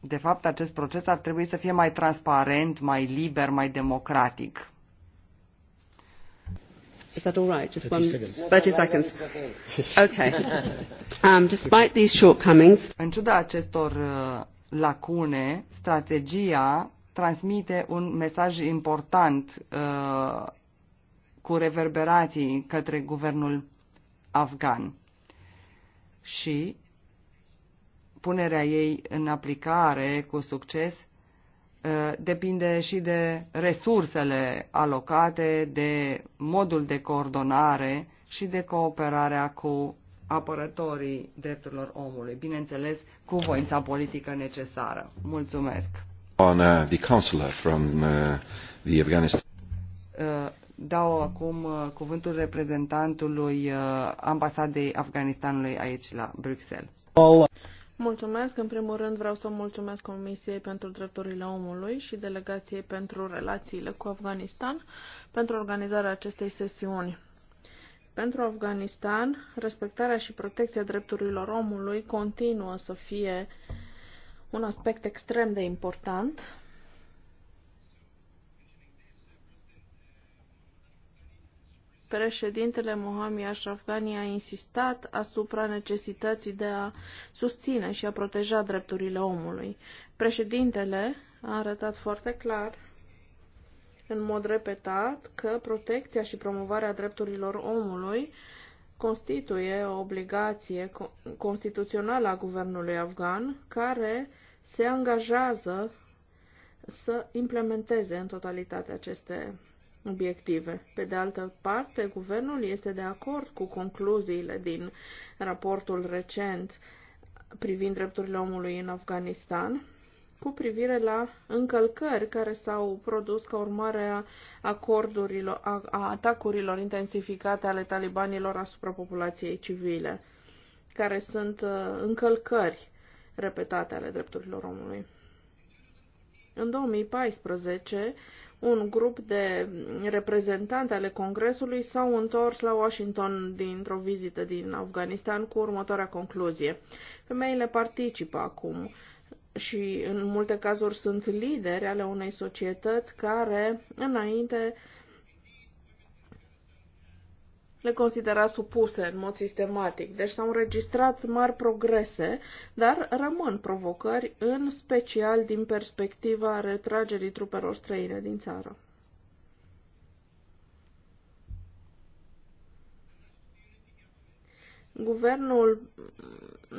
de fapt, acest proces ar trebui să fie mai transparent, mai liber, mai democratic. Is that all right? Just 30 one, seconds. 30 seconds. Okay. Um, despite these shortcomings. În ciuda acestor uh, lacune, strategia transmite un mesaj important uh, cu reverberații către guvernul afgan. Și punerea ei în aplicare cu succes uh, depinde și de resursele alocate, de modul de coordonare și de cooperarea cu apărătorii drepturilor omului, bineînțeles cu voința politică necesară. Mulțumesc.
On uh, the counselor from uh, the Afghanistan.
Uh, dau acum uh, cuvântul reprezentantului uh, ambasadei Afganistanului aici la Bruxelles.
uh...
Mulțumesc. În primul rând vreau să mulțumesc Comisiei pentru Drepturile Omului și Delegației pentru Relațiile cu Afganistan pentru organizarea acestei sesiuni. Pentru Afganistan, respectarea și protecția drepturilor omului continuă să fie un aspect extrem de important Președintele Mohamed Ashraf Ghani a insistat asupra necesității de a susține și a proteja drepturile omului. Președintele a arătat foarte clar în mod repetat că protecția și promovarea drepturilor omului constituie o obligație constituțională a guvernului afgan care se angajează să implementeze în totalitate aceste obiective. Pe de altă parte, guvernul este de acord cu concluziile din raportul recent privind drepturile omului în Afganistan, cu privire la încălcări care s-au produs ca urmare a acordurilor, a, a atacurilor intensificate ale talibanilor asupra populației civile, care sunt uh, încălcări repetate ale drepturilor omului. În 2014, un grup de reprezentante ale Congresului s-au întors la Washington dintr-o vizită din Afganistan cu următoarea concluzie. Femeile participă acum și în multe cazuri sunt lideri ale unei societăți care înainte uh, le considera supuse în mod sistematic. Deci s-au înregistrat mari progrese, dar rămân provocări, în special din perspectiva retragerii trupelor străine din țară. Guvernul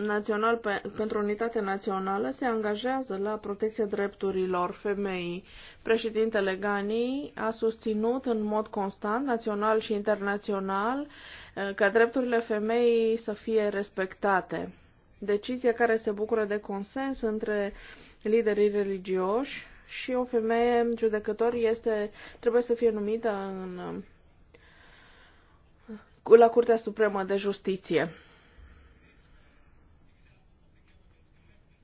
Național pentru Unitate Națională se angajează la protecția drepturilor femeii. Președintele Gani a susținut în mod constant, național și internațional, eh, ca drepturile femeii să fie respectate. Decizia care se bucură de consens între liderii religioși și o femeie judecător este, trebuie să fie numită în la Curtea Supremă de Justiție.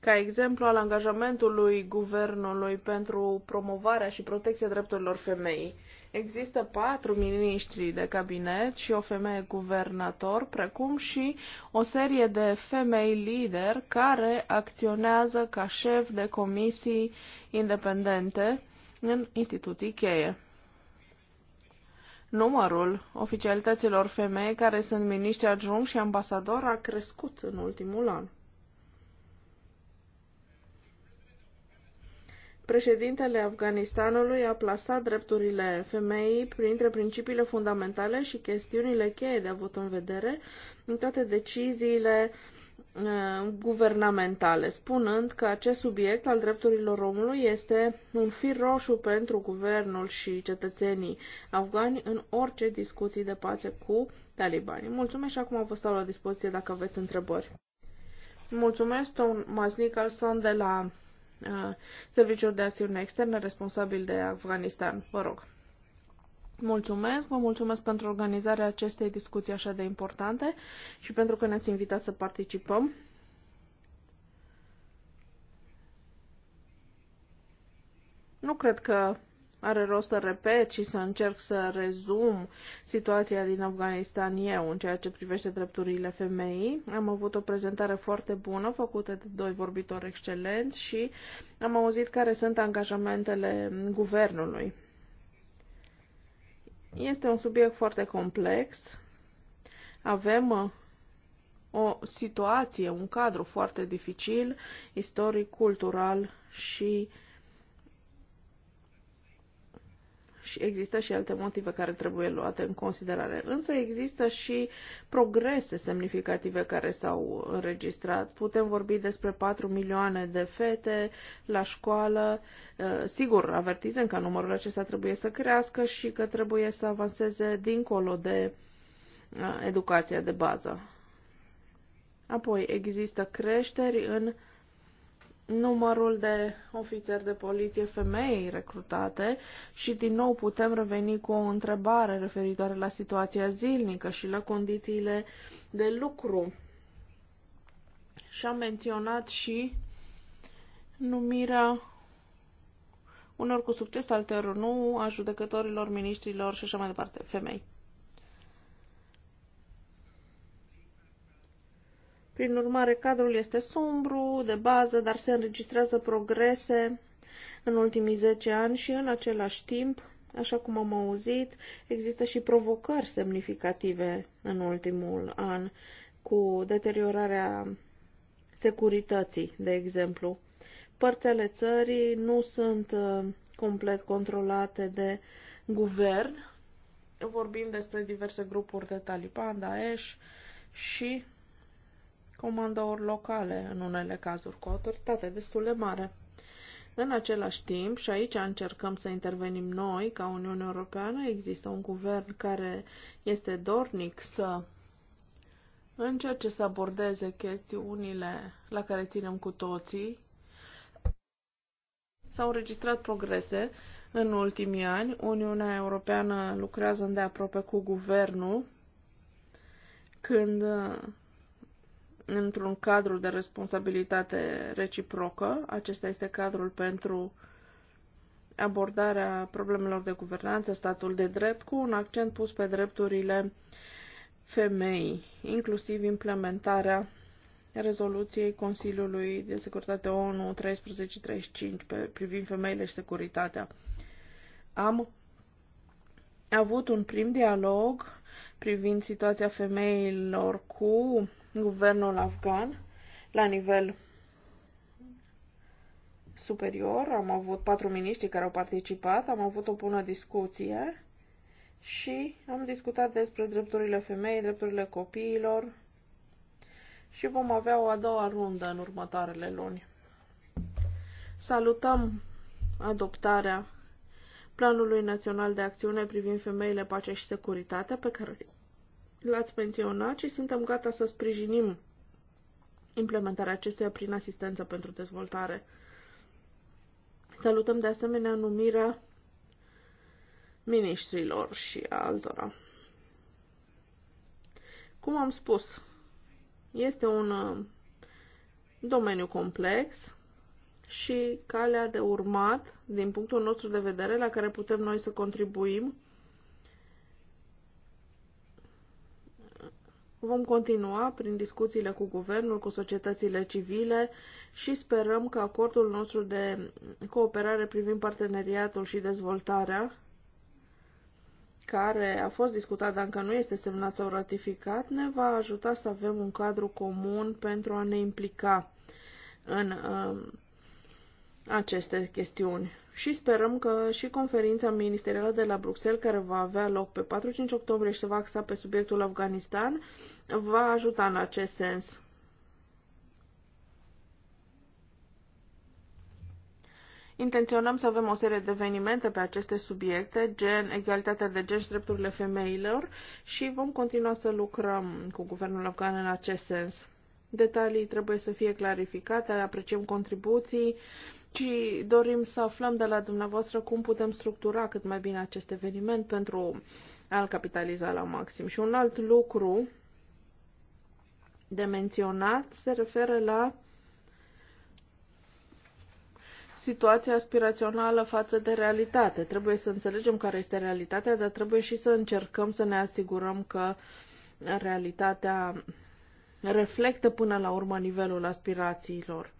Ca exemplu al angajamentului guvernului pentru promovarea și protecția drepturilor femeii. Există patru miniștri de cabinet și o femeie guvernator, precum și o serie de femei lideri care acționează ca șef de comisii independente în instituții cheie. Numărul oficialităților femei care sunt miniștri adjunct și ambasador a crescut în ultimul an. Președintele Afganistanului a plasat drepturile femeii printre principiile fundamentale și chestiunile cheie de avut în vedere în toate deciziile uh, Uh, guvernamentale, spunând că acest subiect al drepturilor omului este un fir roșu pentru guvernul și cetățenii afgani în orice discuții de pace cu talibanii. Mulțumesc și acum vă stau la dispoziție dacă aveți întrebări. Mulțumesc, Tom Masnicalson de la uh, Serviciul de Acțiune Externă, responsabil de Afganistan. Vă rog. Mulțumesc, vă mulțumesc pentru organizarea acestei discuții așa de importante și pentru că ne-ați invitat să participăm. Nu cred că are rost să repet și să încerc să rezum situația din Afganistan eu în ceea ce privește drepturile femeii. Am avut o prezentare foarte bună făcută de doi vorbitori excelenți și am auzit care sunt angajamentele guvernului este un subiect foarte complex. Avem uh, o situație, un cadru foarte dificil, istoric, cultural și uh, și există și alte motive care trebuie luate în considerare. Însă există și progrese semnificative care s-au înregistrat. Putem vorbi despre 4 milioane de fete la școală. Eh, sigur, avertizăm că numărul acesta trebuie să crească și că trebuie să avanseze dincolo de eh, educația de bază. Apoi, există creșteri în numărul de ofițeri de poliție femei recrutate și din nou putem reveni cu o întrebare referitoare la situația zilnică și la condițiile de lucru. Și am menționat și numirea unor cu succes, altor nu, a judecătorilor, miniștrilor și așa mai departe, femei. Prin urmare, cadrul este sombru, de bază, dar se înregistrează progrese în ultimii 10 ani și în același timp, așa cum am auzit, există și provocări semnificative în ultimul an cu deteriorarea securității, de exemplu. Părțile țării nu sunt uh, complet controlate de guvern. Vorbim despre diverse grupuri de taliban, Daesh și comandouri locale, în unele cazuri, cu autoritate destul de mare. În același timp, și aici încercăm să intervenim noi, ca Uniunea Europeană, există un guvern care este dornic să încerce să abordeze chestiunile la care ținem cu toții. S-au înregistrat progrese în ultimii ani. Uniunea Europeană lucrează îndeaproape cu guvernul când într-un cadru de responsabilitate reciprocă. Acesta este cadrul pentru abordarea problemelor de guvernanță, statul de drept, cu un accent pus pe drepturile femei, inclusiv implementarea rezoluției Consiliului de Securitate ONU 1335 pe, privind femeile și securitatea. Am avut un prim dialog privind situația femeilor cu guvernul afgan la nivel superior. Am avut patru miniștri care au participat, am avut o bună discuție și am discutat despre drepturile femei, drepturile copiilor și vom avea o a doua rundă în următoarele luni. Salutăm adoptarea Planului Național de Acțiune privind femeile, pace și securitate pe care l-ați menționat și suntem gata să sprijinim implementarea acestuia prin asistență pentru dezvoltare. Salutăm de asemenea numirea miniștrilor și a altora. Cum am spus, este un uh, domeniu complex și calea de urmat, din punctul nostru de vedere, la care putem noi să contribuim, Vom continua prin discuțiile cu guvernul, cu societățile civile și sperăm că acordul nostru de cooperare privind parteneriatul și dezvoltarea, care a fost discutat, dar încă nu este semnat sau ratificat, ne va ajuta să avem un cadru comun pentru a ne implica în Uh, aceste chestiuni. Și sperăm că și conferința ministerială de la Bruxelles, care va avea loc pe 4-5 octombrie și se va axa pe subiectul Afganistan, va ajuta în acest sens. Intenționăm să avem o serie de evenimente pe aceste subiecte, gen egalitatea de gen și drepturile femeilor și vom continua să lucrăm cu guvernul afgan în acest sens. Detalii trebuie să fie clarificate, apreciem contribuții ci dorim să aflăm de la dumneavoastră cum putem structura cât mai bine acest eveniment pentru a-l capitaliza la maxim. Și un alt lucru de menționat se referă la situația aspirațională față de realitate. Trebuie să înțelegem care este realitatea, dar trebuie și să încercăm să ne asigurăm că realitatea reflectă până la urmă nivelul aspirațiilor.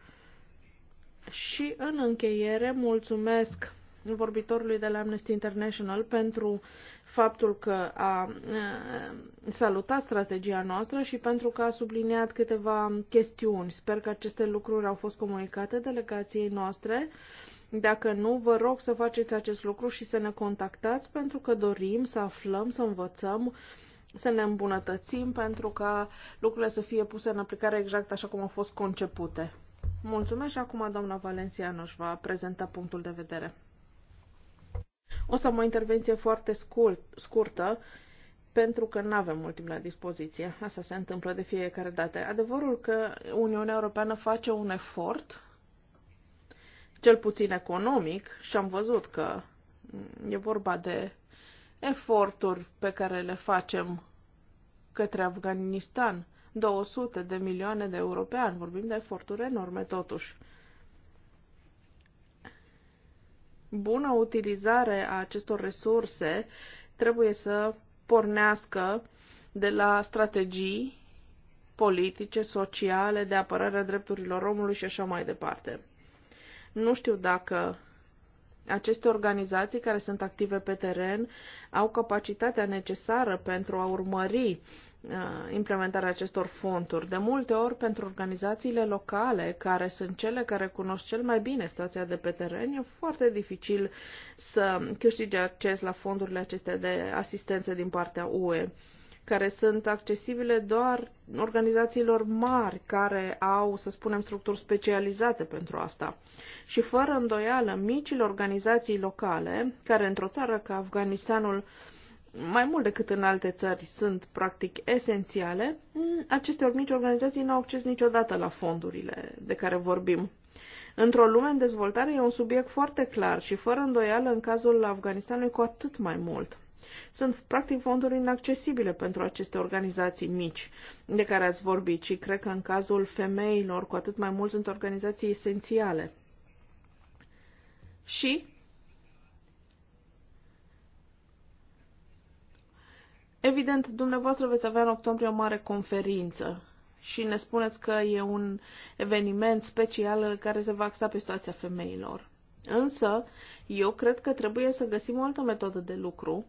Și în încheiere, mulțumesc vorbitorului de la Amnesty International pentru faptul că a salutat strategia noastră și pentru că a subliniat câteva chestiuni. Sper că aceste lucruri au fost comunicate delegației noastre. Dacă nu, vă rog să faceți acest lucru și să ne contactați pentru că dorim să aflăm, să învățăm, să ne îmbunătățim pentru ca lucrurile să fie puse în aplicare exact așa cum au fost concepute. Mulțumesc și acum doamna Valenciano își va prezenta punctul de vedere. O să am o intervenție foarte scurt, scurtă, pentru că nu avem mult timp la dispoziție. Asta se întâmplă de fiecare dată. Adevărul că Uniunea Europeană face un efort, cel puțin economic, și am văzut că e vorba de eforturi pe care le facem către Afganistan 200 de milioane de europeani. Vorbim de eforturi enorme, totuși. Bună utilizare a acestor resurse trebuie să pornească de la strategii politice, sociale, de apărare a drepturilor omului și așa mai departe. Nu știu dacă aceste organizații care sunt active pe teren au capacitatea necesară pentru a urmări Uh, implementarea acestor fonduri. De multe ori, pentru organizațiile locale, care sunt cele care cunosc cel mai bine situația de pe teren, e foarte dificil să câștige acces la fondurile acestea de asistență din partea UE care sunt accesibile doar organizațiilor mari care au, să spunem, structuri specializate pentru asta. Și fără îndoială, micile organizații locale, care într-o țară ca Afganistanul uh, mai mult decât în alte țări, sunt practic esențiale, mm, aceste mici organizații nu au acces niciodată la fondurile de care vorbim. Într-o lume în dezvoltare e un subiect foarte clar și fără îndoială în cazul Afganistanului cu atât mai mult. Sunt practic fonduri inaccesibile pentru aceste organizații mici de care ați vorbit și cred că în cazul femeilor cu atât mai mult sunt organizații esențiale. Și Evident, dumneavoastră veți avea în octombrie o mare conferință și ne spuneți că e un eveniment special care se va axa pe situația femeilor. Însă, eu cred că trebuie să găsim o altă metodă de lucru.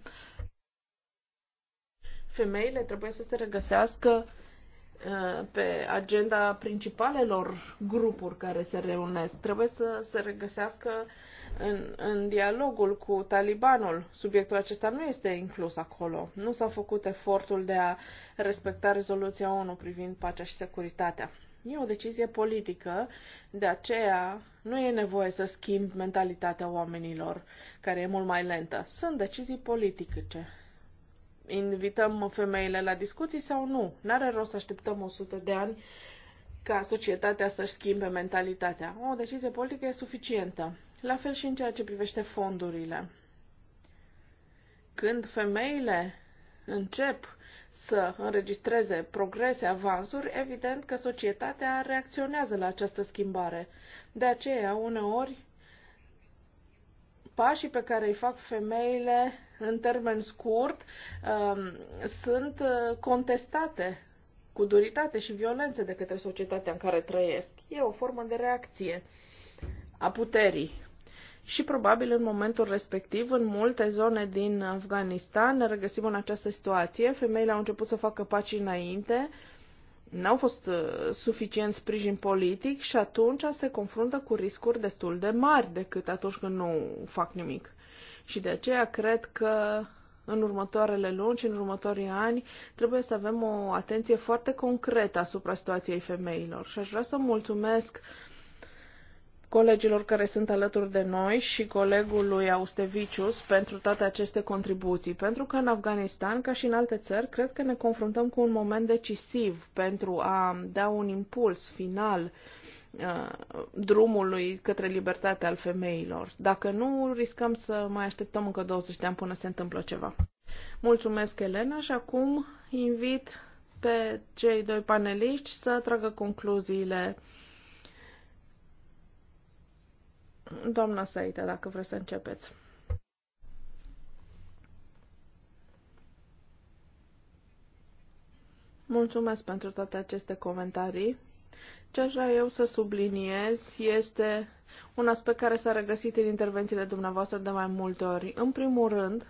Femeile trebuie să se regăsească uh, pe agenda principalelor grupuri care se reunesc. Trebuie să se regăsească în, în dialogul cu talibanul, subiectul acesta nu este inclus acolo. Nu s-a făcut efortul de a respecta rezoluția ONU privind pacea și securitatea. E o decizie politică, de aceea nu e nevoie să schimb mentalitatea oamenilor, care e mult mai lentă. Sunt decizii politice. Invităm femeile la discuții sau nu? N-are rost să așteptăm 100 de ani ca societatea să-și schimbe mentalitatea. O decizie politică e suficientă. La fel și în ceea ce privește fondurile. Când femeile încep să înregistreze progrese, avansuri, evident că societatea reacționează la această schimbare. De aceea, uneori, pașii pe care îi fac femeile în termen scurt um, sunt uh, contestate cu duritate și violențe de către societatea în care trăiesc. E o formă de reacție a puterii și probabil în momentul respectiv, în multe zone din Afganistan, ne regăsim în această situație. Femeile au început să facă paci înainte, n-au fost uh, suficient sprijin politic și atunci se confruntă cu riscuri destul de mari decât atunci când nu fac nimic. Și de aceea cred că în următoarele luni și în următorii ani trebuie să avem o atenție foarte concretă asupra situației femeilor. Și aș vrea să mulțumesc uh, colegilor care sunt alături de noi și colegului Austevicius pentru toate aceste contribuții, pentru că în Afganistan, ca și în alte țări, cred că ne confruntăm cu un moment decisiv pentru a da un impuls final uh, drumului către libertatea al femeilor. Dacă nu, riscăm să mai așteptăm încă 20 de ani până se întâmplă ceva. Mulțumesc, Elena, și acum invit pe cei doi paneliști să tragă concluziile Doamna Saita, dacă vreți să începeți. Mulțumesc pentru toate aceste comentarii. Ce aș vrea eu să subliniez este un aspect care s-a regăsit în intervențiile dumneavoastră de mai multe ori. În primul rând,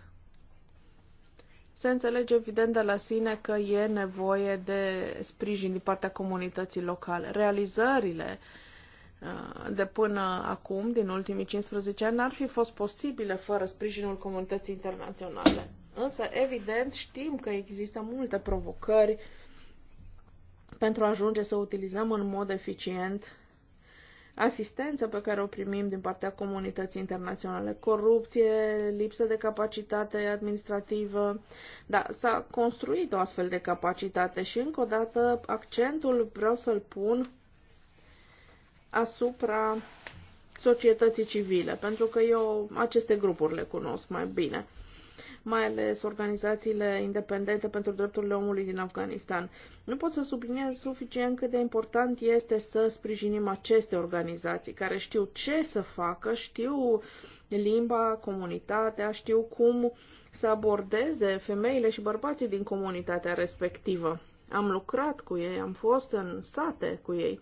se înțelege evident de la sine că e nevoie de sprijin din partea comunității locale. Realizările uh, Uh, de până acum, din ultimii 15 ani, n-ar fi fost posibile fără sprijinul comunității internaționale. Însă, evident, știm că există multe provocări pentru a ajunge să utilizăm în mod eficient Asistența pe care o primim din partea comunității internaționale, corupție, lipsă de capacitate administrativă, dar s-a construit o astfel de capacitate și încă o dată accentul vreau să-l pun asupra societății civile, pentru că eu aceste grupuri le cunosc mai bine, mai ales organizațiile independente pentru drepturile omului din Afganistan. Nu pot să subliniez suficient cât de important este să sprijinim aceste organizații care știu ce să facă, știu limba, comunitatea, știu cum să abordeze femeile și bărbații din comunitatea respectivă. Am lucrat cu ei, am fost în sate cu ei.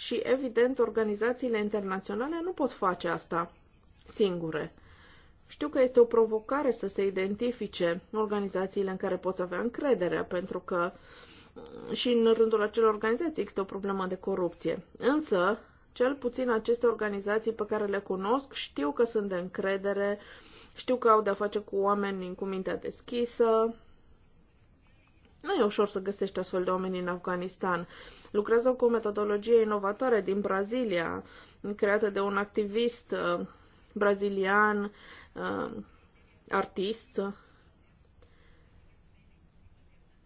Și, evident, organizațiile internaționale nu pot face asta singure. Știu că este o provocare să se identifice organizațiile în care poți avea încredere, pentru că și în rândul acelor organizații există o problemă de corupție. Însă, cel puțin aceste organizații pe care le cunosc știu că sunt de încredere, știu că au de-a face cu oameni cu mintea deschisă, nu e ușor să găsești astfel de oameni în Afganistan. Lucrează cu o metodologie inovatoare din Brazilia, creată de un activist uh, brazilian, uh, artist.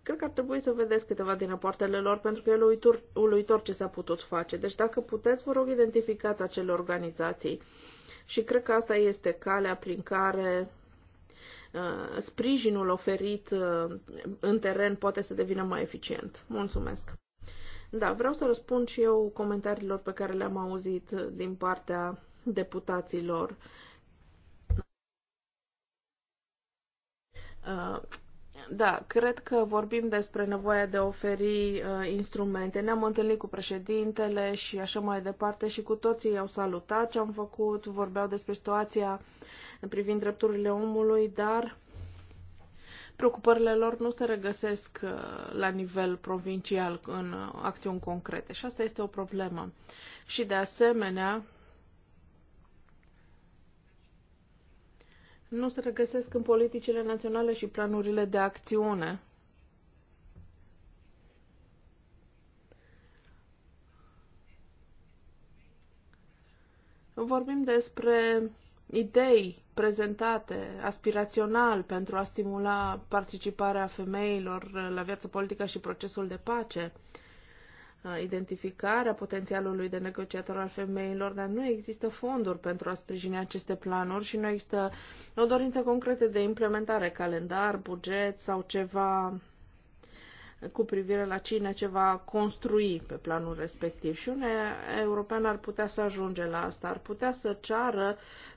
Cred că ar trebui să vedeți câteva din rapoartele lor, pentru că e uluitor, uluitor ce s-a putut face. Deci dacă puteți, vă rog, identificați acele organizații. Și cred că asta este calea prin care Uh, sprijinul oferit uh, în teren poate să devină mai eficient. Mulțumesc! Da, vreau să răspund și eu comentariilor pe care le-am auzit din partea deputaților. Uh, da, cred că vorbim despre nevoia de a oferi instrumente. Ne-am întâlnit cu președintele și așa mai departe și cu toții i-au salutat ce am făcut, vorbeau despre situația uh, privind drepturile omului, dar preocupările lor nu se regăsesc uh, la nivel provincial în uh, acțiuni concrete și asta este o problemă. Și de asemenea, nu se regăsesc în politicile naționale și planurile de acțiune. Vorbim despre idei prezentate aspirațional pentru a stimula participarea femeilor la viața politică și procesul de pace, identificarea potențialului de negociator al femeilor, dar nu există fonduri pentru a sprijini aceste planuri și nu există o dorință concretă de implementare, calendar, buget sau ceva cu privire la cine ce va construi pe planul respectiv. Și un european ar putea să ajunge la asta, ar putea să ceară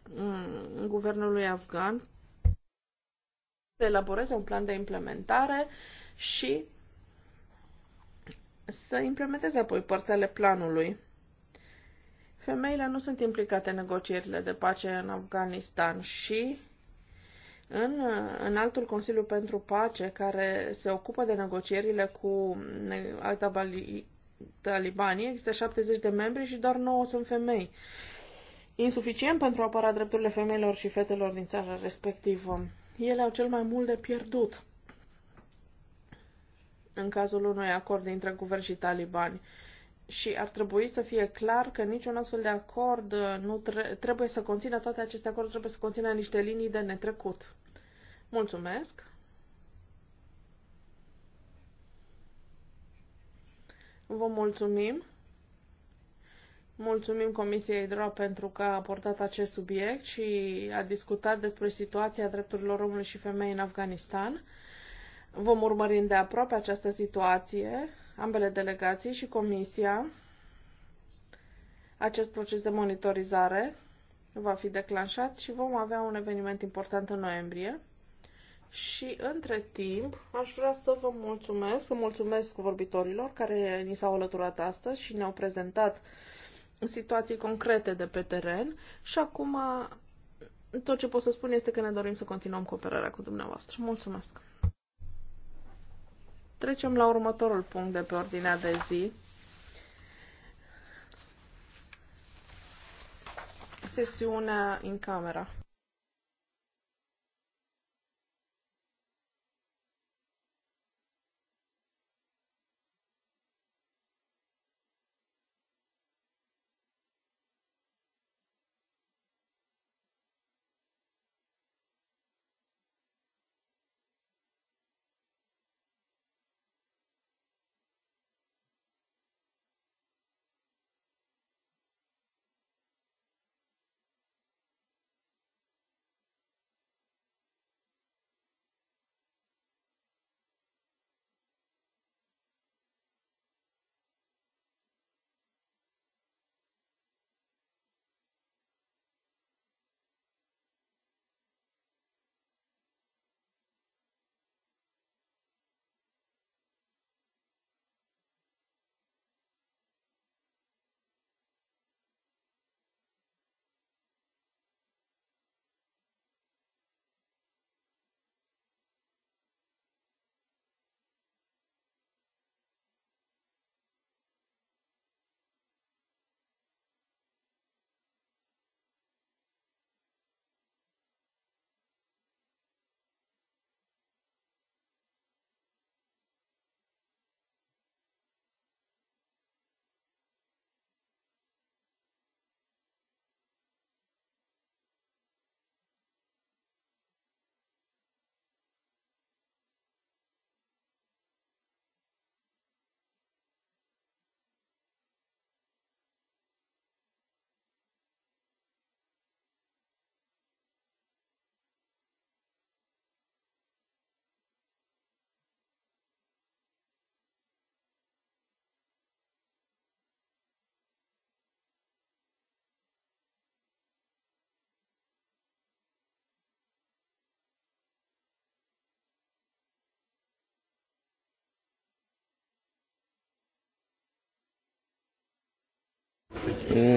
mm, guvernului afgan să elaboreze un plan de implementare și să implementeze apoi părțile planului. Femeile nu sunt implicate în negocierile de pace în Afganistan și în, în altul Consiliu pentru Pace, care se ocupă de negocierile cu talibanii, există 70 de membri și doar 9 sunt femei. Insuficient pentru a apăra drepturile femeilor și fetelor din țara respectivă. Ele au cel mai mult de pierdut în cazul unui acord dintre guvern și talibani și ar trebui să fie clar că niciun astfel de acord uh, nu tre- trebuie să conțină toate aceste acorduri, trebuie să conțină niște linii de netrecut. Mulțumesc! Vă mulțumim! Mulțumim Comisiei DRO pentru că a abordat acest subiect și a discutat despre situația drepturilor omului și femei în Afganistan. Vom urmări de aproape această situație ambele delegații și Comisia acest proces de monitorizare va fi declanșat și vom avea un eveniment important în noiembrie. Și între timp aș vrea să vă mulțumesc, să mulțumesc vorbitorilor care ni s-au alăturat astăzi și ne-au prezentat situații concrete de pe teren și acum tot ce pot să spun este că ne dorim să continuăm cooperarea cu dumneavoastră. Mulțumesc! Trecem la următorul punct de pe ordinea de zi. Sesiunea în camera.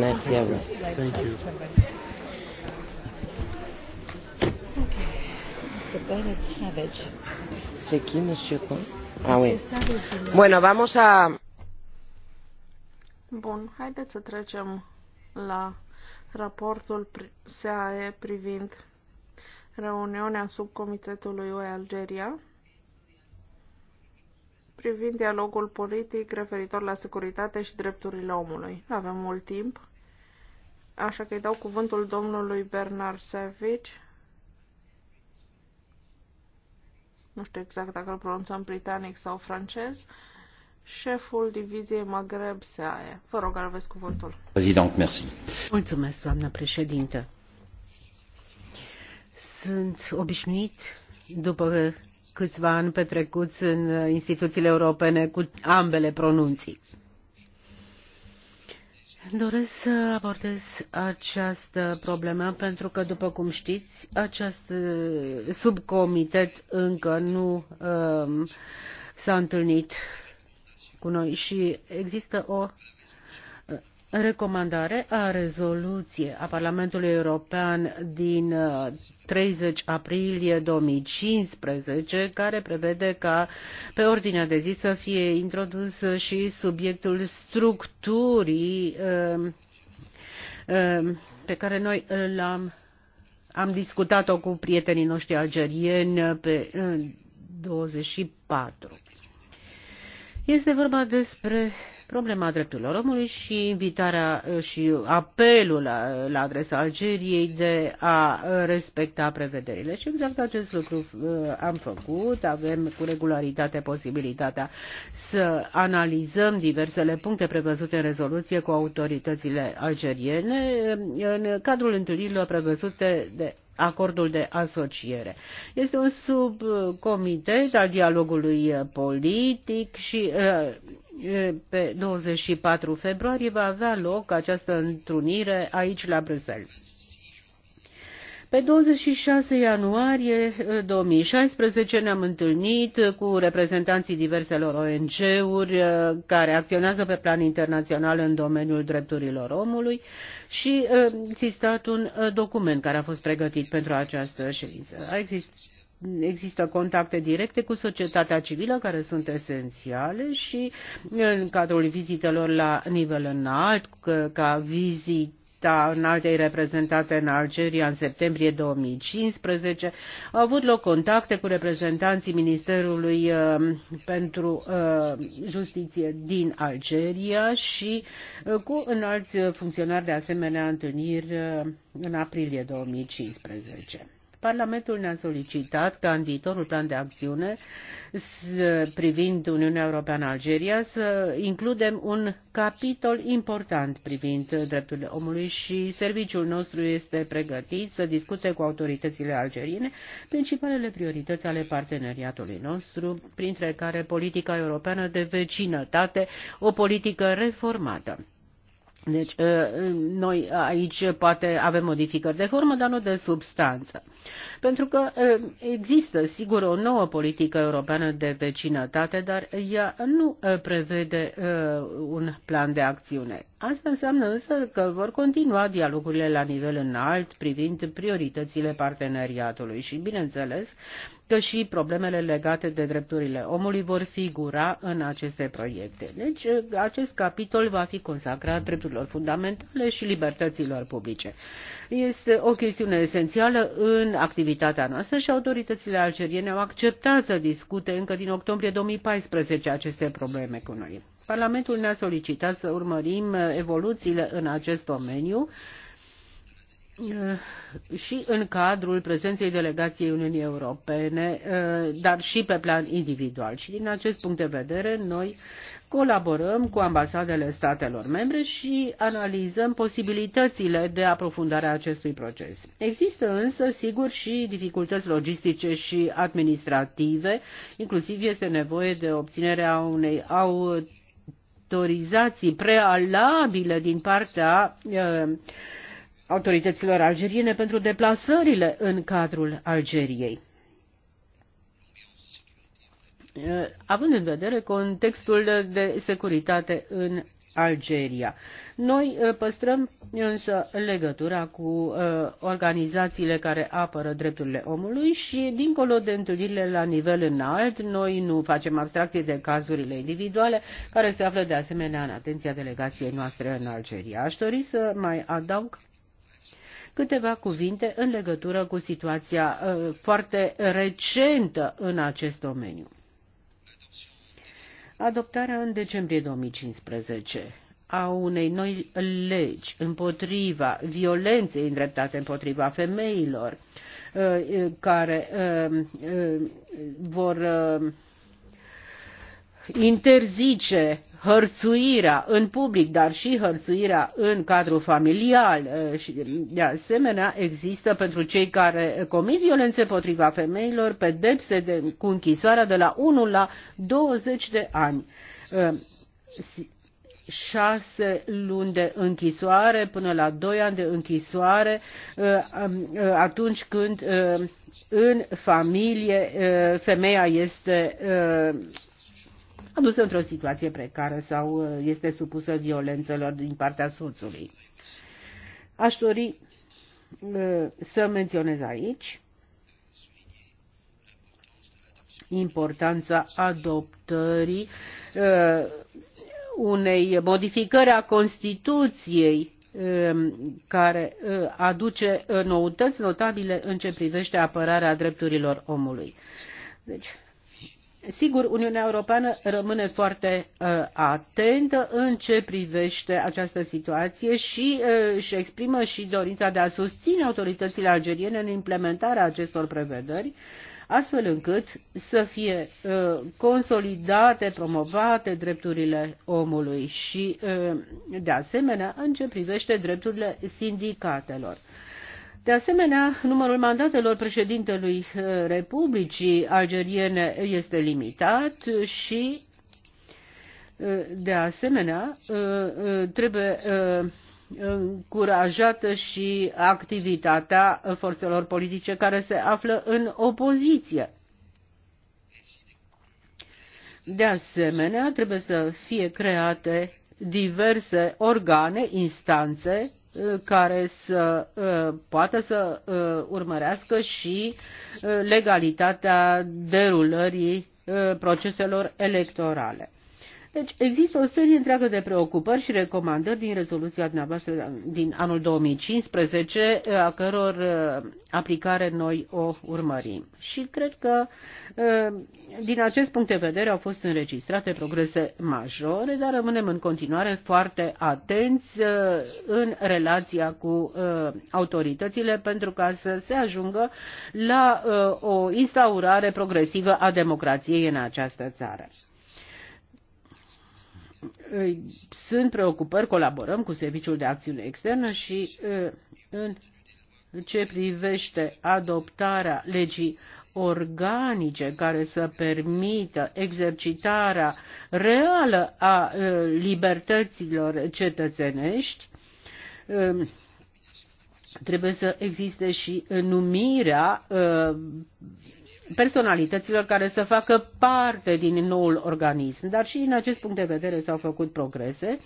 Merci à vous. Thank you.
C'est qui, monsieur Con Ah oui. Bueno, vamos a. Bun, haideți să trecem la raportul SAE privind reuniunea subcomitetului UE Algeria privind dialogul politic referitor la securitate și drepturile omului. avem mult timp. Așa că îi dau cuvântul domnului Bernard Savage. Nu știu exact dacă îl pronunțăm britanic sau francez. Șeful diviziei Maghreb se aia. Vă rog, aveți cuvântul.
Prezident, merci. Mulțumesc, doamnă președintă. Sunt obișnuit, după câțiva ani petrecuți în instituțiile europene, cu ambele pronunții. Doresc să abordez această problemă pentru că, după cum știți, acest uh, subcomitet încă nu um, s-a întâlnit cu noi și există o recomandare a rezoluție a Parlamentului European din 30 uh, aprilie 2015, care prevede ca pe ordinea de zi să fie introdus și subiectul structurii um, um, pe care noi l-am am discutat-o cu prietenii noștri algerieni pe 24. Uh, este vorba despre Problema drepturilor omului și invitarea uh, și apelul la, la adresa Algeriei de a respecta prevederile. Și exact acest lucru uh, am făcut. Avem cu regularitate posibilitatea să analizăm diversele puncte prevăzute în rezoluție cu autoritățile algeriene uh, în cadrul întâlnirilor prevăzute de acordul de asociere. Este un subcomitet al dialogului politic și uh, uh, pe 24 februarie va avea loc această întrunire aici la Bruxelles. Pe 26 ianuarie 2016 eh, ne-am întâlnit cu reprezentanții diverselor ONG-uri eh, care acționează pe plan internațional în domeniul drepturilor omului și eh, a existat un document care a fost pregătit pentru această ședință. Exist există contacte directe cu societatea civilă care sunt esențiale și în cadrul vizitelor la nivel înalt, ca vizit vizita înaltei reprezentate în Algeria în septembrie 2015. Au avut loc contacte cu reprezentanții Ministerului uh, pentru uh, Justiție din Algeria și uh, cu înalți funcționari de asemenea întâlniri în aprilie 2015. Parlamentul ne-a solicitat ca în viitorul plan de acțiune privind Uniunea Europeană-Algeria să includem un capitol important privind drepturile omului și serviciul nostru este pregătit să discute cu autoritățile algeriene principalele priorități ale parteneriatului nostru, printre care politica europeană de vecinătate, o politică reformată. Deci, ă, noi aici poate avem modificări de formă, dar nu de substanță. Pentru că există, sigur, o nouă politică europeană de vecinătate, dar ea nu prevede un plan de acțiune. Asta înseamnă însă că vor continua dialogurile la nivel înalt privind prioritățile parteneriatului și, bineînțeles, că și problemele legate de drepturile omului vor figura în aceste proiecte. Deci, acest capitol va fi consacrat drepturilor fundamentale și libertăților publice. Este o chestiune esențială în activitatea noastră și autoritățile algeriene au acceptat să discute încă din octombrie 2014 aceste probleme cu noi. Parlamentul ne-a solicitat să urmărim evoluțiile în acest domeniu și în cadrul prezenței delegației Uniunii Europene, eh, dar și pe plan individual. Și din acest punct de vedere, noi colaborăm cu ambasadele statelor membre și analizăm posibilitățile de aprofundare a acestui proces. Există însă, sigur, și dificultăți logistice și administrative, inclusiv este nevoie de obținerea unei autorizații prealabile din partea uh, autorităților algeriene pentru deplasările în cadrul Algeriei. Uh, având în vedere contextul de securitate în Algeria. Noi uh, păstrăm însă legătura cu uh, organizațiile care apără drepturile omului și, dincolo de întâlnirile la nivel înalt, noi nu facem abstracție de cazurile individuale care se află de asemenea în atenția delegației noastre în Algeria. Aș dori să mai adaug câteva cuvinte în legătură cu situația uh, foarte recentă în acest domeniu. Adoptarea în decembrie 2015 a unei noi legi împotriva violenței îndreptate împotriva femeilor uh, care uh, vor interzice hărțuirea în public, dar și hărțuirea în cadrul familial. Și de asemenea există pentru cei care comit violențe potriva femeilor pedepse de, cu închisoarea de la 1 la 20 de ani. 6 luni de închisoare până la 2 ani de închisoare atunci când în familie femeia este adusă într-o situație precară sau uh, este supusă violențelor din partea soțului. Aș dori uh, să menționez aici importanța adoptării uh, unei modificări a Constituției um, care aduce noutăți notabile în ce privește apărarea drepturilor omului. Deci, Sigur, Uniunea Europeană rămâne foarte uh, atentă în ce privește această situație și uh, își exprimă și dorința de a susține autoritățile algeriene în implementarea acestor prevederi, astfel încât să fie uh, consolidate, promovate drepturile omului și, uh, de asemenea, în ce privește drepturile sindicatelor. De asemenea, numărul mandatelor președintelui eh, Republicii Algeriene este limitat și, eh, de asemenea, eh, trebuie încurajată și activitatea forțelor politice care se află în opoziție. De asemenea, trebuie să fie create diverse organe, instanțe, care să uh, poată să uh, urmărească și uh, legalitatea derulării proceselor electorale. Deci există o serie întreagă de preocupări și recomandări din rezoluția dumneavoastră din anul 2015, eh, a căror eh, aplicare noi o urmărim. Și cred că eh, din acest punct de vedere au fost înregistrate progrese majore, dar rămânem în continuare foarte atenți în relația cu autoritățile pentru ca să se ajungă la o instaurare progresivă a democrației în această țară sunt preocupări, colaborăm cu Serviciul de Acțiune Externă și în ce privește adoptarea legii organice care să permită exercitarea reală a libertăților cetățenești, trebuie să existe și numirea personalităților care să facă parte din noul organism. Dar și în acest punct de vedere s-au făcut progrese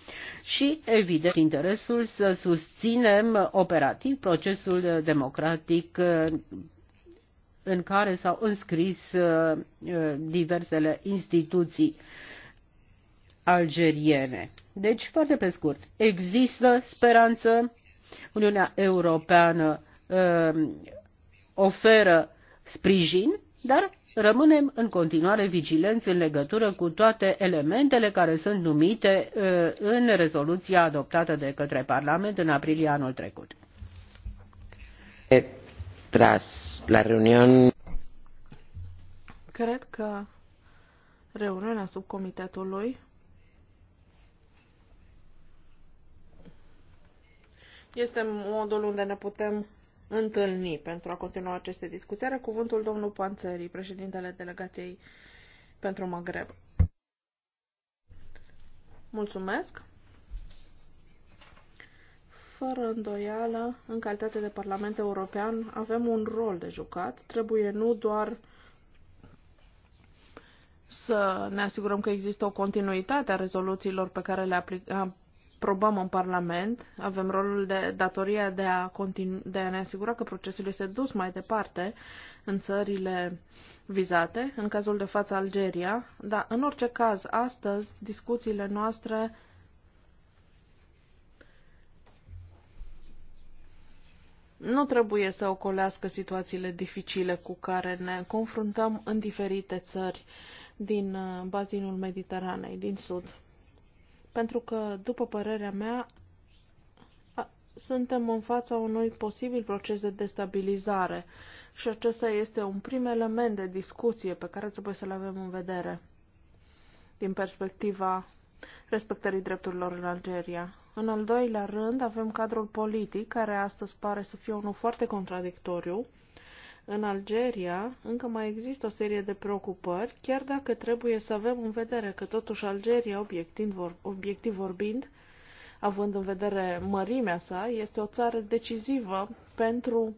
și, evident, interesul să susținem operativ procesul democratic în care s-au înscris uh, diversele instituții algeriene. Deci, foarte pe scurt, există speranță, Uniunea Europeană uh, oferă sprijin dar rămânem în continuare vigilenți în legătură cu toate elementele care sunt numite uh, în rezoluția adoptată de către Parlament în aprilie anul trecut.
Tras la reuniune. Cred că reuniunea subcomitetului este modul unde ne putem întâlni pentru a continua aceste discuții. Are cuvântul domnul Panțării, președintele delegației pentru Maghreb. Mulțumesc! Fără îndoială, în calitate de Parlament European, avem un rol de jucat. Trebuie nu doar să ne asigurăm că există o continuitate a rezoluțiilor pe care le aplicăm probăm în Parlament, avem rolul de datoria de a, continu, de a ne asigura că procesul este dus mai departe în țările vizate, în cazul de față Algeria, dar în orice caz, astăzi discuțiile noastre nu trebuie să ocolească situațiile dificile cu care ne confruntăm în diferite țări din uh, bazinul Mediteranei, din sud pentru că, după părerea mea, suntem în fața unui posibil proces de destabilizare și acesta este un prim element de discuție pe care trebuie să-l avem în vedere din perspectiva respectării drepturilor în Algeria. În al doilea rând, avem cadrul politic, care astăzi pare să fie unul foarte contradictoriu, în Algeria încă mai există o serie de preocupări, chiar dacă trebuie să avem în vedere că totuși Algeria, obiectiv, obiectiv vorbind, având în vedere mărimea sa, este o țară decisivă pentru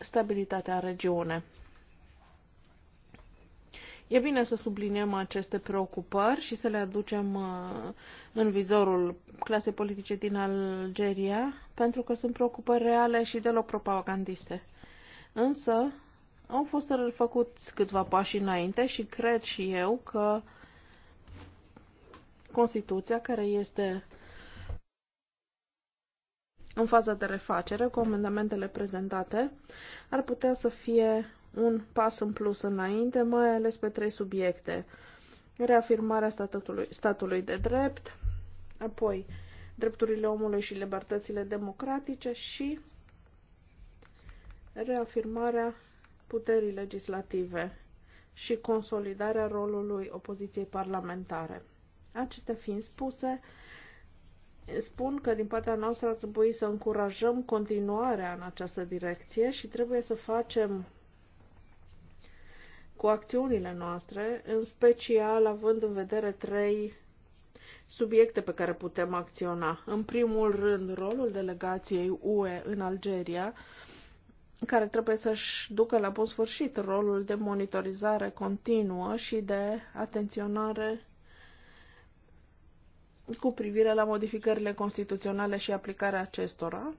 stabilitatea în regiune. E bine să subliniem aceste preocupări și să le aducem uh, în vizorul clasei politice din Algeria, pentru că sunt preocupări reale și deloc propagandiste. Însă au fost făcuți câțiva pași înainte și cred și eu că Constituția, care este în fază de refacere, cu amendamentele prezentate, ar putea să fie un pas în plus înainte, mai ales pe trei subiecte. Reafirmarea statului, statului de drept, apoi drepturile omului și libertățile democratice și reafirmarea puterii legislative și consolidarea rolului opoziției parlamentare. Acestea fiind spuse, spun că din partea noastră ar trebui să încurajăm continuarea în această direcție și trebuie să facem cu acțiunile noastre, în special având în vedere trei subiecte pe care putem acționa. În primul rând, rolul delegației UE în Algeria, care trebuie să-și ducă la bun sfârșit rolul de monitorizare continuă și de atenționare cu privire la modificările constituționale și aplicarea acestora.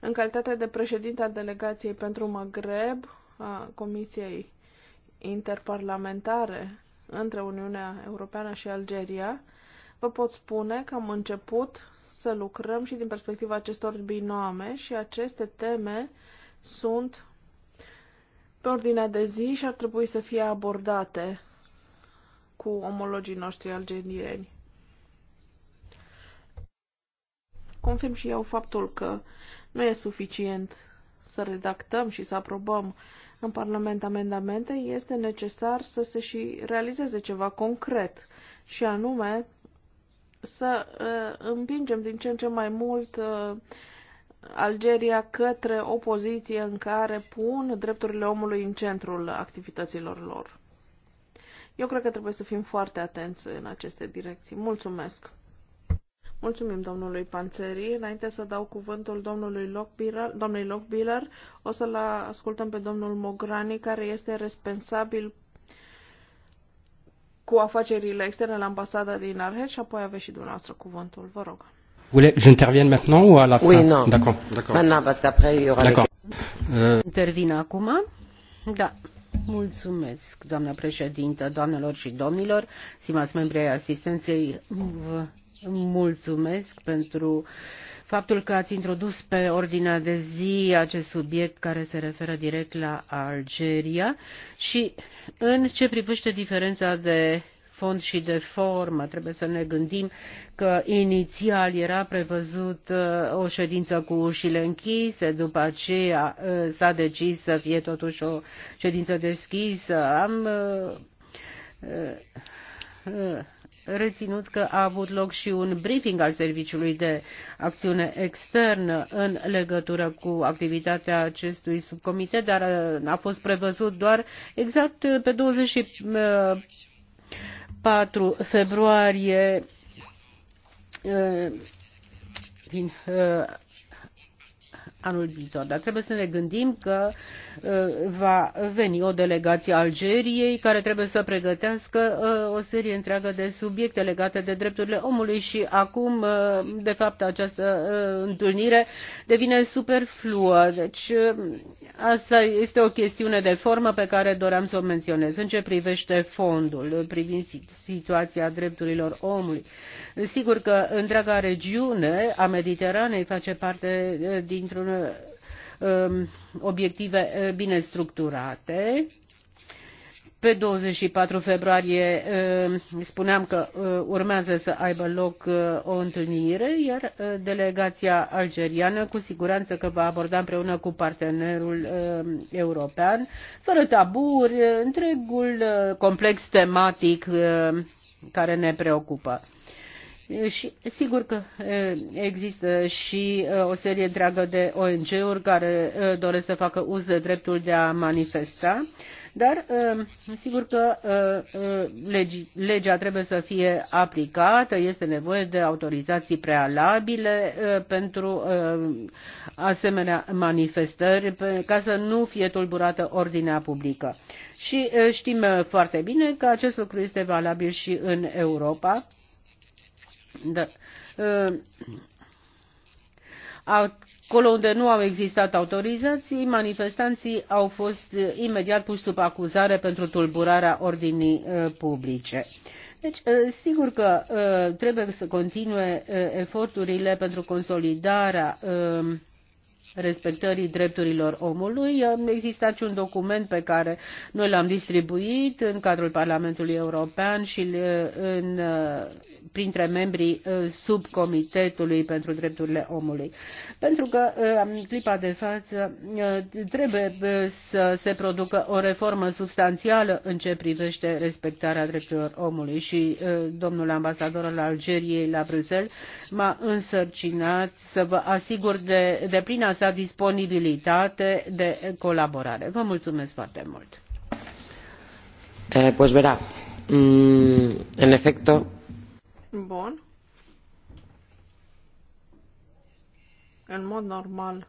În calitate de președinte al delegației pentru Maghreb, a Comisiei Interparlamentare între Uniunea Europeană și Algeria, vă pot spune că am început să lucrăm și din perspectiva acestor binome și aceste teme sunt pe ordinea de zi și ar trebui să fie abordate cu omologii noștri algerieni. Confirm și eu faptul că nu e suficient să redactăm și să aprobăm în Parlament amendamente, este necesar să se și realizeze ceva concret, și anume să uh, împingem din ce în ce mai mult uh, Algeria către o poziție în care pun drepturile omului în centrul activităților lor. Eu cred că trebuie să fim foarte atenți în aceste direcții. Mulțumesc! Mulțumim domnului Panțeri. Înainte să dau cuvântul domnului Lockbiller, domnului Lockbiller, o să-l ascultăm pe domnul Mograni, care este responsabil cu afacerile externe la ambasada din Arhel și apoi aveți și dumneavoastră cuvântul. Vă rog.
J'interviens maintenant ou à la fin? Oui, non. D'accord. Maintenant, parce qu'après, il y aura... D'accord. Les... Euh, Intervin acum? Da. Mulțumesc, doamna președintă, doamnelor și domnilor, simați membrii asistenței, vă mulțumesc pentru uh, faptul că ați introdus pe ordinea de zi acest subiect care se referă direct la Algeria și în ce privește diferența de fond și de formă. Trebuie să ne gândim că inițial era prevăzut uh, o ședință cu ușile închise, după aceea uh, s-a decis să fie totuși o ședință deschisă. Am uh, reținut că a avut loc și un briefing al Serviciului de Acțiune Externă în legătură cu activitatea acestui subcomitet, dar uh, a fost prevăzut doar exact uh, pe 24 uh, februarie din anul viitor. Dar trebuie să ne gândim că uh, va veni o delegație Algeriei care trebuie să pregătească uh, o serie întreagă de subiecte legate de drepturile omului și acum, uh, de fapt, această întâlnire devine superfluă. Deci asta este o chestiune de formă pe care doream să o menționez. În ce privește fondul, privind situația drepturilor omului. Sigur că întreaga regiune a Mediteranei face parte dintr-un Um, obiective uh, bine structurate. Pe 24 februarie um, spuneam că uh, urmează să aibă loc uh, o întâlnire, iar delegația algeriană cu siguranță că va aborda împreună cu partenerul um, european, fără taburi, întregul complex tematic care ne preocupă. Și sigur că există și o serie întreagă de ONG-uri care doresc să facă uz de dreptul de a manifesta, dar sigur că legea trebuie să fie aplicată, este nevoie de autorizații prealabile pentru asemenea manifestări ca să nu fie tulburată ordinea publică. Și știm foarte bine că acest lucru este valabil și în Europa da. Uh, acolo unde nu au existat autorizații, manifestanții au fost imediat puși sub acuzare pentru tulburarea ordinii uh, publice. Deci, uh, sigur că trebuie să continue eforturile pentru consolidarea respectării drepturilor omului. Există și un document pe care noi l-am distribuit în cadrul Parlamentului European și uh, în, uh, printre membrii uh, subcomitetului pentru drepturile omului. Pentru că în clipa de față trebuie să se producă o reformă substanțială în ce privește respectarea drepturilor omului și domnul ambasador al Algeriei la Bruxelles m-a însărcinat să vă asigur de, de plină această disponibilitate de colaborare. Vă mulțumesc foarte mult.
Eh, pues verá, mm, en efecto.
Bun.
În mod normal.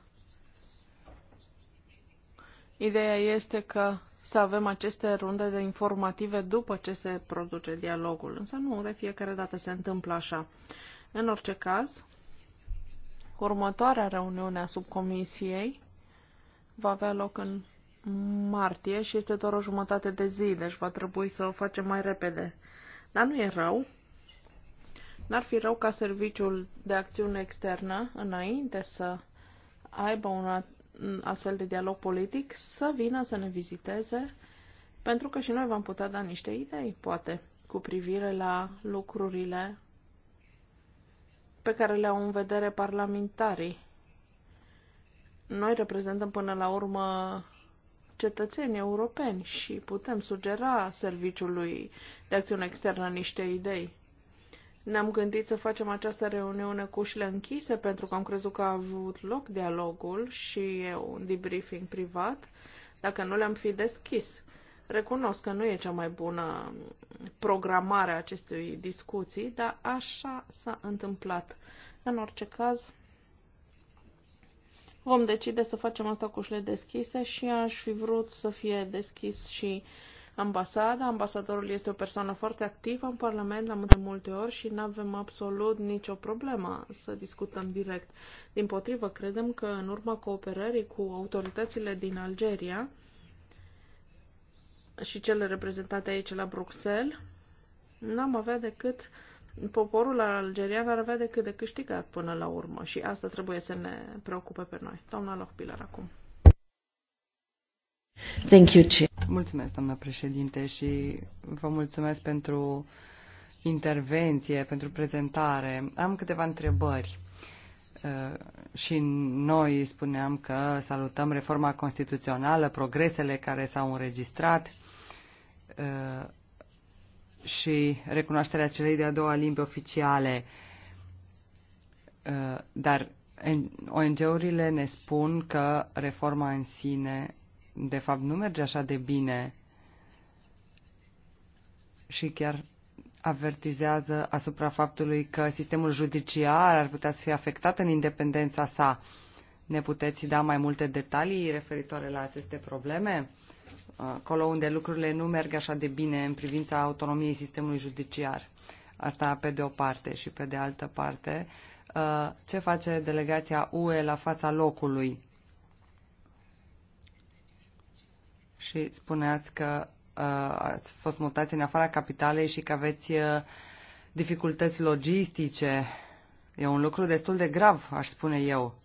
Ideea este că să avem aceste runde de informative după ce se produce dialogul, însă nu de fiecare dată se întâmplă așa. În orice caz, Următoarea reuniune a subcomisiei va avea loc în martie și este doar o jumătate de zi, deci va trebui să o facem mai repede. Dar nu e rău. N-ar fi rău ca serviciul de acțiune externă, înainte să aibă un astfel de dialog politic, să vină să ne viziteze, pentru că și noi v-am putea da niște idei, poate, cu privire la lucrurile pe care le au în vedere parlamentarii. Noi reprezentăm până la urmă cetățeni europeni și putem sugera Serviciului de Acțiune Externă niște idei. Ne-am gândit să facem această reuniune cu ușile închise pentru că am crezut că a avut loc dialogul și un debriefing privat, dacă nu le-am fi deschis. Recunosc că nu e cea mai bună programare a acestei discuții, dar așa s-a întâmplat. În orice caz, vom decide să facem asta cu ușile deschise și aș fi vrut să fie deschis și ambasada. Ambasadorul este o persoană foarte activă în Parlament, am de multe ori și nu avem absolut nicio problemă să discutăm direct. Din potrivă, credem că în urma cooperării cu autoritățile din Algeria, și cele reprezentate aici la Bruxelles, n-am avea decât poporul algerian ar avea decât de câștigat până la urmă și asta trebuie să ne preocupe pe noi. Doamna Lohpilar acum.
Thank you, Mulțumesc, doamna președinte, și vă mulțumesc pentru intervenție, pentru prezentare. Am câteva întrebări. Uh, și noi spuneam că salutăm reforma constituțională, progresele care s-au înregistrat Uh, și recunoașterea celei de-a doua limbi oficiale. Uh, dar ONG-urile ne spun că reforma în sine, de fapt, nu merge așa de bine și chiar avertizează asupra faptului că sistemul judiciar ar putea să fie afectat în independența sa. Ne puteți da mai multe detalii referitoare la aceste probleme? acolo unde lucrurile nu merg așa de bine în privința autonomiei sistemului judiciar. Asta pe de o parte și pe de altă parte, uh, ce face delegația UE la fața locului? Și spuneați că uh, ați fost mutați în afara capitalei și că aveți uh, dificultăți logistice. E un lucru destul de grav, aș spune eu.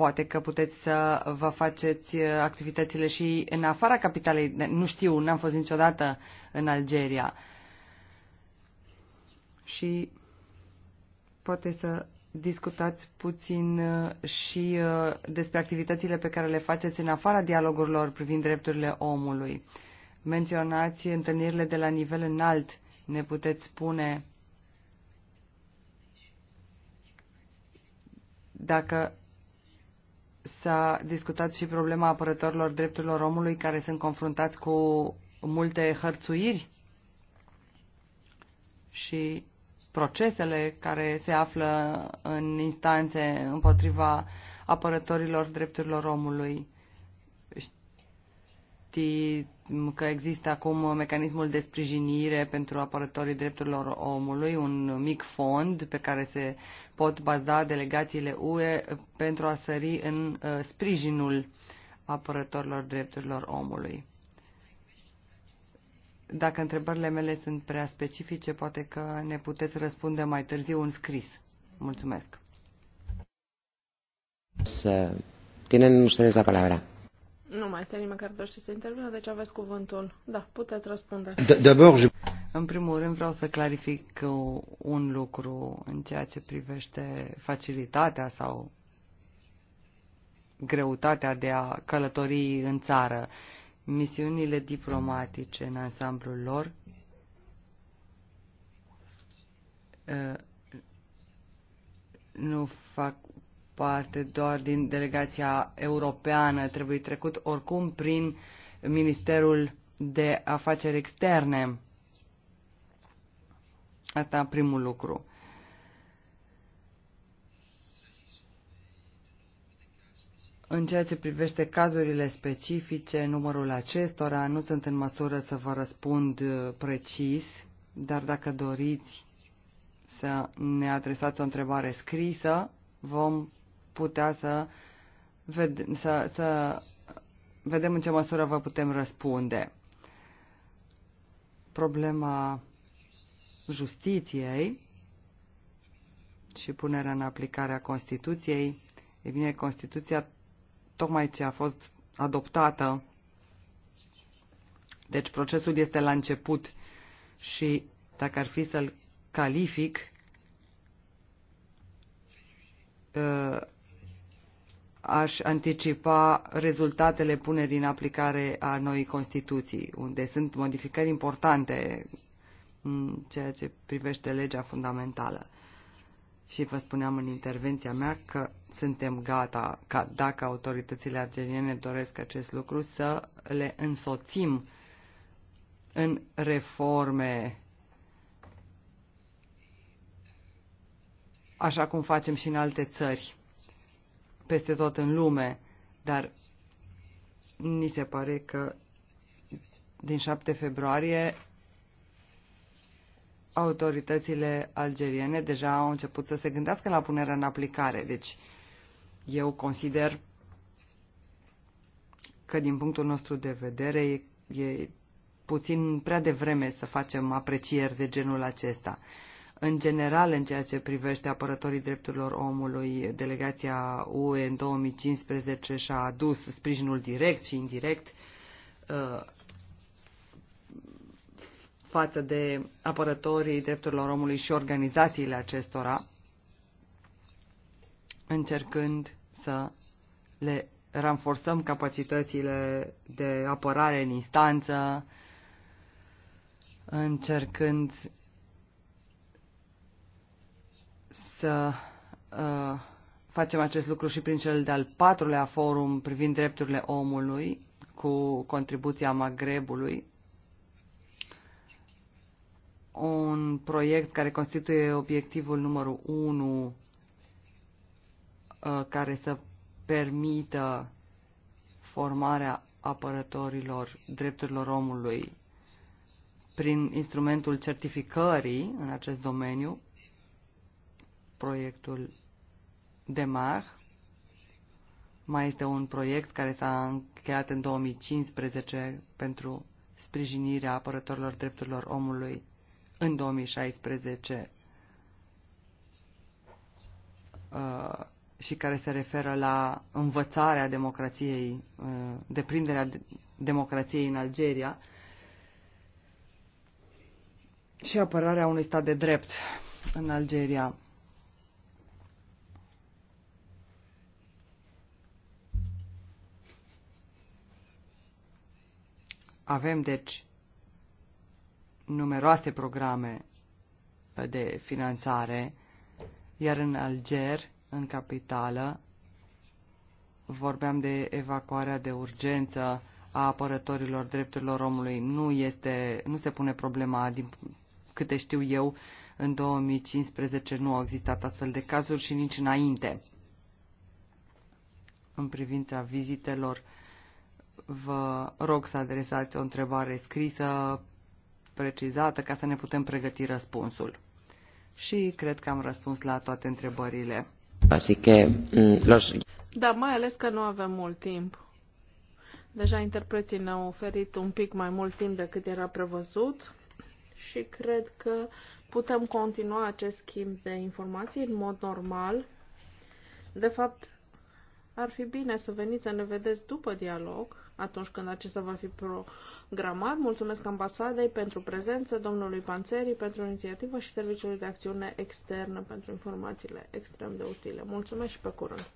Poate că puteți să vă faceți uh, activitățile și în afara capitalei. Nu știu, n-am fost niciodată în Algeria. Și poate să discutați puțin uh, și uh, despre activitățile pe care le faceți în afara dialogurilor privind drepturile omului. Menționați întâlnirile de la nivel înalt. Ne puteți spune dacă s-a discutat și problema apărătorilor drepturilor omului care sunt confruntați cu multe hărțuiri și procesele care se află în instanțe împotriva apărătorilor drepturilor omului. Știi că există acum mecanismul de sprijinire pentru apărătorii drepturilor omului, un mic fond pe care se pot baza delegațiile UE pentru a sări în uh, sprijinul apărătorilor drepturilor omului. Dacă întrebările mele sunt prea specifice, poate că ne puteți răspunde mai târziu în scris. Mulțumesc.
Tienen ustedes la palabra. Nu mai este nimeni care dorește să intervină, deci aveți cuvântul. Da, puteți răspunde. D'abord,
în primul rând vreau să clarific un lucru în ceea ce privește facilitatea sau greutatea de a călători în țară. Misiunile diplomatice în ansamblul lor ă, nu fac parte doar din delegația europeană, trebuie trecut oricum prin Ministerul de Afaceri Externe Asta primul lucru. În ceea ce privește cazurile specifice, numărul acestora, nu sunt în măsură să vă răspund uh, precis, dar dacă doriți să ne adresați o întrebare scrisă, vom putea să, ved- să, să vedem în ce măsură vă putem răspunde. Problema justiției și punerea în aplicare a Constituției, e bine, Constituția tocmai ce a fost adoptată, deci procesul este la început și dacă ar fi să-l calific, ă, aș anticipa rezultatele punerii în aplicare a noii Constituții, unde sunt modificări importante în ceea ce privește legea fundamentală. Și vă spuneam în intervenția mea că suntem gata ca dacă autoritățile algeriene doresc acest lucru să le însoțim în reforme așa cum facem și în alte țări peste tot în lume, dar ni se pare că din 7 februarie autoritățile algeriene deja au început să se gândească la punerea în aplicare. Deci eu consider că din punctul nostru de vedere e, e puțin prea devreme să facem aprecieri de genul acesta. În general, în ceea ce privește apărătorii drepturilor omului, delegația UE în 2015 și-a adus sprijinul direct și indirect uh, față de apărătorii drepturilor omului și organizațiile acestora, încercând să le ranforsăm capacitățile de apărare în instanță, încercând să uh, facem acest lucru și prin cel de-al patrulea forum privind drepturile omului, cu contribuția Magrebului, un proiect care constituie obiectivul numărul 1 uh, care să permită formarea apărătorilor drepturilor omului prin instrumentul certificării în acest domeniu, proiectul DEMAR. Mai este un proiect care s-a încheiat în 2015 pentru sprijinirea apărătorilor drepturilor omului în 2016 uh, și care se referă la învățarea democrației, uh, deprinderea democrației în Algeria și apărarea unui stat de drept în Algeria. Avem, deci, numeroase programe de finanțare, iar în Alger, în capitală, vorbeam de evacuarea de urgență a apărătorilor drepturilor omului. Nu, este, nu se pune problema, din câte știu eu, în 2015 nu au existat astfel de cazuri și nici înainte. În privința vizitelor, vă rog să adresați o întrebare scrisă precizată ca să ne putem pregăti răspunsul. Și cred că am răspuns la toate întrebările.
Así que, mm, los...
Da, mai ales că nu avem mult timp. Deja interpreții
ne-au oferit un pic mai mult timp decât era prevăzut și cred că putem continua acest schimb de informații în mod normal. De fapt, ar fi bine să veniți să ne vedeți după dialog, atunci când acesta va fi programat. Mulțumesc ambasadei pentru prezență, domnului Panțeri pentru inițiativă și Serviciului de Acțiune Externă pentru informațiile extrem de utile. Mulțumesc și pe curând!